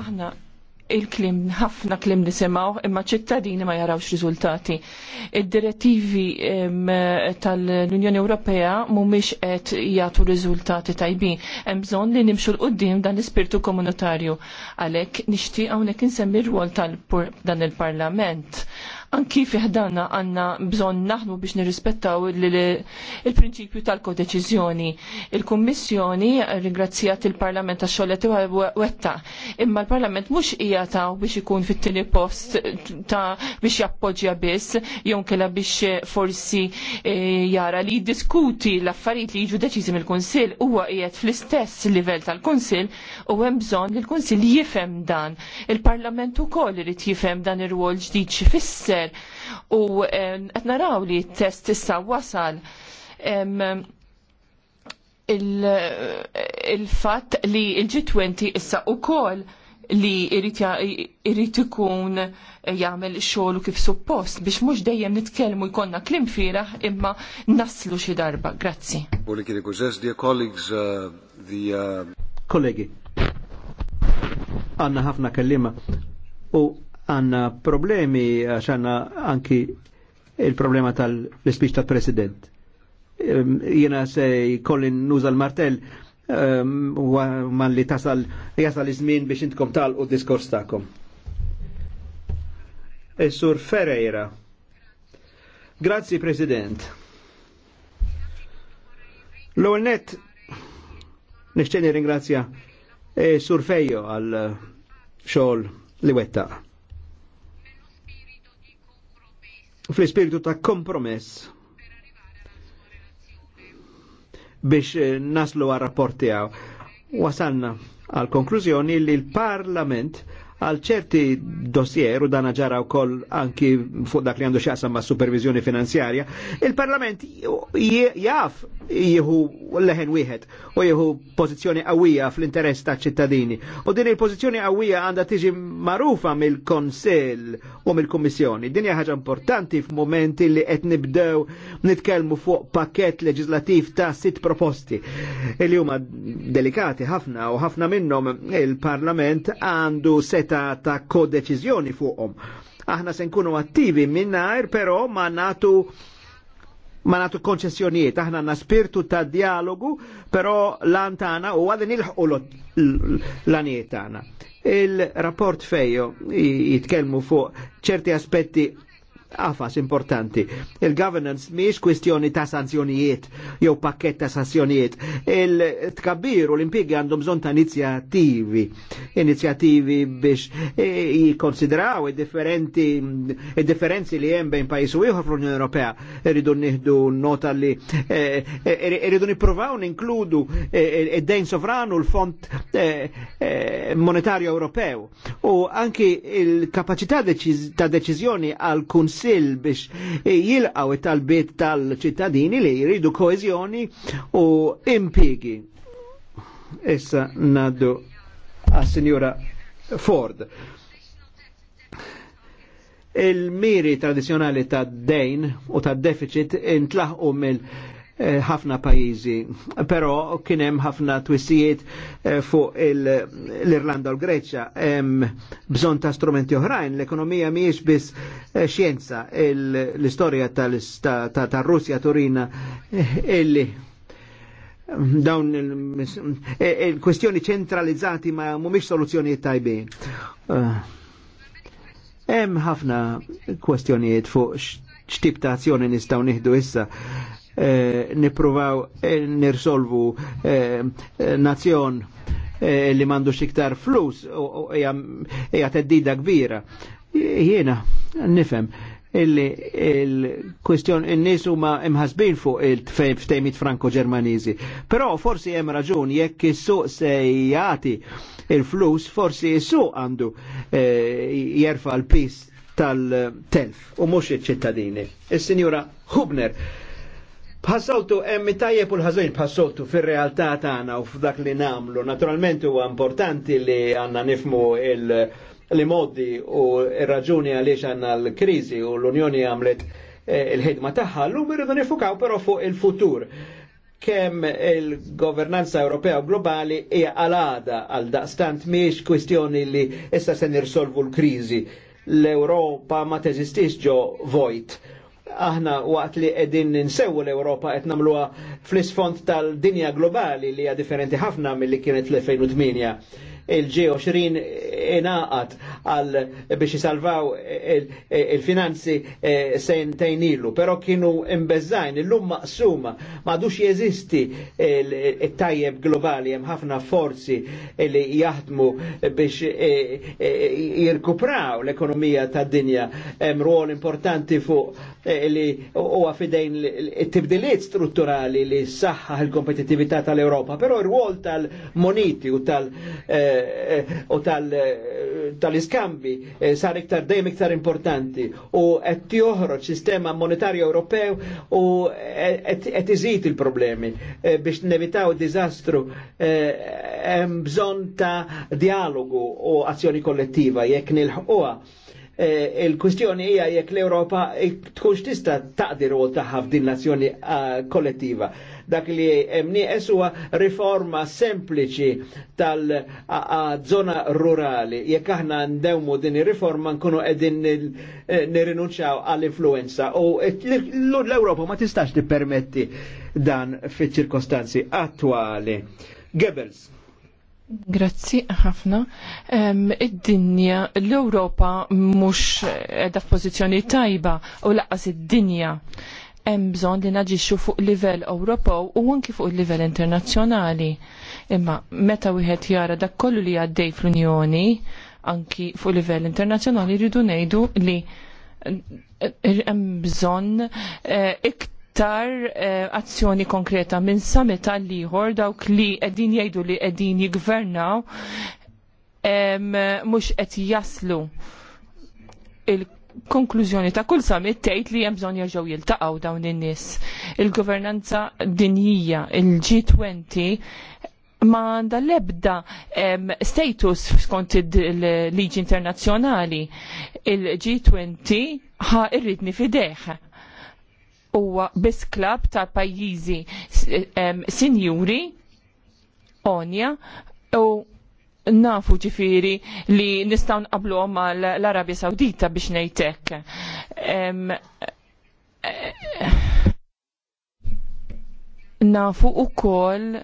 Aħna il-klim, ħafna klim nisimaw, imma ċittadini ma jarawx riżultati. Id-direttivi tal-Unjoni Ewropea mhumiex qed jagħtu riżultati tajbin. Hemm bżonn li nimxu l-qudiem dan l-ispirtu komunitarju. Għalhekk nixtieq hawnhekk insemmi r-rwol tal dan il-Parlament Anki fiħdana għanna bżon naħdmu biex nirrispettaw il-prinċipju tal-kodeċizjoni. Il-Kummissjoni ringrazzjat il-Parlament għax xogħol u għetta. Imma l-Parlament mhux hija biex ikun fit-tieni post ta' biex jappoġġja biss, jonkela biex forsi e, jara li jiddiskuti l-affarijiet li jiġu deċiżi mill-Kunsill huwa qiegħed fl-istess livell tal-Kunsill u hemm bżonn li l-Kunsill jifhem dan. Il-Parlament ukoll irid jifhem dan ir-rwol ġdid xi fisser u qed naraw li t-test issa wasal il-fatt li il-G20 issa u koll li irrit ikun jagħmel xogħol kif suppost biex mhux dejjem nitkellmu jkollna klim fira imma naslu xi darba. Grazzi. Uh, uh, Kollegi, għanna ħafna kellima u għanna problemi għax għanna anki il-problema tal-speech tal-president. Ehm, jena se kollin nuża l-martell ehm, man li tasal jasal izmin biex intkom tal u diskors ta'kom. Is-Sur Ferreira. Grazzi President. L-ewwel net nisċeni ringrazzja e eh, Sur Fejo għal eh, xol li wetta. u fl-ispiritu ta' kompromess biex eh, naslu għal rapporti għaw. Wasalna għal konklużjoni li l-Parlament għal ċerti dossier u dana ġara wkoll anki fuq dak li għandu x'asam ma' supervizjoni finanzjarja, il-Parlament jaf jihu leħen wieħed u jihu pożizzjoni qawwija fl-interess ta' ċittadini. U din il-pożizzjoni qawwija għandha tiġi marufa mill-Konsell u mill-Kummissjoni. Din hija ħaġa importanti f'momenti li qed nibdew nitkellmu fuq pakket leġislativ ta' sitt proposti. Il-juma delikati ħafna u ħafna minnhom il-Parlament għandu set ta', ta kodeċizjoni fuqhom. Aħna se nkunu attivi minnajr, però ma natu ma natu konċessjonijiet, aħna għanna spirtu ta' dialogu, però lan tana u għadin ilħu l-aniet tagħna. Il-rapport fejo jitkelmu fuq ċerti aspetti għafas importanti. Il-governance miex kwestjoni ta' sanzjonijiet jew pakket ta' sanzjonijiet. Il-tkabbir u l-impiegi għandhom bżon ta' inizjativi, inizjativi biex e, jikonsidraw differenti differenzi li jem bejn pajis u jħor fl-Unjoni Ewropea. Irridu nieħdu nota li e, e, irridu nippruvaw ninkludu id-dejn sovranu l-Fond Monetarju Ewropew u anki il-kapacità ta' deċizjoni għal-Kunsill sil biex jilqaw it-talbiet tal-ċittadini li jridu koezjoni u impigi. Issa naddu għas-Sinjura Ford. Il-miri tradizjonali ta' dejn u ta' deficit intlaħqu mill Eh, ħafna pajizi. Pero kienem ħafna twissijiet eh, fuq l-Irlanda u l greċa Bżon ta' strumenti oħrajn, l-ekonomija miex biss eh, xienza, l istoria ta' russja Turina illi dawn il-kwestjoni ċentralizzati ma mumiex soluzzjonijiet tajbin. Hemm ħafna kwestjonijiet fuq x'tip ta' azzjoni nistgħu nieħdu issa Eh, nipruvaw eh, nirsolvu eh, nazzjon li mandu xiktar flus u teddida kbira. Jiena nifhem il-kwestjon il-nis huma imħasbin fuq il-ftejmit franko-ġermaniżi. Però forsi hemm raġun jekk is se jagħti il-flus, forsi is għandu jerfa l-pis tal-telf u mhux il ċittadini il sinjura Hubner Bħassawtu hemm eh, tajjeb u l-ħażin fil fir-realtà tagħna u f'dak li nagħmlu. Naturalment huwa importanti li għandna nifmu il modi u r-raġuni għaliex għanna l krizi u l-Unjoni għamlet eh, il-ħidma tagħha, llum irridu nifukaw però fuq il-futur kemm il-governanza Ewropea u globali hija għalada għal daqstant miex kwistjoni li issa se nirsolvu l-kriżi. L-Ewropa ma teżistix ġo vojt aħna waqt li qegħdin ninsewu l-Ewropa qed nagħmluha fl-isfond tal-dinja globali li hija differenti ħafna milli kienet l-2008 il-G20 inaqat għal biex jisalvaw il-finanzi eh, sentejn ilu, pero kienu imbezzajn, illum maqsuma, dux jeżisti il-tajjeb globali, hemm ħafna forzi li jaħdmu biex eh, eh, jirkupraw l-ekonomija tad dinja hemm ruol importanti fuq li huwa għafidejn il tibdiliet strutturali li saħħa il-kompetittività tal-Europa, però il ruol tal-moniti u tal- eh, u eh, eh, eh, tal-iskambi sar iktar dejjem iktar importanti u qed joħroġ sistema monetarju Ewropew u qed iżid il-problemi biex nevitaw diżastru hemm bżonn ta' dialogu u azzjoni kollettiva jekk nilħquha il-kustjoni hija jekk l-Ewropa tkunx tista' taqdi rwol tagħha f'din l-azzjoni kollettiva. Dak li hemm nieqes riforma sempliċi tal-żona rurali. Jekk aħna ndewmu din riforma nkunu qegħdin nirinunċaw eh, għall-influenza u l-Ewropa ma tistax tippermetti dan fit ċirkostanzi attwali. Goebbels. Grazzi ħafna. Um, id-dinja, l-Europa mhux edha f'pożizzjoni tajba u laqas id-dinja hemm bżonn li naġixxu fuq livell Ewropew u anki fuq livell internazzjonali. Imma meta wieħed jara dak kollu li għaddej fl-Unjoni anki fuq livell internazzjonali rridu ngħidu li eh, hemm bżonn eh, iktar eh, azzjoni konkreta minn summit għal ieħor dawk li qegħdin jgħidu li qegħdin jiggvernaw mhux qed jaslu il konklużjoni ta' kull summit tgħid li hemm bżonn jerġgħu jiltaqgħu dawn in-nies. Il-governanza dinjija, il-G20 ma għandha l-ebda status skont il-liġi internazzjonali. Il-G20 ħa irridni fideħ huwa biss klab ta' pajjiżi sinjuri onja u nafu ġifiri li nistaw nqablu mal l-Arabja Sawdita biex hekk. Nafu u koll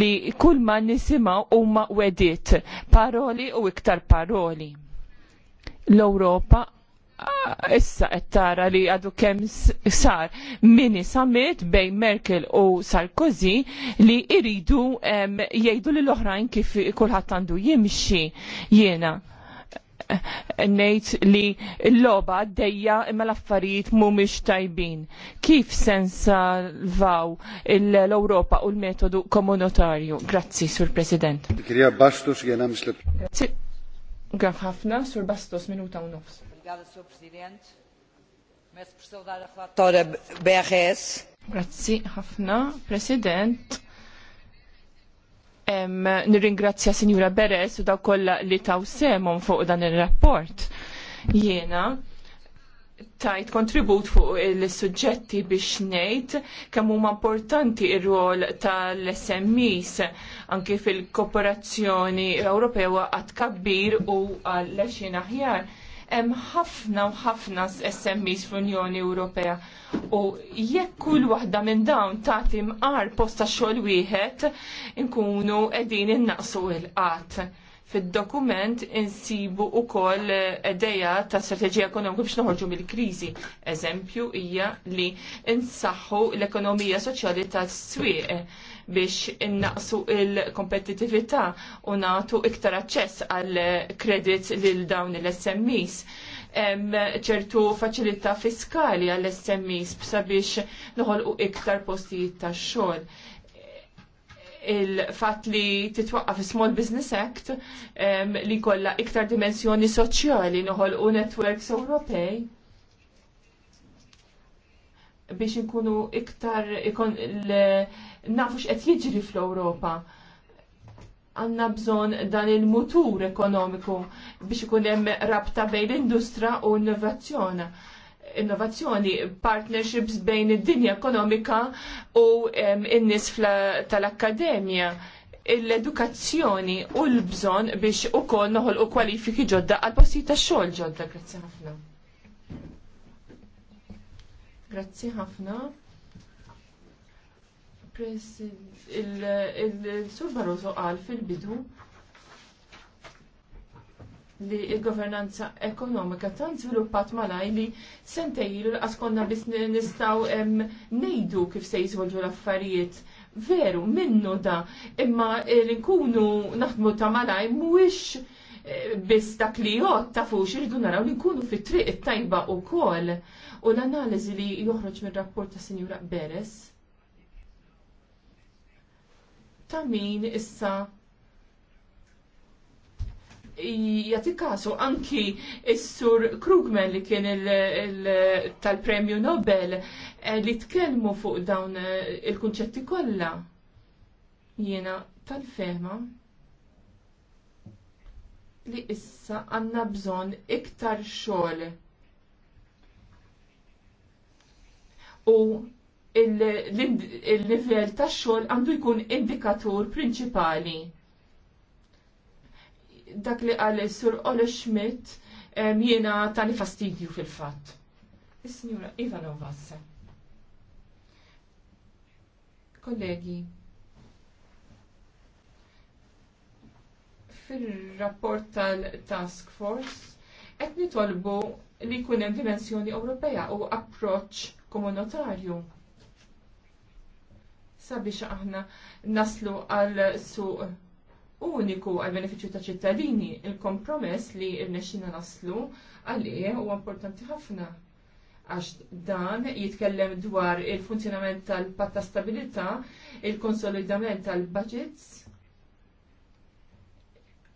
li kull ma nisimaw u ma wedit paroli u iktar paroli. L-Europa Ah, issa qed tara li għadu kemm sar mini summit bejn Merkel u Sarkozy li iridu jgħidu l oħrajn kif kulħadd għandu jimxi jiena eh, ngħid li l-loba għaddejja imma l-affarijiet mhumiex tajbin. Kif sensalvaw l-Ewropa u l-metodu komunitarju? Grazzi, Sur President. Kirja Bastos Graf ħafna, Sur Bastos minuta u nofs. Grazie Sr. Grazzi ħafna, President. Nirringrazzja Sinjura Beres u daw kollha li taw semhom fuq dan ir-rapport. Jiena tajt kontribut fuq il-sujġetti biex nejt kemm huma importanti ir-rol tal-SMEs anke fil-Kooperazzjoni Ewropewa għat kabbir u għal lexin aħjar Hemm ħafna u ħafna SMEs fl-Unjoni Ewropea u jekk kull waħda minn dawn tagħti mqar posta xogħol wieħed inkunu qegħdin innaqsu il-qatt. Fid-dokument insibu wkoll ideja ta' strateġija ekonomika biex noħorġu mill-kriżi. Eżempju hija li insaħħu l-ekonomija soċjali tas-swieq biex innaqsu il-kompetitività u nagħtu iktar aċċess għal kredit lil dawn il-SMEs ċertu faċilità fiskali għall SMEs sabiex noħolqu iktar postijiet ta' xogħol. Il-fat li titwaqqaf Small Business Act li kolla iktar dimensjoni soċjali noħolqu networks Ewropej biex nkunu iktar ikon nafu x'qed jiġri fl-Ewropa. Għanna bżon dan il-mutur ekonomiku biex ikun hemm rabta bejn l-industra u l-innovazzjoni innovazzjoni, partnerships bejn id-dinja ekonomika u n nies tal-akkademja l-edukazzjoni u l-bżon biex ukoll noħolqu kwalifiki ġodda għal postijiet xogħol ġodda. Grazzi ħafna. Grazzi ħafna il-Sur Barroso qal fil-bidu li il-governanza ekonomika tant żviluppat malaj li sentejlu l-qaskonna biss nistaw nejdu kif se jiżvolġu l-affarijiet. Veru, minnu da, imma li nkunu naħdmu ta' malaj mhuwiex eh, biss dak li jgħod ta' fux irridu naraw li nkunu fit triq it-tajba u kol. U l-analiżi li joħroġ mir-rapport ta' Sinjura Beres ta' min issa jati anki s-sur Krugman li kien tal-premju Nobel eh, li tkellmu fuq dawn eh, il-kunċetti kollha. Jiena tal-fema li issa għanna bżon iktar xogħol. U il-livell ta' xogħol għandu jkun indikatur prinċipali. Dak li għal sur Ole Schmidt jiena tani fastidju fil-fatt. Is-Sinjura Ivanova Kollegi, fil-rapport tal-Task Force qed nitolbu li jkun hemm dimensjoni Ewropea u approċċ komunitarju sabiex aħna naslu għal suq uniku għal beneficju ta' ċittadini, il-kompromess li rnexxina naslu għalih huwa importanti ħafna. Għax dan jitkellem dwar il-funzjonament tal-patta stabilita, il-konsolidament tal-budgets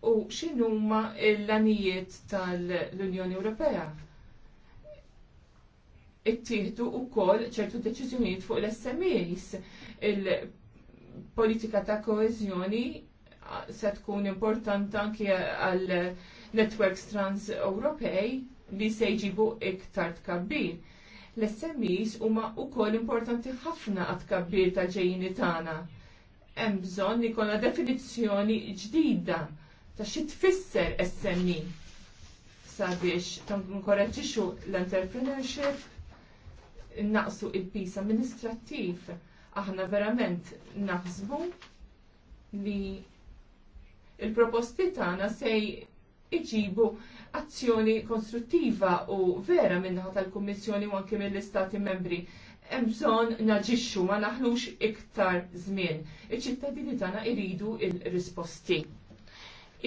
u x'inhuma l-anijiet tal-Unjoni Ewropea. Ittieħdu wkoll ċertu deċiżjonijiet fuq l-SMEs il-politika ta' koezjoni se tkun importanti anke għal networks trans-Ewropej li se jġibu iktar tkabbir. L-SMEs huma wkoll importanti ħafna għat tkabbir ta' ġejjini tagħna. Hemm bżonn li jkollna definizzjoni ġdida ta' xi tfisser SME sabiex tankoraġġixxu l-entrepreneurship, naqsu il-pis amministrattiv aħna verament naħsbu li il-proposti tagħna se iġibu azzjoni konstruttiva u vera minnaħat tal-Kummissjoni u anke mill-Istati membri. Hemm bżonn naġixxu ma naħlux iktar żmien. Iċ-ċittadini tagħna jridu l risposti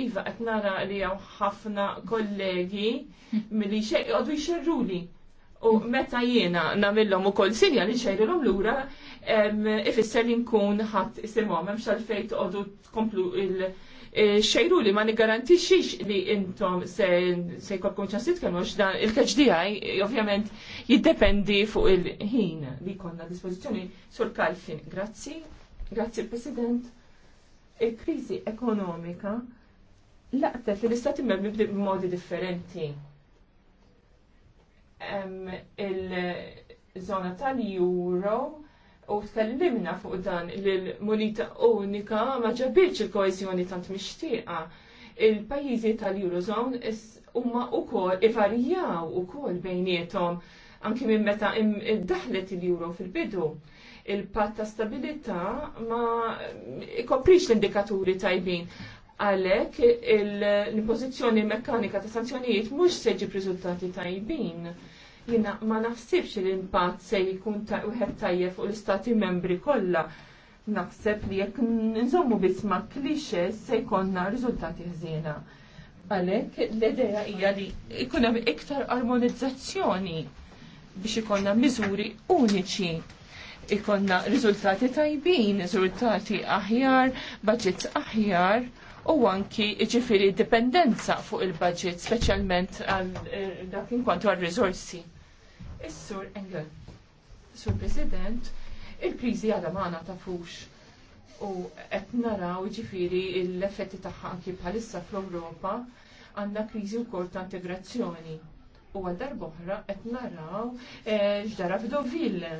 Iva qed nara li hawn ħafna kollegi milli għadu jxerruli U meta jiena namillom u kol sinja li xejrilom l-ura, ifisser li nkun ħat isimom, memx x'alfejt għodu tkomplu il-xejru eh, li ma xiex li intom se jkolkom ċansit kemm għax dan il-keġdijaj ovvjament jiddependi fuq il-ħin li konna dispozizjoni sur kalfin. Grazzi, grazzi President. Il-krizi ekonomika laqtet li l-istati membri b'modi differenti il-żona tal-Euro u tkellimna fuq dan l-munita unika ma ġabilx il-koezjoni tant mixtieqa. Il-pajjiżi tal-Eurozone huma wkoll ivarjaw ukoll bejniethom anki minn meta daħlet il-Euro fil-bidu. Il-patt ta' stabilità ma ikoprix l-indikaturi tajbin Għalhekk l-impożizzjoni mekkanika ta' sanzjonijiet mhux se ġib riżultati tajbin. Jina ma naħsibx l-impatt se jkun ta' wieħed tajjeb fuq l-istati membri kollha. Naħseb li jekk nżommu biss ma' klixe se jkollna riżultati ħżiena. Għalhekk l-idea hija li jkun hemm iktar armonizzazzjoni biex ikollna miżuri uniċi ikonna riżultati tajbin, riżultati aħjar, budgets aħjar u anki ġifiri dipendenza fuq il-budget, specialment dakin eh, dak inkwantu għal rizorsi. Is-sur Engel, sur President, il-krizi għadha maħna fux. u qed naraw ġifiri l-effetti tagħha anki bħalissa fl-Ewropa għandna kriżi wkoll ta' integrazzjoni. U għal darb'oħra qed naraw eh, x'dara f'Doville.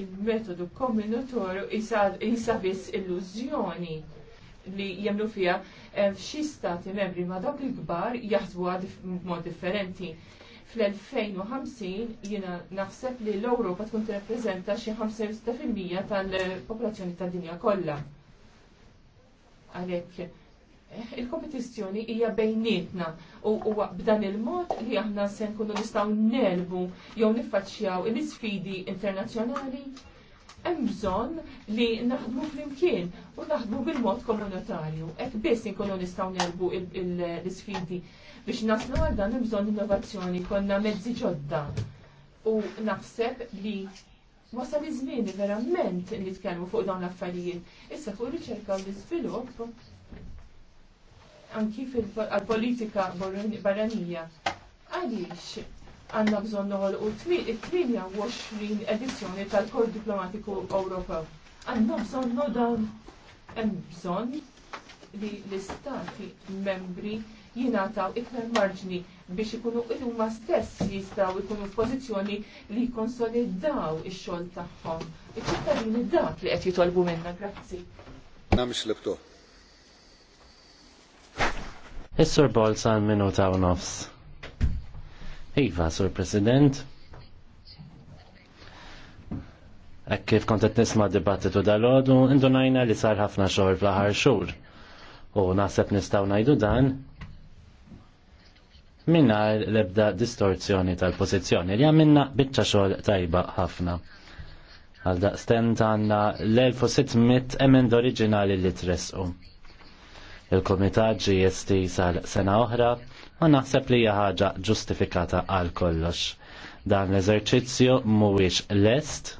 Il-metodu komunitorju isa biss illużjoni li jemlu fija eh, f'xi stati membri ma dawk il-kbar jaħsbu b'mod differenti. Fl-2050 jiena naħseb li l-Ewropa tkun tirrappreżenta xi 56% tal-popolazzjoni tad-dinja kollha. Għalhekk eh, il-kompetizzjoni hija bejnietna u huwa b'dan il-mod li aħna se nkunu nistgħu nelbu jew niffaċċjaw l-isfidi internazzjonali hemm bżonn li naħdmu flimkien u naħdmu bil-mod komunitarju. Hekk biss inkunu nistgħu nerbu l-isfidi biex naslu għal dan hemm bżonn innovazzjoni, konna mezzi ġodda. U naħseb li wasal iż-żmien verament li tkellmu fuq dawn l-affarijiet. Issa fuq riċerka u l-iżvilupp anki fil-politika barranija. Għaliex għanna bżon noħol u 28 edizjoni tal-Kord Diplomatiku Ewropew. Għanna bżon dan hemm bżon li l-istati membri jinataw iktar marġni biex ikunu huma stess jistaw ikunu f'pożizzjoni li konsolidaw ix-xogħol tagħhom. Iċ-ċittadini dak li qed jitolbu minna, grazzi. Namx libtu. Is-Sur Bolzan minuta u nofs. Iva, Sur President. Ek kif kontet nisma' dibattitu dal-għodu, indunajna li sar ħafna xogħol fl-aħħar xhur. U naħseb nistgħu ngħidu dan l lebda distorzjoni tal-pozizjoni li għamilna bitċa xogħol tajba ħafna. Għal daqstent għanna l-1600 emend oriġinali li tresqu. il komitaġi jesti sal sena oħra ma naħseb li hija ħaġa ġustifikata għal kollox. Dan l-eżerċizzju mhuwiex lest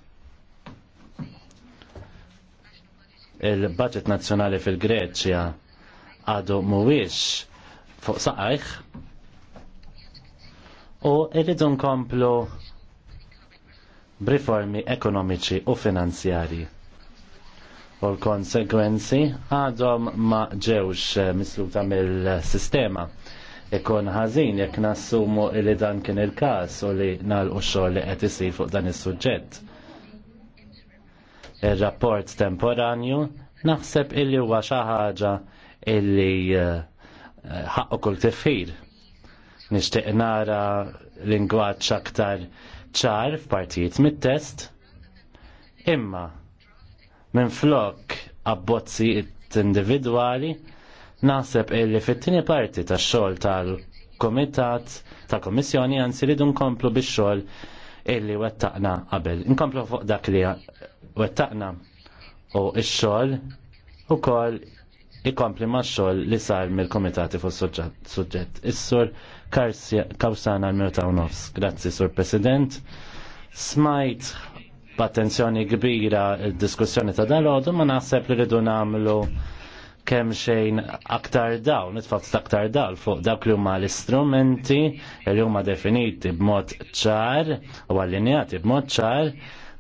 il-budget nazzjonali fil-Greċja għadu mhuwiex fuq saqajh u irridu nkomplu b'riformi ekonomiċi u finanzjarji. U l-konsegwenzi għadhom ma ġewx misluta mill-sistema. Ikon ħażin jekk nassumu li dan kien il-każ u li nagħlqu xogħol li qed isir fuq dan is-suġġett. Ir-rapport temporanju naħseb illi huwa xi ħaġa illi eh, ħaqqu kull tifħir. Nixtieq nara lingwaġġ aktar ċar f'partijiet mit-test. Imma minflok abbozzijiet individwali Naħseb illi fit-tieni parti tax-xogħol tal-Komitat tal-Kommissjoni għan siridu nkomplu bix-xogħol illi wettaqna qabel. Nkomplu fuq dak li wettaqna u x-xogħol ukoll ikompli ma' xogħol li sar mill-komitati fuq suġġett. Is-sur Kawsana l-Mirta nofs. Grazzi, sur President. Smajt b'attenzjoni kbira il-diskussjoni ta' dal ma naħseb li rridu nagħmlu kemm xejn aktar dawn, nitfaqt aktar dal fuq dawk li huma l-istrumenti li huma definiti b'mod ċar u allinjati b'mod ċar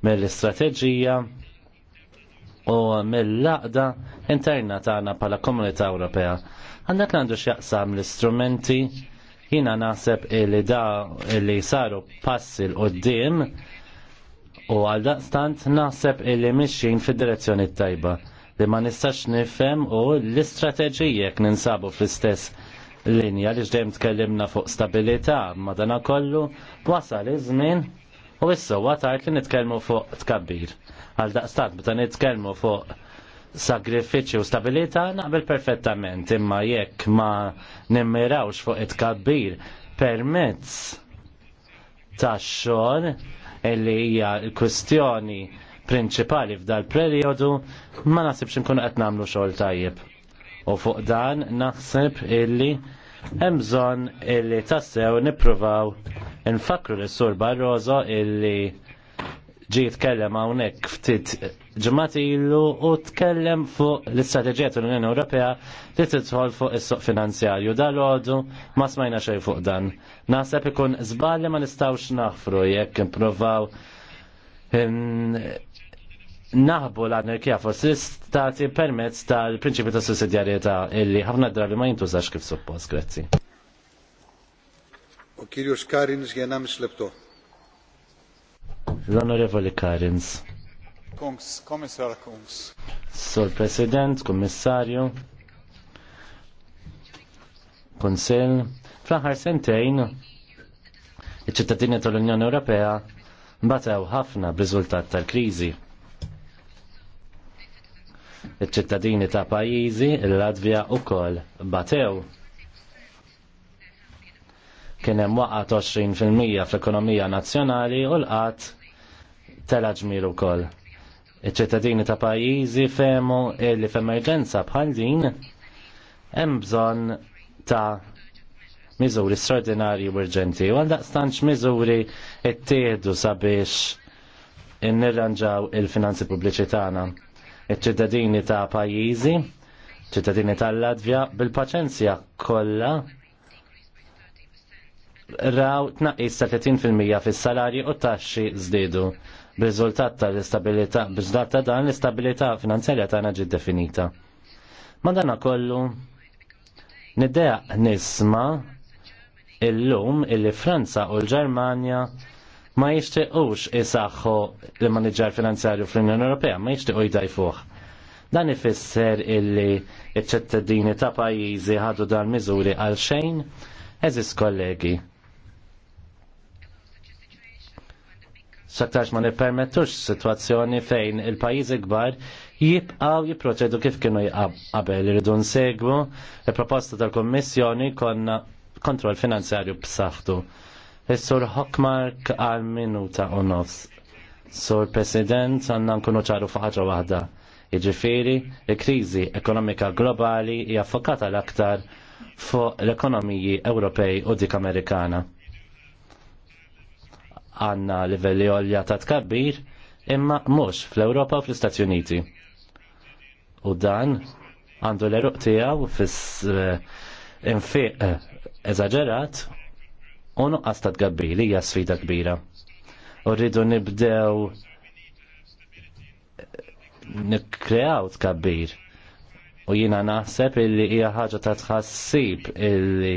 mill-istrateġija u mill-laqda interna tagħna bħala Komunità Ewropea. Għandek għandu x'jaqsam l-istrumenti jina naħseb li da li saru passi l-qoddim u għal daqstant naħseb illi mixin fid direzzjoni tajba li ma nistax nifhem u l-istrateġijek ninsabu fl-istess linja li ġdem tkellimna fuq stabilità madana kollu wasal iż-żmien u issa għatajt li nitkellmu fuq tkabbir. Għal daqstat meta nitkellmu fuq sagrifiċi u stabilità naqbel perfettament imma jekk ma nimmirawx fuq it-kabbir permezz ta' xogħol illi hija l kwistjoni il prinċipali f'dal periodu ma nasibx nkunu qed nagħmlu xogħol tajjeb. U fuq dan naħseb illi hemm bżonn illi tassew nippruvaw infakru lis sur Barroso illi ġi tkellem hawnhekk ftit ġimgħat ilu u tkellem fuq l-istrateġija tal-Unjoni Ewropea li tidħol fuq is-suq finanzjarju. Dal-għodu ma smajna xejn fuq dan. Naħseb ikun żball li ma nistgħux naħfru jekk impruvaw naħbu l-anarkija fost l-istati permezz tal-prinċipju ta' sussidjarieta illi ħafna drabi ma jintużax kif suppos, Grazzi. U kirjus Karins jena mislebto. L-onorevoli Karins. Kungs, komissar Kungs. Sol President, Komissarju, Konsil, fl ħar sentejn, iċ-ċittadini tal-Unjoni Ewropea Batew ħafna b'riżultat tal-kriżi. Iċ-ċittadini ta' pajjiżi il-Latvja ukoll batew. Kien hemm waqgħat 20% fl-ekonomija nazzjonali u l-qatt ġmir ukoll. Iċ-ċittadini ta' pajjiżi femu li f'emerġenza bħal din hemm bżonn ta' miżuri straordinarji u urġenti. U għaldaqstanċ miżuri ttieħdu sabiex nirranġaw il-finanzi pubbliċi tagħna. Iċ-ċittadini ta' pajjiżi, ċittadini tal-Latvja, bil-paċenzja kollha raw tnaqqis ta' 30% fis-salarji u taxxi żdiedu. B'riżultat tal-istabilità, b'riżultat ta' dan l-istabilità finanzjarja tagħna ġiet definita. Madana kollu niddea nisma' illum illi Franza u l-Ġermanja ma jixtiequx isaħħu l-maniġġar finanzjarju fl-Unjoni Ewropea, ma jixtiequ jdajfuh. Dan ifisser illi iċ-ċittadini ta' pajjiżi ħadu dan miżuri għal xejn, eżis kollegi. Saktax ma nippermettux situazzjoni fejn il-pajjiżi kbar jibqaw jipproċedu kif kienu jqabel irridu nsegwu il-proposta tal-Kommissjoni konna kontroll finanzjarju b'saħħtu. Is-sur Hockmark għal minuta u nofs. Sur President għandna nkunu ċaru faħġa waħda. Jiġifieri, il-kriżi ekonomika globali hija fokata l-aktar fuq l-ekonomiji Ewropej u dik Amerikana. Għanna livelli għolja ta' tkabbir imma mhux fl-Ewropa u fl-Istati Uniti. U dan għandu l-eruq tiegħu fis eh, infiq eh, eżaġerat u nuqqas ta' li hija sfida kbira. U rridu nibdew nikkreaw tkabbir. U jina naħseb illi hija ħaġa ta' tħassib illi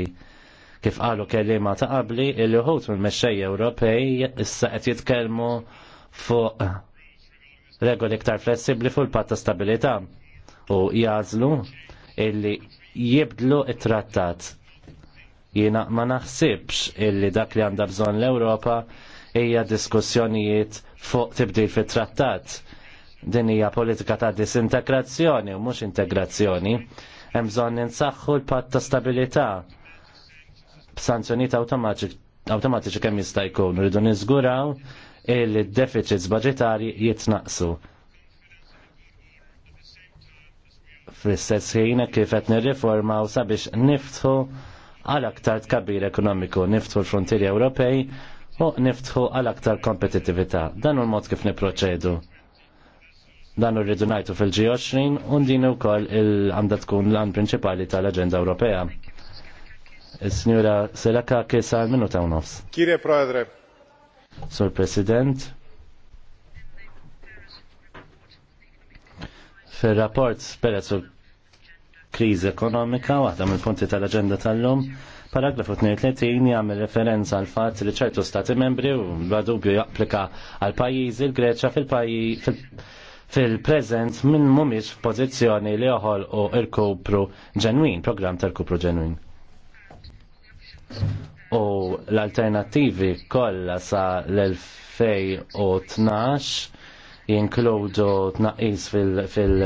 kif qalu kelima ta' qabli illi ħut mill mexxej Ewropej issa qed jitkellmu fuq regoli iktar flessibbli fuq il-patt ta' stabilità u jażlu illi jibdlu it-trattat Jiena ma naħsibx illi dak li għandha bżonn l-Ewropa hija diskussjonijiet fuq tibdil fit-trattat. Din hija politika ta' disintegrazzjoni u mhux integrazzjoni. Hemm bżonn insaħħu l-patt ta' stabilità b'sanzjonijiet awtomatiċi kemm jista' jkun. Rridu niżguraw illi d-deficits budgetari jitnaqsu. Fl-istess ħin kif qed nirriformaw sabiex niftħu għal aktar tkabbir ekonomiku, niftħu l-frontieri Ewropej u niftħu għal aktar kompetitività. Dan u l-mod kif niproċedu. Dan u rridu najtu fil-G20 u din ukoll il-għanda tkun l an prinċipali tal-Aġenda Ewropea. Is-Sinjura Selaka kisa minuta u nofs. Kire Proedre. Sur President. fil-rapport peress kriżi ekonomika, waħda mill-punti tal-aġenda tal-lum, paragrafu 32 jagħmel referenza għal fatt li ċertu stati membri u bla dubju japplika għal pajjiżi l-Greċja fil prezent fil-preżent minn mhumiex f'pożizzjoni li joħol u irkupru ġenwin, programm tal-kupru ġenwin. U l-alternattivi kollha sa l-2012 jinkludu tnaqqis fil-dejn fil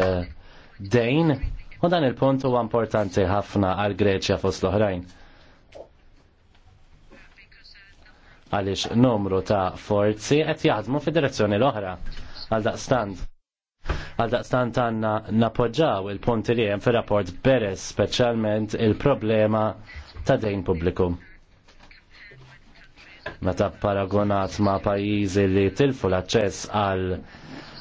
dejn U dan il-punt huwa importanti ħafna għal Greċja fost l-oħrajn. Għaliex numru ta' forzi qed jaħdmu fid-direzzjoni l-oħra għal daqstand. Għal daqstand għanna napoġġaw il-punti li hemm fir-rapport Beres speċjalment il-problema ta' dejn pubbliku meta paragonat ma' pajjiżi li tilfu l-aċċess għal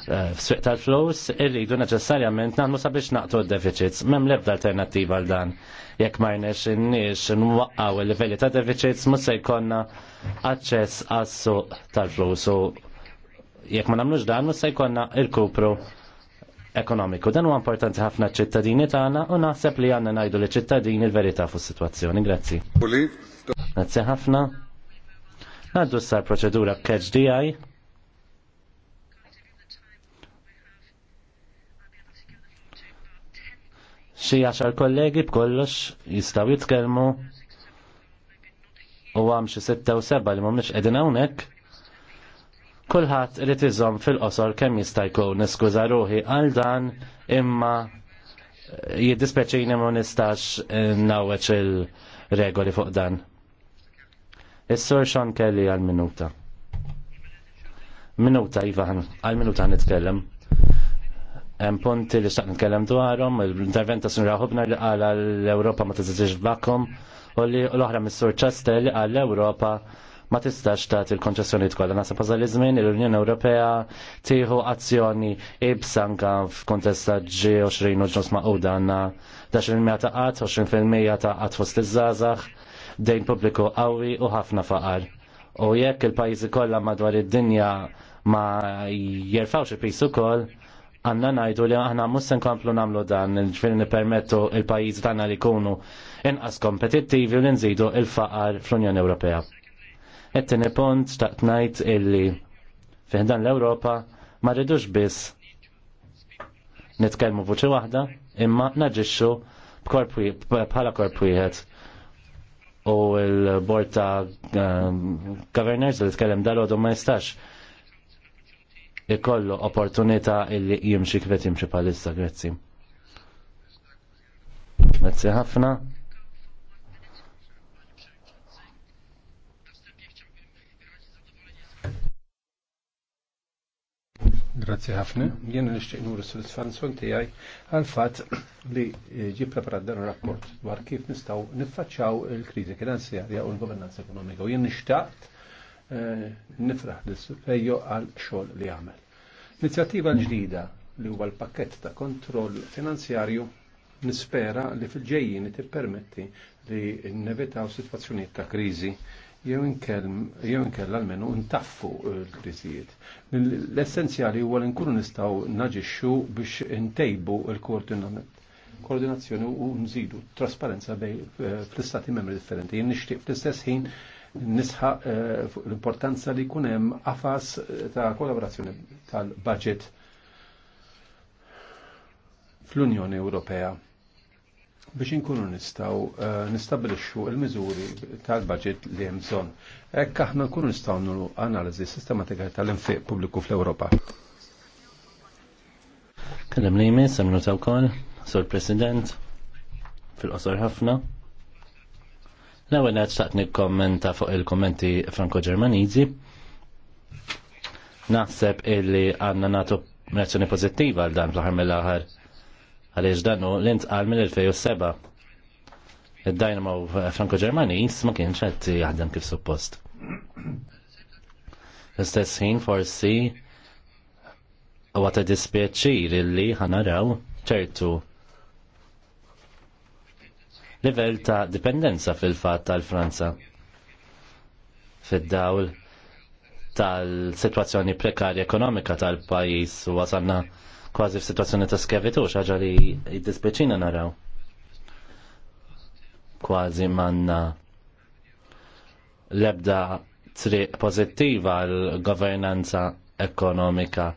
f'sweq tal flows irridu neċessarjament nagħmlu sabiex naqtu l deficits Mem lebda alternattiva għal dan. Jekk marnex in-nix n-waqqaw il-livelli ta' deficits mhux se jkollna aċċess għas-suq tal-flus jekk ma nagħmlux dan mhux se jkollna il-kupru ekonomiku. Dan huwa importanti ħafna ċittadini tagħna u naħseb li għandna ngħidu li ċittadini l-verità fuq is-sitwazzjoni. Grazzi. Grazzi ħafna. Għaddu sar proċedura catch DI xi għaxar kollegi b'kollox jistgħu jitkellmu u għam xi sitta u seba li mhumiex qegħdin hawnhekk. Kulħadd irid iżomm fil-qosor kemm jista' jkun niskuża ruħi għal dan imma eh, jiddispeċini ma nistax eh, nawweċ il-regoli fuq dan. Is-sur Sean Kelly għal-minuta. Minuta, Ivan, għal-minuta nitkellem. Hemm punti li xtaqt nitkellem dwarhom, l-intervent ta' Sinra li qal l-Ewropa ma tiżix b'lakkom u li l-oħra mis-Sur Chester li qal l-Ewropa ma tistax tagħti il-konċessjoni tkollha. Nasab li żmien l-Unjoni Ewropea tieħu azzjoni ibsanka f'kuntest ta' G20 u ġnus maquda għandna 10% ta' qatt, 20% ta' qatt fost iż-żgħażagħ, dejn pubbliku qawwi u ħafna faqar. U jekk il-pajjiżi kollha madwar id-dinja ma jerfawx il-pis ukoll, għanna najdu li għanna mussen komplu namlu dan il-ġviri nipermettu il-pajiz tagħna li kunu inqas kompetittivi u li nżidu il-faqar fl-Unjoni Ewropea. Et-tieni punt taqt ngħid illi fiħdan l-Ewropa ma rridux biss nitkellmu vuċi waħda imma naġixxu bħala korp wieħed u l-bord ta' governors li tkellem dal-għodu ma jistax ikollu opportunità illi jimxi kvet jimxi palissa, grazzi. Grazzi ħafna. Grazzi ħafna. Jena nishtiq nur s-sfansol tijaj għal-fat li ġi preparat dan rapport dwar kif nistaw nifacċaw il-krizi finanzjarja u l-governanza ekonomika. U jena nishtaqt Eh, nifraħ l sufejjo għal xogħol li għamel. Inizjattiva ġdida li huwa l-pakket ta' kontroll finanzjarju nispera li fil-ġejjin tippermetti li nevetaw situazzjoniet ta' kriżi jew inkella almenu ntaffu l-kriżijiet. L-essenzjali huwa li nkunu nistgħu naġixxu biex ntejbu l-koordinament koordinazzjoni u nżidu trasparenza bej eh, fl-istati membri differenti. Jien nixtieq fl-istess ħin nisħa eh, l-importanza li jkun hemm eh, ta' kollaborazzjoni tal-budget fl-Unjoni Ewropea biex inkunu nistaw eh, nistabilixxu il-miżuri tal-budget li hemm bżonn. Hekk aħna nkunu nistgħu nagħmlu analiżi sistematika tal-infiq pubbliku fl-Ewropa. Kellem li jmiss, għamlu wkoll, Sur President, fil-qosor ħafna. L-ewwel qed nikkommenta fuq il-kommenti Franko-Ġermaniżi. Naħseb illi għandna nagħtu reazzjoni pożittiva għal dan fl-aħħar mill-aħħar għaliex dan hu l-intqal mill-2007. id dajnamo Franko-Ġermaniż ma kienx qed jaħdem kif suppost. L-istess ħin forsi huwa għata dispjaċir illi ħanaraw ċertu livell ta' dipendenza fil-fat tal-Franza fid-dawl tal-situazzjoni prekarja ekonomika tal-pajis u għasanna kważi f-situazzjoni ta' skevitu xaġa li id-dispeċina naraw. Kważi manna lebda triq pozittiva l-governanza ekonomika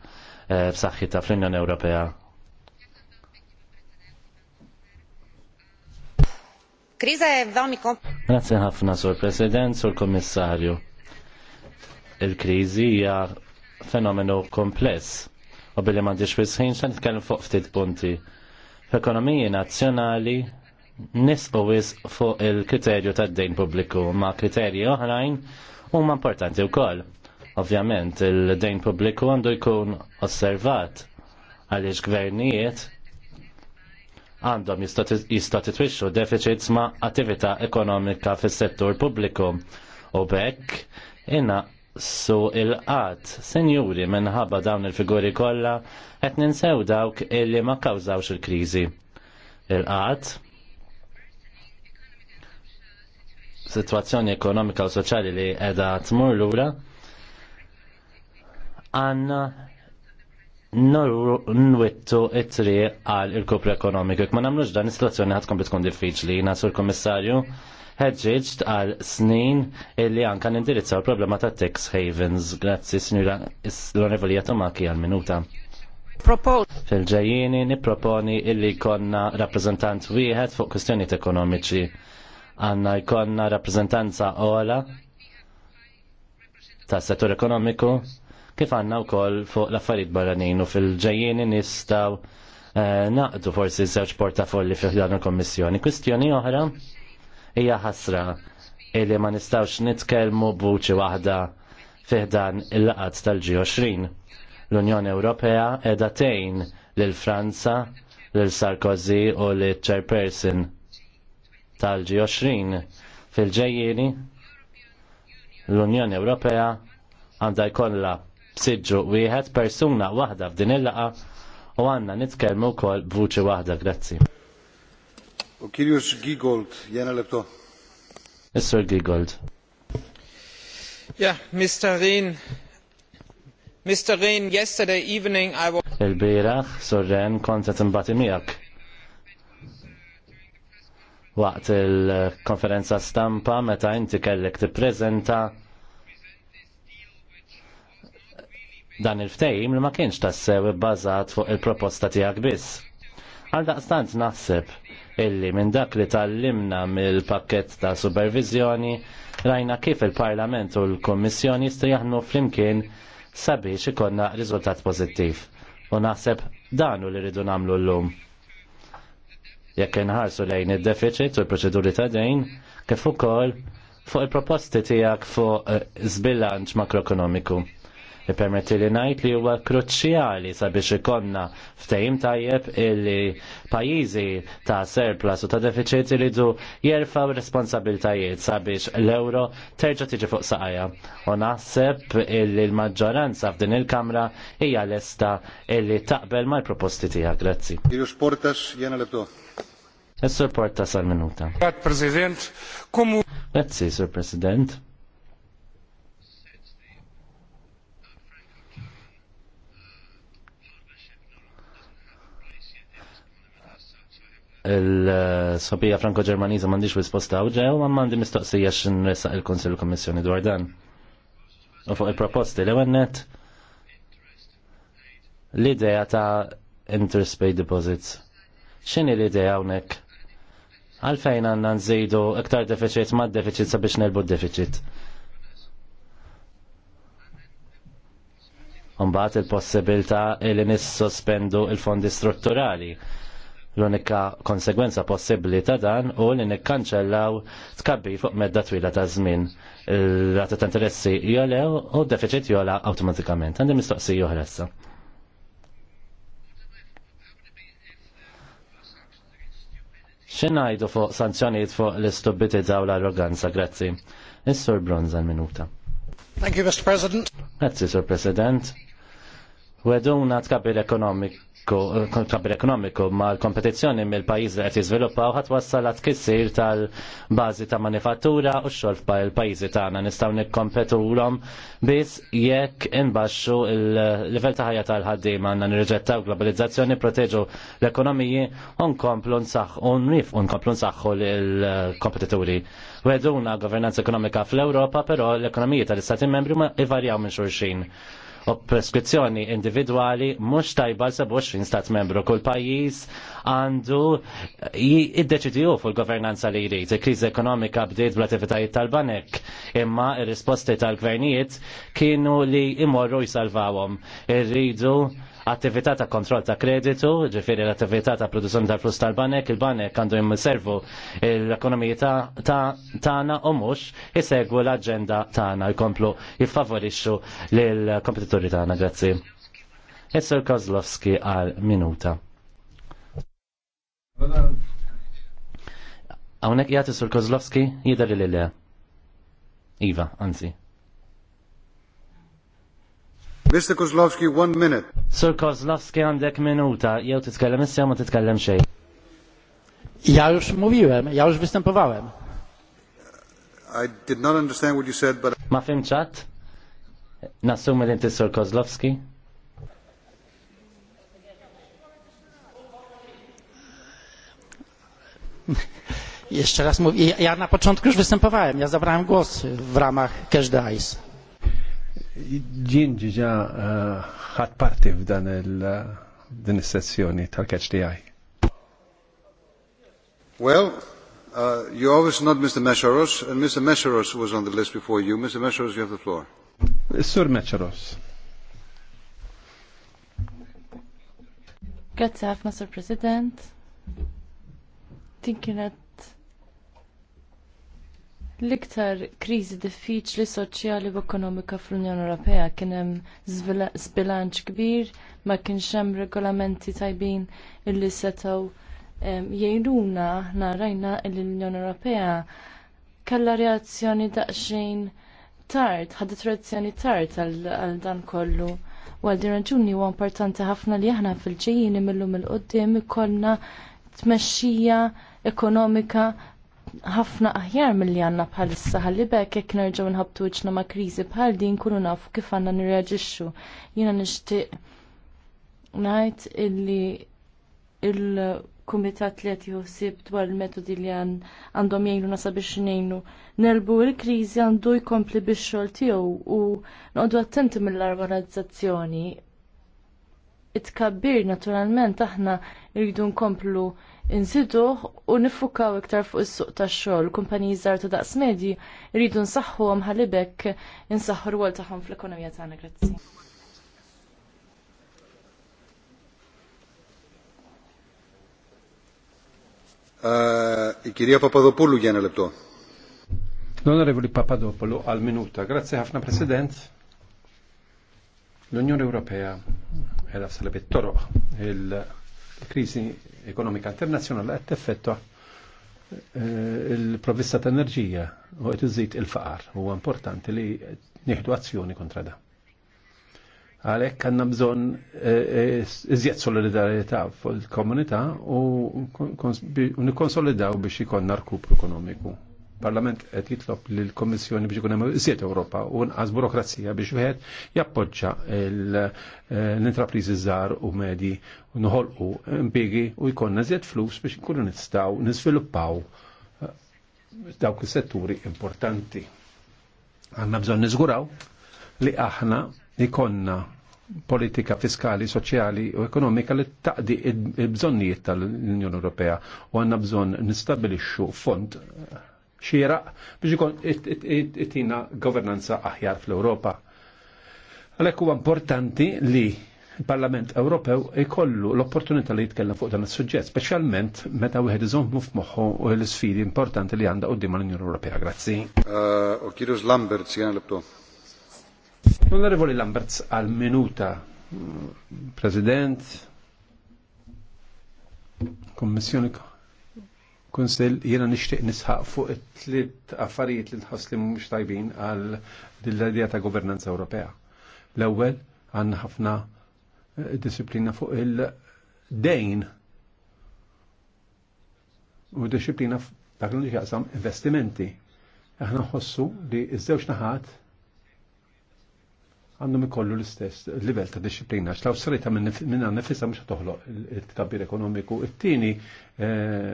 b'saħħitha eh, fl-Unjoni Ewropea Kriza e vami kom. Grazie ħafna, Sur President, Sur Kommissarju. Il-krizi hija fenomenu kompless u billi m'għandix wisħin xa nitkellem fuq ftit punti. F'ekonomiji nazzjonali nisqu wis fuq il-kriterju tad-dejn pubbliku ma' kriterji oħrajn huma importanti wkoll. Ovvjament, il-dejn pubbliku għandu jkun osservat għaliex gvernijiet għandhom jista' titwixxu deficits ma' attività ekonomika fis-settur pubbliku u bekk innaqsu il-qat sinjuri minħabba dawn il-figuri kollha qed ninsew dawk illi ma kkawżawx il-kriżi. Il-qat situazzjoni ekonomika u soċjali li qiegħda tmur lura għandna nwittu it-tri għal il-kupru ekonomiku. Ma namlux dan is-situazzjoni ħatkom tkun diffiċli. Nasur Kommissarju, ħedġiġt għal snin illi anka nindirizzaw il-problema ta' tax havens. Grazzi, signora l-onorevoli Jatomaki għal minuta. Fil-ġajjini niproponi illi konna rappresentant wieħed fuq kwestjonijiet ekonomiċi. Għanna jkonna rappresentanza ola ta' settur ekonomiku kif għanna wkoll fuq l-affarijiet barranin u fil-ġejjieni nistgħu eh, naqdu forsi żewġ portafolli fi dan il-Kommissjoni. Kwistjoni oħra hija ħasra illi ma nistgħux nitkellmu buċi waħda fih dan il-laqat tal-G20. L-Unjoni Ewropea qiegħda tgħin lil Franza, lil Sarkozy u lil Chairperson tal-G20 fil-ġejjieni l-Unjoni Ewropea għandha jkollha b'siġġu wieħed persuna waħda f'din il-laqa u għanna nitkellmu kol b'vuċi waħda, grazzi. U Kirjus Gigold, jena lebto. Mr. Gigold. Ja, Mr. Rin. Mr. Rin, yesterday evening I was... Il-biraħ, sorren, kontet mbati miak. Waqt il-konferenza stampa, meta inti kellek prezenta, Dan il-ftejim li ma kienx tassew bbażat fuq il-proposta tiegħek biss. Għal daqstant naħseb illi minn dak li tallimna mill-pakket ta' supervizjoni rajna kif il-Parlament u l-Kommissjoni jistgħu jaħdmu flimkien sabiex ikonna riżultat pożittiv. U naħseb dan u li rridu nagħmlu llum. Jekk inħarsu lejn id-deficit u l-proċeduri ta' dejn, kif ukoll fuq il-proposti tiegħek fuq eh, zbilanċ makroekonomiku. Permetti li najt li huwa kruċjali sabiex ikonna ftehim tajjeb illi pajjiżi ta' surplus u ta' deficit iridu jerfaw responsabiltajiet sabiex l-euro terġa' tiġi fuq saqajja. U naħseb illi l-maġġoranza f'din il-Kamra hija lesta illi taqbel mal-proposti tiegħek. Grazzi. Irux portas jena lebdo. is għal-minuta. Grazzi, Sur President. il-sobija franko-ġermaniza mandiġ risposta uġew, ma mandi mistoqsija xin resa il-Konsil Komissjoni dwar dan. U fuq il-proposti li għennet l-ideja ta' interest pay deposits. Xini l-ideja unek? Għalfejn għanna nżidu iktar deficit ma' deficit sabiex nelbu deficit. Umbat il-possibilta il-nis sospendu il-fondi strutturali L-unika konsegwenza possibbli ta' dan u li nikkanċellaw tkabbi fuq medda twila ta' żmien. Rata ta' interessi jolew u d-deficit jola awtomatikament. Għandi mistoqsi joħressa. issa. ċenajdu fuq sanzjoniet fuq l-istubbiti daw l-arroganza, grazzi. Is-Sur Bronza minuta. Thank you, Mr. President. Grazzi, Sur President. Weduna tkabir ekonomik kontrabbir ekonomiku ma l-kompetizzjoni mill-pajjiżi qed jiżviluppaw għat wassal għat kissir tal-bażi ta' manifattura u x-xogħol f'pajjiżi tagħna nistgħu nikkompetulhom biss jekk inbaxxu l-livell ta' ħajja tal-ħaddiema għandna nirriġettaw globalizzazzjoni proteġu l-ekonomiji u nkomplu nsaħħu nrif u nkomplu nsaħħu l-kompetituri. Weduna governanza ekonomika fl-Ewropa, però l-ekonomiji tal-Istati membri ma ivarjaw minn xulxin preskrizzjoni individwali mhux tajba l-27 stat membru. Kull pajjiż għandu jiddeċidiju fuq l governanza li jrid. Il-kriżi ekonomika bdiet bl-attivitajiet tal-banek, imma ir-risposti tal-gvernijiet kienu li imorru jsalvawhom. Irridu attività ta' kontroll ta' kreditu, ġifiri l-attività ta' produzzjoni tal-flus tal-banek, il-banek għandu jimservu l-ekonomija tagħna tana u mhux jisegwu l agenda tagħna jkomplu jiffavorixxu lill-kompetituri tagħna, grazzi. Is-Sur Kozlowski għal minuta. Hawnhekk jagħti Sur Kozlowski jidher li le. Iva, anzi. Mr. Kozlowski, one minute. Sir Kozlowski għandek minuta, jew titkellem issa ma titkellem xejn. Ja już mówiłem, ja już występowałem. I did not understand what you said, but... Ma fim ċat? Nassum li inti Sir Kozlowski? Jeszcze raz mówię, ja na początku już występowałem, ja zabrałem głos w ramach Cash the Ice ġin ġiġa eh, ħat parti f'dan il-din is-sessjoni tal-catch di Well, uh, you always not Mr. Mesharos, and Mr. Mesharos was on the list before you. Mr. Mesharos, you have the floor. Sur Mesharos. Grazie ħafna, Sir President. Din kienet L-iktar kriżi diffiċli soċjali u ekonomika fl-Unjoni Ewropea kien hemm zbilanċ kbir, ma kienx hemm regolamenti tajbin illi setgħu jgħinuna aħna rajna li l-Unjoni Ewropea kellha reazzjoni daqsxejn tard, ħadet reazzjoni tard għal dan kollu. U għal din raġuni huwa importanti ħafna li aħna fil-ġejjin imillum il-qudiem ikollna tmexxija ekonomika ħafna aħjar mill-li għanna bħalissa ħalli bekk jekk nerġgħu nħabtu wiċċna ma' kriżi bħal din nkunu nafu kif għandna nirreġixxu. Jiena nixtieq ngħid illi il-kumitat li qed jħossib dwar il-metodi li għandhom jgħinu sabiex ngħinu nelbu l-kriżi għandu jkompli bix-xogħol tiegħu u noqogħdu attenti mill it Itkabbir naturalment aħna rridu nkomplu Insidu u nifukaw iktar fuq is-suq tax-xogħol. Kumpaniji żgħar ta' daqs medji rridu nsaħħuhom ħalibek insaħħu rwol tagħhom fl-ekonomija tagħna. Grazzi. Uh, kirja Papadopoulou l L-Onorevoli Papadopoulou għal-minuta. Grazie ħafna, President. L-Unjoni Ewropea edha salabit toroq il il-kriżi ekonomika internazzjonali qed teffettwa eh, il-provvista ta' enerġija u qed iżid il-faqar. Huwa importanti li nieħdu azzjoni kontra da. Għalhekk għandna bżonn eh, eh, iżjed solidarieta fuq il komunità u nikkonsolidaw biex ikon narkupu ekonomiku parlament qed jitlob lill kommissjoni biex ikun hemm iżjed Ewropa u nqas burokrazija biex wieħed jappoġġa eh, l-intrapriżi żgħar u medji u noħolqu impjiegi u jkollna iżjed flus biex inkunu nistgħu nisviluppaw eh, dawk is-setturi importanti. Għandna bżonn niżguraw li aħna ikonna politika fiskali, soċjali u ekonomika li taqdi il-bżonnijiet tal-Unjoni Ewropea u għanna bżonn nistabilixxu fond eh, xieraq biex ikun it-tina governanza aħjar fl-Europa. Għalhekk huwa importanti li il-Parlament Ewropew ikollu l-opportunità li jitkellem fuq dan is-suġġett, speċjalment meta wieħed iżomm f'moħħu l-isfidi importanti li għandha quddiem l-Unjoni Ewropea. Grazzi. Eh, Okirus Lamberts jien libtu. Onorevoli Lamberts għal minuta President, Kommissjoni Kunsil jiena nixtieq nisħaq fuq it-tliet affarijiet li nħossli mhumiex tajbin għal dil-idea ta' governanza Ewropea. L-ewwel għandna ħafna eh, disciplina fuq il-dejn u disciplina dak li jaqsam investimenti. Aħna nħossu li iż-żewġ naħat għandhom ikollu l-istess livell ta' disciplina, x'law s-sarita minna nifisa mux toħloq il tabir ekonomiku. It-tini eh,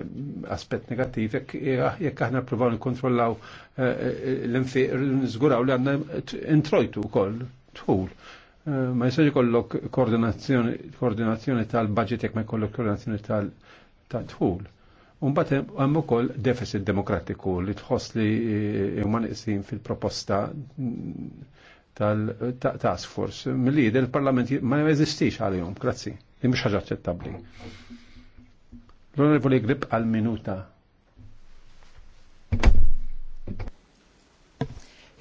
aspett negattiv, jekk aħna provaw nikontrollaw eh, l-infiq, nizguraw li għandna introjtu wkoll tħul. Eh, ma jisaġi kollok koordinazzjoni tal-budget jekk ma jkollok koordinazzjoni tal-tħul. Unbat hemm ukoll deficit demokratiku li tħoss li huma fil-proposta tal-task force. Mill-li il-parlament ma jeżistix għal-jom, grazzi. Li mux ħagġa ċettabli. L-onorevoli grib għal-minuta.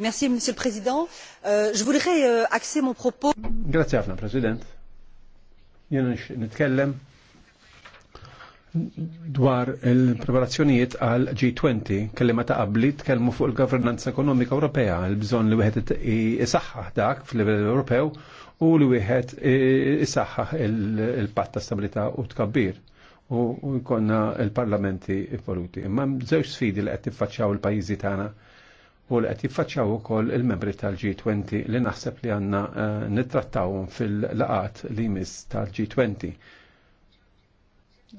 Merci, Monsieur le Président. Euh, je voudrais euh, axer mon propos. Grazie, Afna, Président. Jena nitkellem dwar il-preparazzjonijiet għal G20, kellima ta' qabli tkellmu fuq il-governanza ekonomika Ewropea, il-bżon li wieħed isaħħaħ dak fil-livell Ewropew u li wieħed isaħħaħ il-patt ta' stabilità u tkabbir u jkonna il-parlamenti evoluti. Imma żewġ sfidi li qed tiffaċċaw il-pajjiżi tagħna u li qed jiffaċċjaw ukoll il-membri tal-G20 li naħseb li għandna eh, nittrattawhom fil-laqat li jmiss tal-G20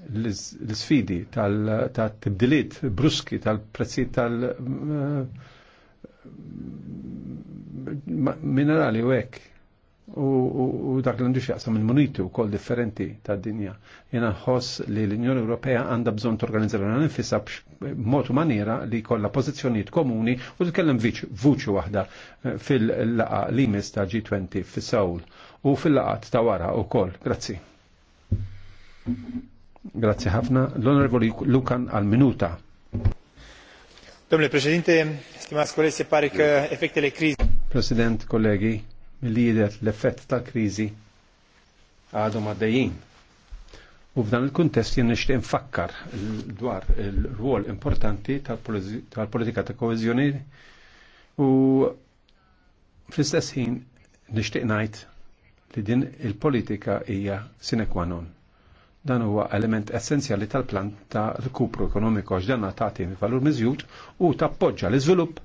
l-sfidi tal-tibdiliet bruski tal prezzi tal- minerali u hekk u dak l-industri jaqsam il-muniti u kol differenti ta' dinja. Jena ħoss li l-Unjoni Ewropea għanda bżon t-organizza l-għana b'mod u maniera li kolla pozizjoniet komuni u t-kellem vuċu wahda eh, fil-laqa limis ta' G20 fil-Sawl u fil laqa ta' wara u kol. Grazzi. Grazie ħafna. l Lucan al minuta. Domnule Presidente, stimați colegi, se pare că efectele crizei. President, colegi, lider l-effett tal-krizi għadhom għaddejjin. U f'dan il-kuntest jien nixtieq nfakkar dwar il-rwol importanti tal-politika ta' koeżjoni u fl-istess ħin nixtieq ngħid li din il-politika hija sine qua non. Dan huwa element essenzjali tal-plan ta' rikupru ekonomiku għax dan tagħti valur miżjud u tappoġġa l-iżvilupp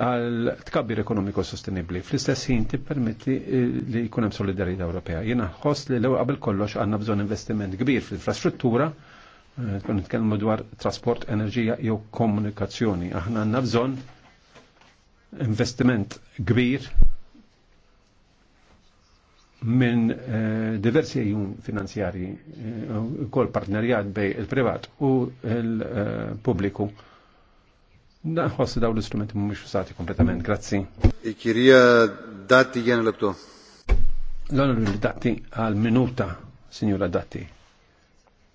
għal tkabbir ekonomiku sostenibli. Fl-istess ħin tippermetti eh, li jkun hemm solidarità Ewropea. Jiena ħoss li l-ewwel qabel kollox għandna bżonn investiment kbir fl-infrastruttura, eh, kun nitkellmu dwar trasport, enerġija jew komunikazzjoni. Aħna għandna bżonn investiment kbir minn eh, diversi finanzjari, finanzjarji, eh, kol partnerjat bej il-privat u il-pubbliku. Eh, publiku Naħossi daw l-istrumenti mhumiex usati kompletament, grazzi. E, kirija dati jena l-abtu. l l dati għal minuta, signora dati.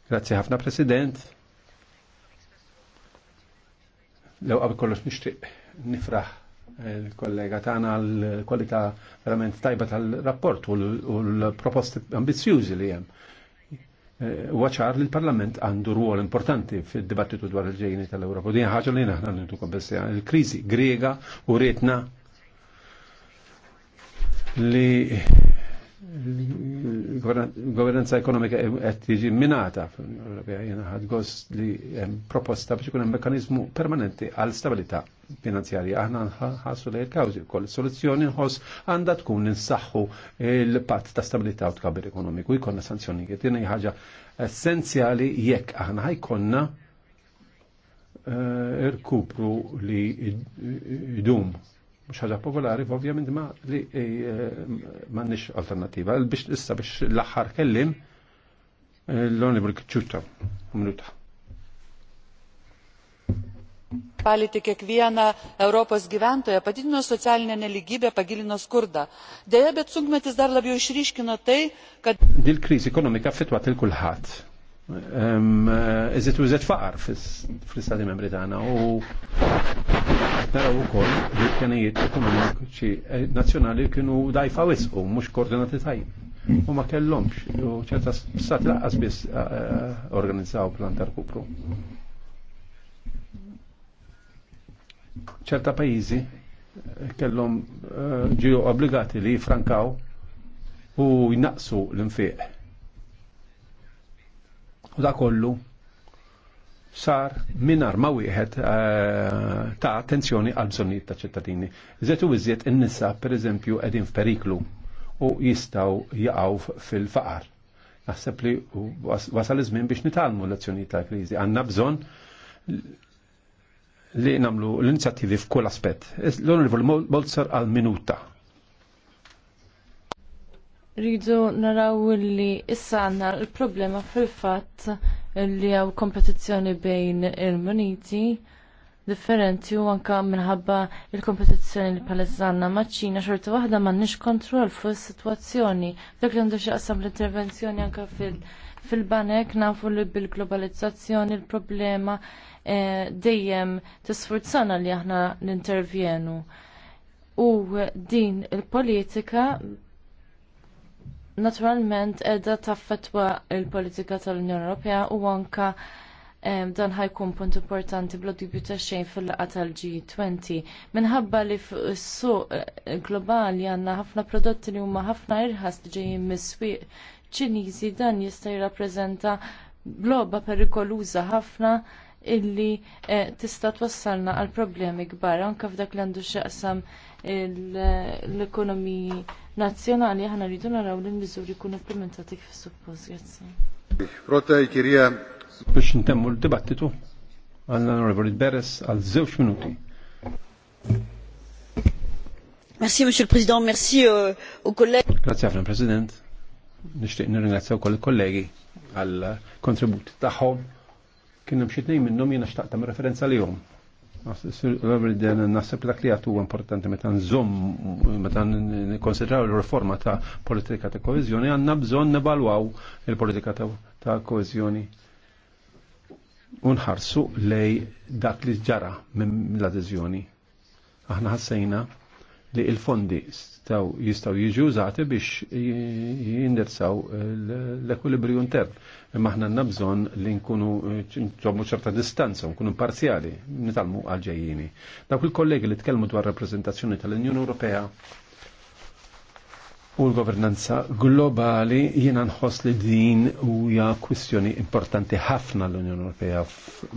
Grazzi ħafna, President. Lew qabel kollox nixtieq nifraħ il-kollega Tana l-kwalità verament tajba tal-rapport u l-proposti ambizjużi li hemm. Eh, Waċar li l-Parlament għandu ruol importanti fid-dibattitu dwar il-ġejni tal europa Din ħaġa li naħna nintu kompensja. Il-kriżi grega u retna li governanza ekonomika qed tiġi minata fl-Ewropea jiena li proposta biex ikun hemm mekkaniżmu permanenti għal stabilità finanzjarja. Aħna nħassu li l-kawzi wkoll. Soluzzjoni nħoss għandha tkun ninsaxħu l-patt ta' stabilità u tkabbir ekonomiku jkollna sanzjoni. għetina jħagġa essenzjali jekk aħna jkollna eh, irkupru li dum. mux ħaġa popolari, ovvjament ma li eh, mannix alternativa. Biex issa biex l-axħar kellim eh, l-onibri kċuta, minuta palietė kiekvieną europos gyventoją padidino socialinę nelygybę pagilino skurdą. deja bet sunkmetis dar labiau išryškino tai kad dil kriżi ekonomika affettwat il kulħadd. Eżitu użet faqar fl-Istati Membri tagħna u naraw li pjanijiet ekonomiċi nazzjonali kienu dajfa wisqu mhux koordinati tajjeb. U ma kellhomx, u ċerta stati laqqas biss organizzaw plan tal ċerta pajizi eh, kellhom eh, ġew obbligati li jifrankaw u jnaqsu l-infiq. U da kollu sar minar ma wieħed eh, ta' attenzjoni għal bżonnijiet ta' ċittadini. Iżet u iżjed in-nisa pereżempju qegħdin f'periklu u jistgħu jaqgħu fil-faqar. Naħseb li wasal iż-żmien biex nitalmu l-azzjonijiet tal-kriżi. Għandna bżonn li namlu l-inizjattivi f'kull aspett. L-Onorevol Bolzer għal minuta. Rridu naraw li issa għanna l-problema fil-fatt li għaw kompetizzjoni bejn il-moniti differenti u anka minħabba il-kompetizzjoni li palezzanna maċċina xorta waħda m'għandniex kontroll fuq is-sitwazzjoni. Dak li għandu xaqsam l-intervenzjoni anka fil- fil-banek nafu li bil-globalizzazzjoni il-problema Eh, dejjem tisfurzana li aħna nintervjenu. U din il-politika naturalment edha taffetwa il-politika tal-Unjoni Ewropea u anka eh, dan ħajkun punt importanti bla dubju ta' xejn fil-laqa tal-G20. Minħabba li fis-suq eh, globali għandna ħafna prodotti li huma ħafna irħas li ġejjin mis-swieq Ċiniżi dan jista' jirrappreżenta globa perikoluża ħafna illi eh, tista' twassalna għal problemi kbar anke f'dak li għandu x'jaqsam l-ekonomiji nazzjonali aħna rridu naraw li l-miżuri jkunu implementati kif suppost. grazie. Prota jkirija biex ntemmu l-dibattitu l onorevoli Beres għal zewx minuti. Merci, Monsieur le Président. Merci euh, aux collègues. Grazie, Afrin, President. Nishtiq nirringrazzjaw kol kollegi għal kontributi tagħhom Kien hemm xi tnejn minnhom jiena xtaqt xtaqtam referenza lihom. Dan naħseb dak li għatu importanti meta nżomm meta nikkonsidraw il-riforma ta' politika ta' koeżjoni għandna bżonn nevalwaw il-politika ta' koeżjoni unħarsu lej dak li ġara minn l-adeżjoni. Aħna ħassejna li il-fondi jistaw jiġu użati biex jindirsaw l-ekwilibrju intern. Imma ħna nabżon li nkunu ġobmu eh, ċerta distanza, nkunu parzjali, nitalmu għalġejjini. Dawk il-kollegi li tkellmu dwar rappresentazzjoni tal-Unjoni Ewropea u l-governanza globali jiena nħoss li din huja kwistjoni importanti ħafna l-Unjoni Ewropea.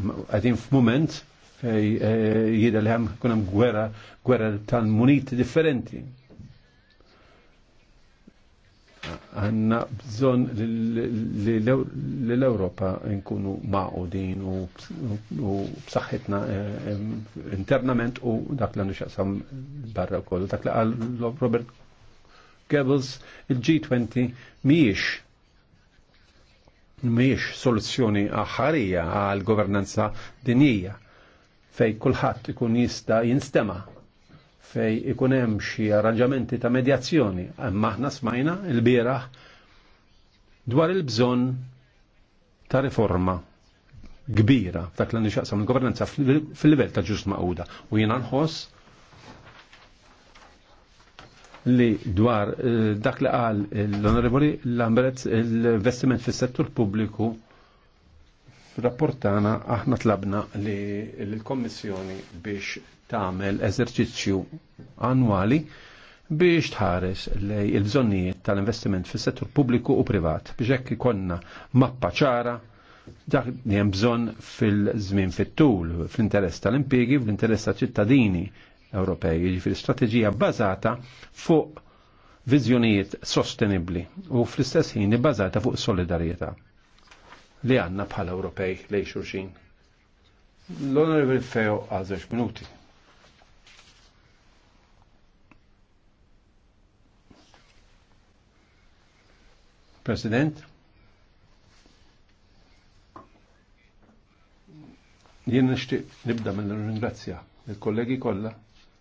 Qegħdin f'mument fej eh, jida li hemm gwera, gwera tal-muniti differenti. Għanna bżon l-Europa nkunu maqudin u b'saħħitna eh, internament u dak l xaqsam barra kollu. Dak li għal Robert Goebbels il-G20 miex miex soluzzjoni aħħarija għal governanza dinija fej kulħadd ikun jista' jinstema' fej ikun hemm xi arranġamenti ta' medjazzjoni. Imma aħna smajna l-bieraħ dwar il-bżonn ta' riforma kbira f'dak li nixaqsam il-governanza fil-livell ta' ġust maquda u jiena nħoss li dwar eh, dak li qal l-Onorevoli Lambert l-investiment fis-settur pubbliku rapportana aħna tlabna li l-Kommissjoni biex tagħmel eżerċizzju annwali biex tħares lej il-bżonnijiet tal-investiment fis settur pubbliku u privat biex hekk ikonna mappa ċara dak li hemm bżonn fil-żmien fit-tul, fl-interess tal-impjegi, fl-interess tal-ċittadini Ewropej, jiġifieri strateġija bbażata fuq viżjonijiet sostenibbli u fl-istess ħin bbażata fuq solidarjetà li għanna bħala Ewropej lej xurxin. L-Onorevoli Feo għazex minuti. President, jien nixtieq nibda mill ringrazzja il-kollegi kolla,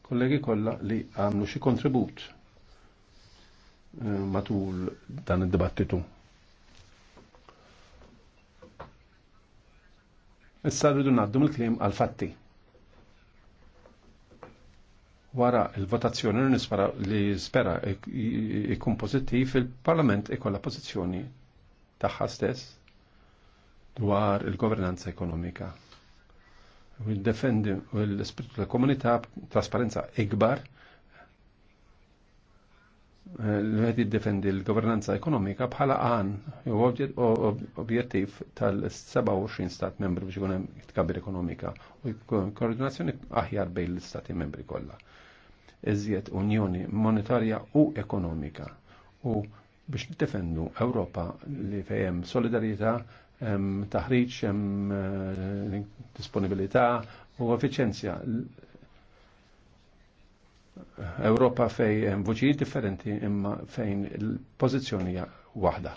kollegi kolla li għamlu xi kontribut eh, matul dan id-dibattitu Issa rridu naddu mill-kliem għal-fatti. Wara il-votazzjoni nispera li spera ikun pozittiv il-Parlament ikolla pożizzjoni tagħha stess dwar il-governanza ekonomika. U defendi l-spiritu tal-komunità, trasparenza ikbar, l-għed jiddefendi l-governanza ekonomika bħala għan u obiettiv tal-27 stat membri biex jkun hemm kabir ekonomika u koordinazzjoni aħjar bejn l-istati membri kollha. Iżjed unjoni monetarja u ekonomika u biex nittefendu Ewropa li fejem solidarjetà, taħriċ, eh, disponibilità u efficienzja Ewropa fej vuċi differenti imma fejn il-pozizjoni waħda.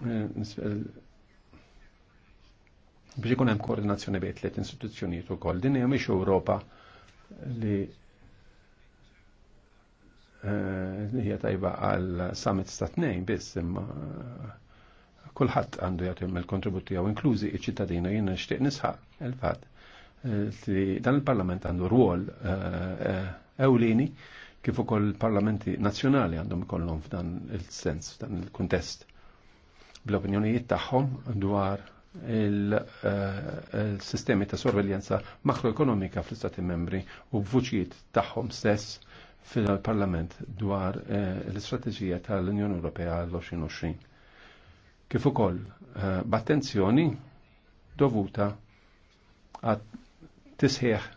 Eh, eh, biex ikun hemm koordinazzjoni bejn tliet istituzzjonijiet ukoll. Din hija mhix Ewropa eh, li hija tajba għal summit ta' tnejn biss imma kulħadd għandu jagħti il-kontribut tiegħu inklużi iċ ċittadina jiena nixtieq nisħaq il-fatt Eh, li dan il-parlament għandu rwol eh, eh, ewlini kif ukoll parlamenti nazzjonali għandhom ikollhom f'dan il-sens, f'dan il-kuntest. Bl-opinjonijiet tagħhom dwar il-sistemi ta' sorveljanza makroekonomika fl-istati membri u b'vuċijiet tagħhom stess fil-Parlament dwar l-istrateġija tal-Unjoni Ewropea l-2020. Kif ukoll b'attenzjoni dovuta għad tisħiħ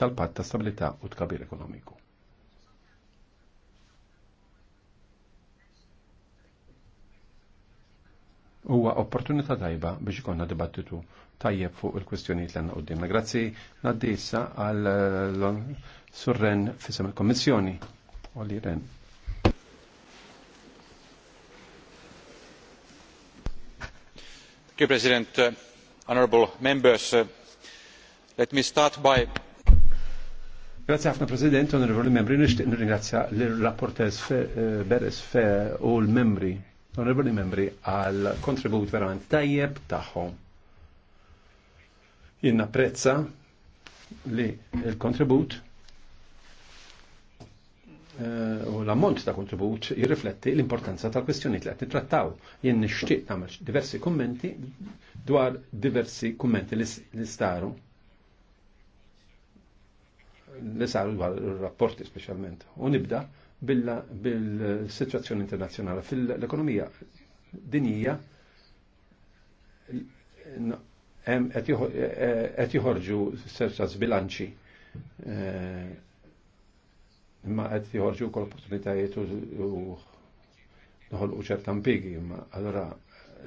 tal pat ta' stabilità u tkabir ekonomiku. Huwa opportunità tajba biex ikonna dibattitu tajjeb fuq il-kwestjonijiet li għandna qudiemna. Grazzi ngħaddi issa għal surren fisem il-Kommissjoni. Olli Ren. mr president uh, honourable members uh, let me start by Grazie ħafna President, onorevoli membri, nishtiq nirringrazzja l-rapportez eh, Beres Fe u l-membri, onorevoli membri, għal kontribut verament tajjeb tagħhom. Jien napprezza li l-kontribut Eh, u l-ammont ta' kontribut jirrifletti l-importanza tal-kwestjoni li qed nittrattaw. Jien nixtieq nagħmel diversi kummenti dwar diversi kummenti li staru li saru dwar rapporti speċjalment. U nibda bil-situazzjoni internazzjonali fil-ekonomija dinija eh, qed joħorġu serċa bilanċi eh, imma qed joħorġu wkoll opportunitajiet u noħolqu ċerta impigi, imma allura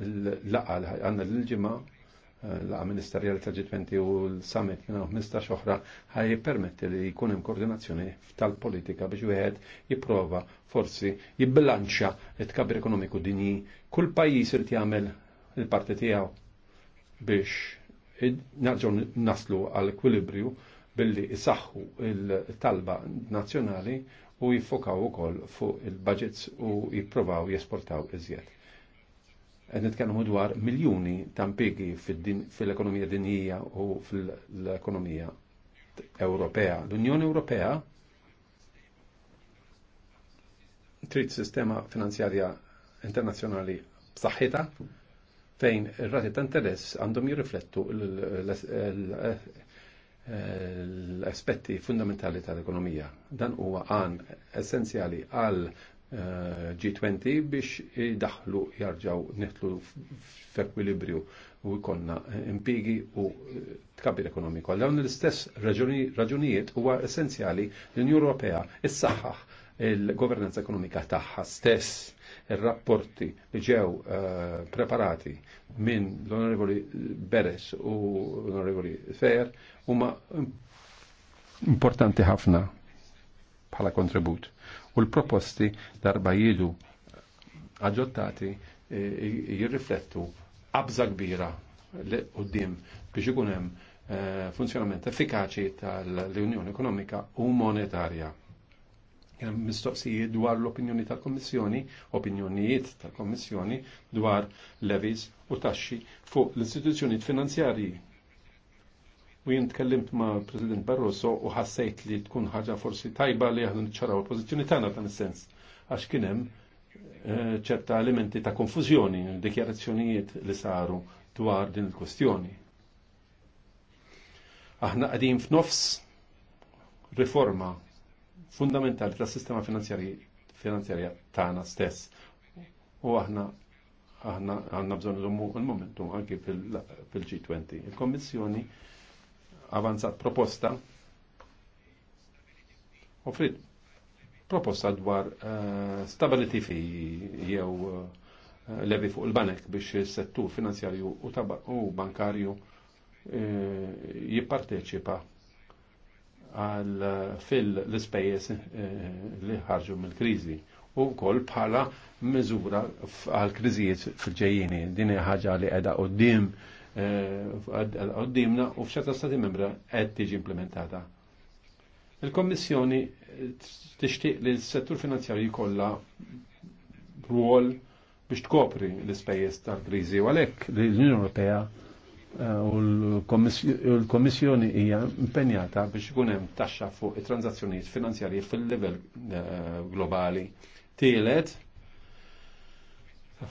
l-laqa li għandna l-ġimgħa eh, laqa ministerjali tal G20 u l-summit minna 15 oħra ħaj permetti li jkun hemm koordinazzjoni tal-politika biex wieħed jipprova forsi jibbilanċja it tkabir ekonomiku dinji kull pajjiż irid jagħmel il-parti tiegħu biex narġgħu naslu għall ekwilibrju billi isaħħu il-talba nazzjonali u jiffokaw ukoll fuq il-budgets u jipprovaw jesportaw iżjed. Qed nitkellmu dwar miljuni ta' impjiegi fil-ekonomija dinjija u fil-ekonomija Ewropea. L-Unjoni Ewropea trid sistema finanzjarja internazzjonali b'saħħitha fejn ir-rati ta' interess għandhom jirriflettu l l-aspetti fundamentali tal-ekonomija. Dan huwa għan essenzjali għal eh, G20 biex daħlu jarġaw f f'ekwilibrju u jkonna impigi u eh, tkabir ekonomiku. Għal dawn l-istess raġunijiet huwa essenzjali l-Unjoni Ewropea issaħħaħ il-governanza ekonomika tagħha stess il-rapporti li ġew eh, preparati minn l-Onorevoli Beres u l-Onorevoli Fejer huma importanti ħafna bħala kontribut. U l-proposti darba jidu aġġottati eh, jirriflettu abza kbira li għoddim biex ikun hemm eh, funzjonament effikaċi tal-Unjoni Ekonomika u Monetarja. Hemm mistoqsijiet dwar l-opinjoni tal-Kommissjoni, opinjonijiet tal-Kommissjoni dwar levies u taxxi fuq l-istituzzjonijiet finanzjarji. U jien tkellimt ma' President Barroso u ħassejt li tkun ħaġa forsi tajba li jaħdu niċċaraw il-pożizzjoni tagħna dan is-sens għax kien hemm eh, ċerta elementi ta' konfużjoni, dikjarazzjonijiet li saru dwar din il-kwestjoni. Aħna qegħdin f'nofs riforma fundamentali tas sistema finanzjarja tagħna stess. U aħna aħna għandna bżonn l-momentum anki fil-G20. Il-Kommissjoni avanzat proposta offrit proposta dwar uh, stability fi jew uh, eh, levi fuq il-banek biex il-settur finanzjarju u, u bankarju uh, jipparteċipa għal eh, fil l-ispejjeż eh, li ħarġu mill kriżi u wkoll bħala miżura għal kriżijiet fil-ġejjini. Din ħaġa li qiegħda qudiem eh, qudiemna u f'ċerta stati membra qed tiġi implementata. Il-Kommissjoni tixtieq li s-settur finanzjarju jkollha rwol biex tkopri l-ispejjeż tal-kriżi u għalhekk l-Unjoni Ewropea Eh, u l-Komissjoni hija impenjata biex ikun hemm taxxa fuq it transazzjonijiet finanzjarji fil-livell eh, globali. Tielet,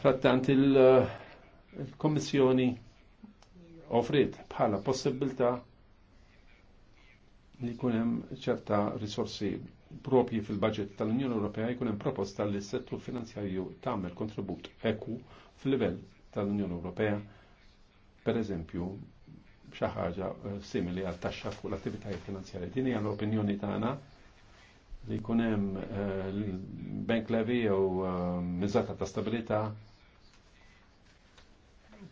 frattant eh, il-Komissjoni offrit bħala possibilità li jkun hemm ċerta risorsi propji fil-budget tal-Unjoni Ewropea jkun hemm proposta li s-settur finanzjarju tagħmel kontribut eku fil-livell tal-Unjoni Ewropea per eżempju, xi ħaġa eh, simili għal taxxa fuq l-attivitajiet finanzjarji. Din hija l-opinjoni tagħna li jkun hemm eh, bank levy jew eh, miżata ta' stabilità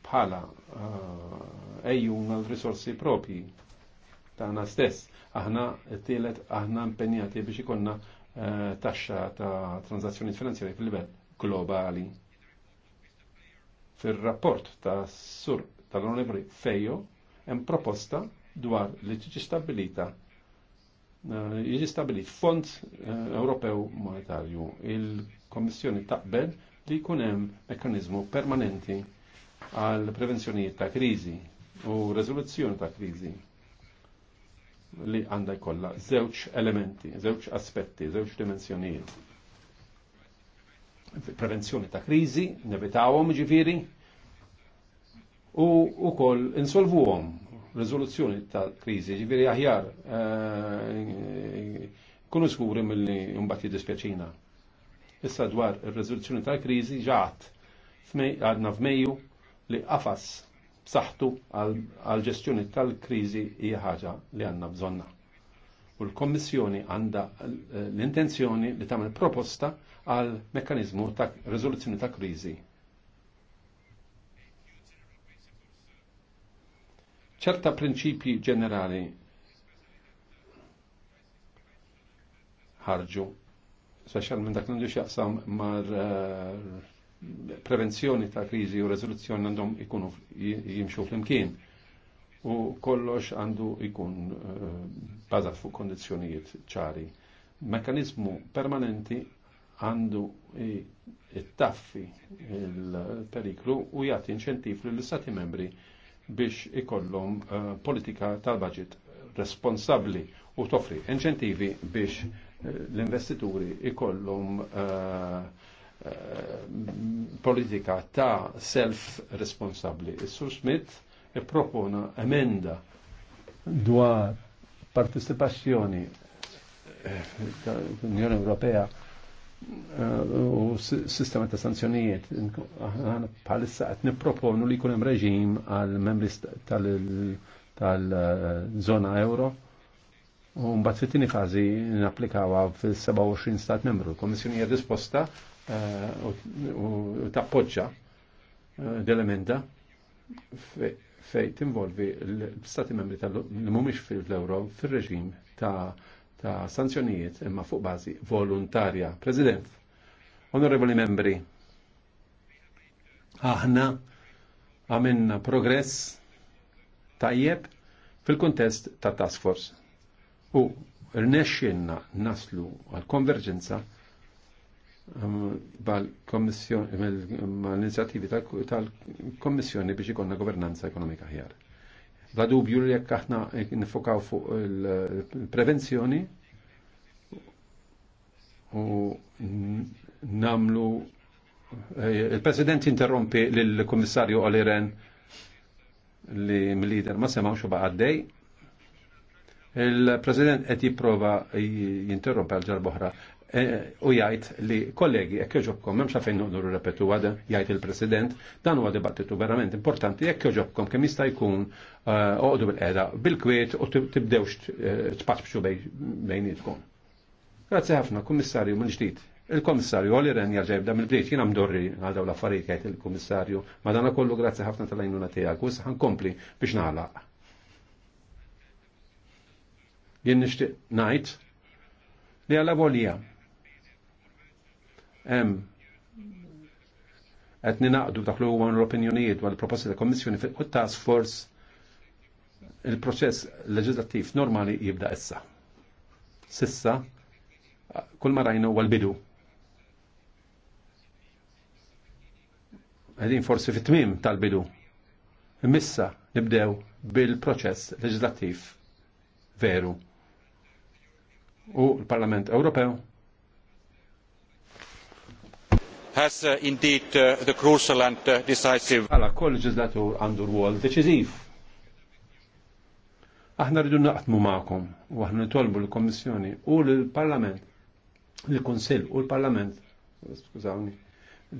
bħala ejjun għal risorsi propji tagħna stess. Aħna tielet aħna impenjati biex ikonna taxxa ta' tranzazzjoni finanzjarji fil-livell globali. Fil-rapport ta' surq tal-Onorevoli Fejo hemm proposta dwar li tiġi stabilita eh, jiġi stabilit Fond eh, Ewropew Monetarju. il komissjoni taqbel li jkun hemm mekkaniżmu permanenti għal prevenzjoni ta' kriżi u rezoluzzjoni ta' kriżi li għandha jkollha żewġ elementi, żewġ aspetti, żewġ dimensjonijiet. Prevenzjoni ta' kriżi, nevitawhom ġifieri, u insolvu insolvuhom riżoluzzjoni tal-kriżi, ġiviri aħjar eh, kunu skuri milli mbagħad jiddispjaċina. Issa dwar ir-riżoluzzjoni tal-kriżi ġaħat għadna f'Mejju li għafas b'saħħtu għal ġestjoni tal-kriżi hija ħaġa li għandna bżonna u l-Kommissjoni għanda l-intenzjoni li tagħmel proposta għal mekkanizmu ta' rezoluzzjoni ta' kriżi ċerta prinċipji ġenerali ħarġu, minn dak nandu xaqsam mar eh, prevenzjoni ta' krizi u rezoluzzjoni għandhom ikunu jimxu fl-imkien U kollox għandu ikun eh, bazat fuq kondizjonijiet ċari. Mekanizmu permanenti għandu it-taffi il-periklu u jagħti inċentiv l istati membri biex ikollhom eh, politika tal-budget responsabbli u toffri inċentivi biex eh, l-investituri ikollhom eh, politika ta' self responsabbli. Is-Sur Smith ippropona emenda dwar partecipazzjoni l-Unjoni Ewropea u sistema ta' sanzjonijiet. bħalissa qed nipproponu li jkun hemm reġim għal membri tal-żona euro u mbagħad fit-tieni fażi napplikawha fil-27 stat membru. L-Kommissjoni hija disposta eh, u tappoġġa eh, d-elementa fej tinvolvi l-stati membri tal-mumiex fil-euro fil-reġim ta' ta' sanzjonijiet imma fuq bażi volontarja. President, onorevoli membri, aħna għamilna progress tajjeb fil-kontest ta' task force. U rnexxinna naslu għal konverġenza mal-inizjattivi um, tal-Kommissjoni biex ikonna governanza ekonomika ħjar. La dubju li jekk aħna nifokaw fuq il-prevenzjoni u namlu il-President interrompi l-Komissarju Oliren li mill-lider ma semaw xo baqaddej. Il-President qed jipprova jinterrompi għal ġarboħra. Eh, u jgħid li kollegi jekk joġobkom m'hemmx fejn noqdru repetu għada jgħid il-President dan huwa dibattitu verament importanti jekk joġobkom kemm jista' jkun eh, oqdu bil-qeda bil-kwiet u tibdewx eh, tpaċċu bejnietkom. Grazzi ħafna, Kummissarju minn ġdid. Il-Kommissarju għalli Ren jarġa jibda mill-bdejt, jiena mdorri għal dawn l-affarijiet jgħid il-Kummissarju, ma dana kollu grazzi ħafna tal-għajnuna tijak, u s-ħan kompli biex nagħlaq. Jien nixtieq ngħid li għal volija Hemm qed ninaqdu dak li huwa l-opinjonijiet dwar l proposti ta' Kommissjoni u task force il-proċess leġislattiv normali jibda issa. Sissa, kull ma rajna huwa l-bidu. Għedin forsi fit-tmim tal-bidu. Missa nibdew bil-proċess leġislattiv veru. U l-Parlament Ewropew has uh, indeed uh, the crucial and uh, decisive. Għala, kol leġislatur għandu rwol deċiżiv. Aħna rridu naqtmu ma'kom u aħna nitolbu l-Kommissjoni u l-Parlament, l-Konsil u l-Parlament, skużawni,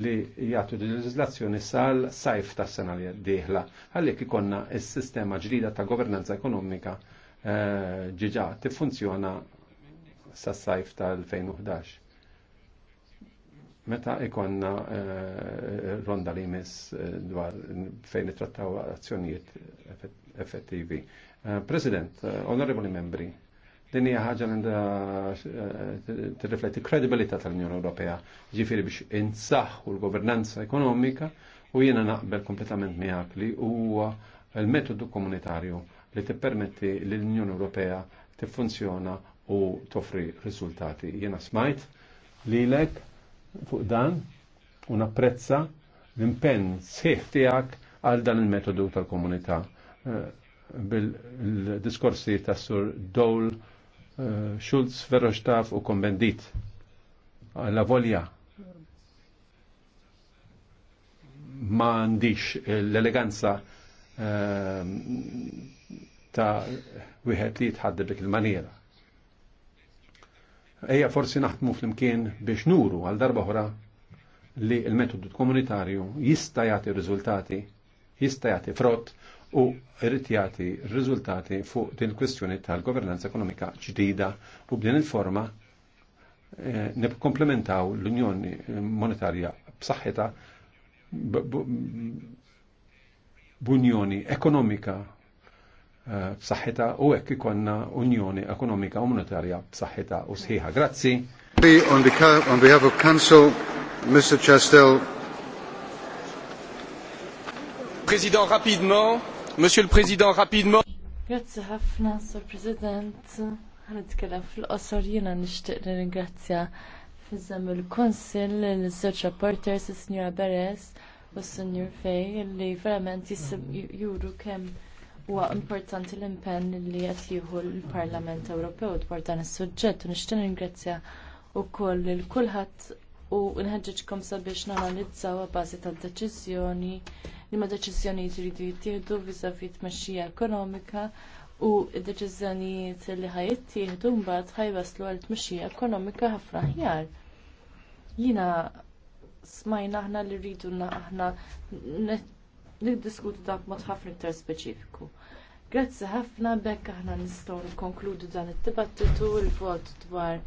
li jgħatu l-leġizlazzjoni sal sajf ta' sena li diħla. Għallek ikonna il-sistema ġdida ta' governanza ekonomika eh, ġiġa tiffunzjona sa' sajf tal-2011 Meta ikonna eh, ronda li jmiss eh, dwar fejn trattaw azzjonijiet effettivi. Eh, President, onorevoli membri, din hija ħaġa li tirrifletti kredibilità tal-Unjoni Ewropea, ġifieri biex insaħħu l-governanza ekonomika u jiena naqbel kompletament miegħek li huwa l-metodu komunitarju li tippermetti li l-Unjoni Ewropea tiffunzjona u toffri riżultati. Jiena smajt lilek fuq dan u napprezza l-impenn sħiħ tiegħek għal dan il-metodu tal-komunità eh, bil-diskorsi ta' sur Dowl, eh, Schulz, Verhofstadt u kombendit eh, La volja ma għandix l-eleganza ta' wieħed li jitħaddi dik il-maniera. Eja forsi naħdmu fl-imkien biex nuru għal darba ħra li il-metodu komunitarju jista' jagħti riżultati, jista' jagħti frott u irrid jagħti riżultati fuq din kwestjoni tal-governanza ekonomika ġdida u b'din il-forma eh, nipkomplementaw l-Unjoni Monetarja b'saħħeta b'unjoni ekonomika Eh, b'saħħitha u hekk ikollna Unjoni Ekonomika u Monetarja b'saħħitha u sħiħa. Grazzi. On behalf of Council, Mr. Chastel. Président rapidement, Monsieur le Président rapidement. Grazzi ħafna, Sir President. Għanitkellem fil-qosor jiena nixtieq ringrazzja fizzam il-konsil il search Reporters, il sinjora Beres u s-Sinjor Fej, li verament juru kemm Huwa importanti l-impenn li qed jieħu l-Parlament Ewropew dwar dan is-suġġett u nixtieq ningrazzja wkoll lil kulħadd u nħeġġeġkom sabiex nanalizzaw bażi tad-deċiżjoni li ma deċiżjonijiet iridu jittieħdu viżavi tmexxija ekonomika u d-deċiżjonijiet li ħajittieħdu mbagħad ħajwaslu għal tmexxija ekonomika ħafna aħjar. Jiena smajna aħna li rridu aħna niddiskutu dak mod ħafna iktar speċifiku. Grazzi ħafna bekk aħna nistgħu nkonkludu dan it dibattitu l-vot dwar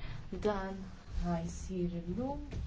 dan ħajsir illum,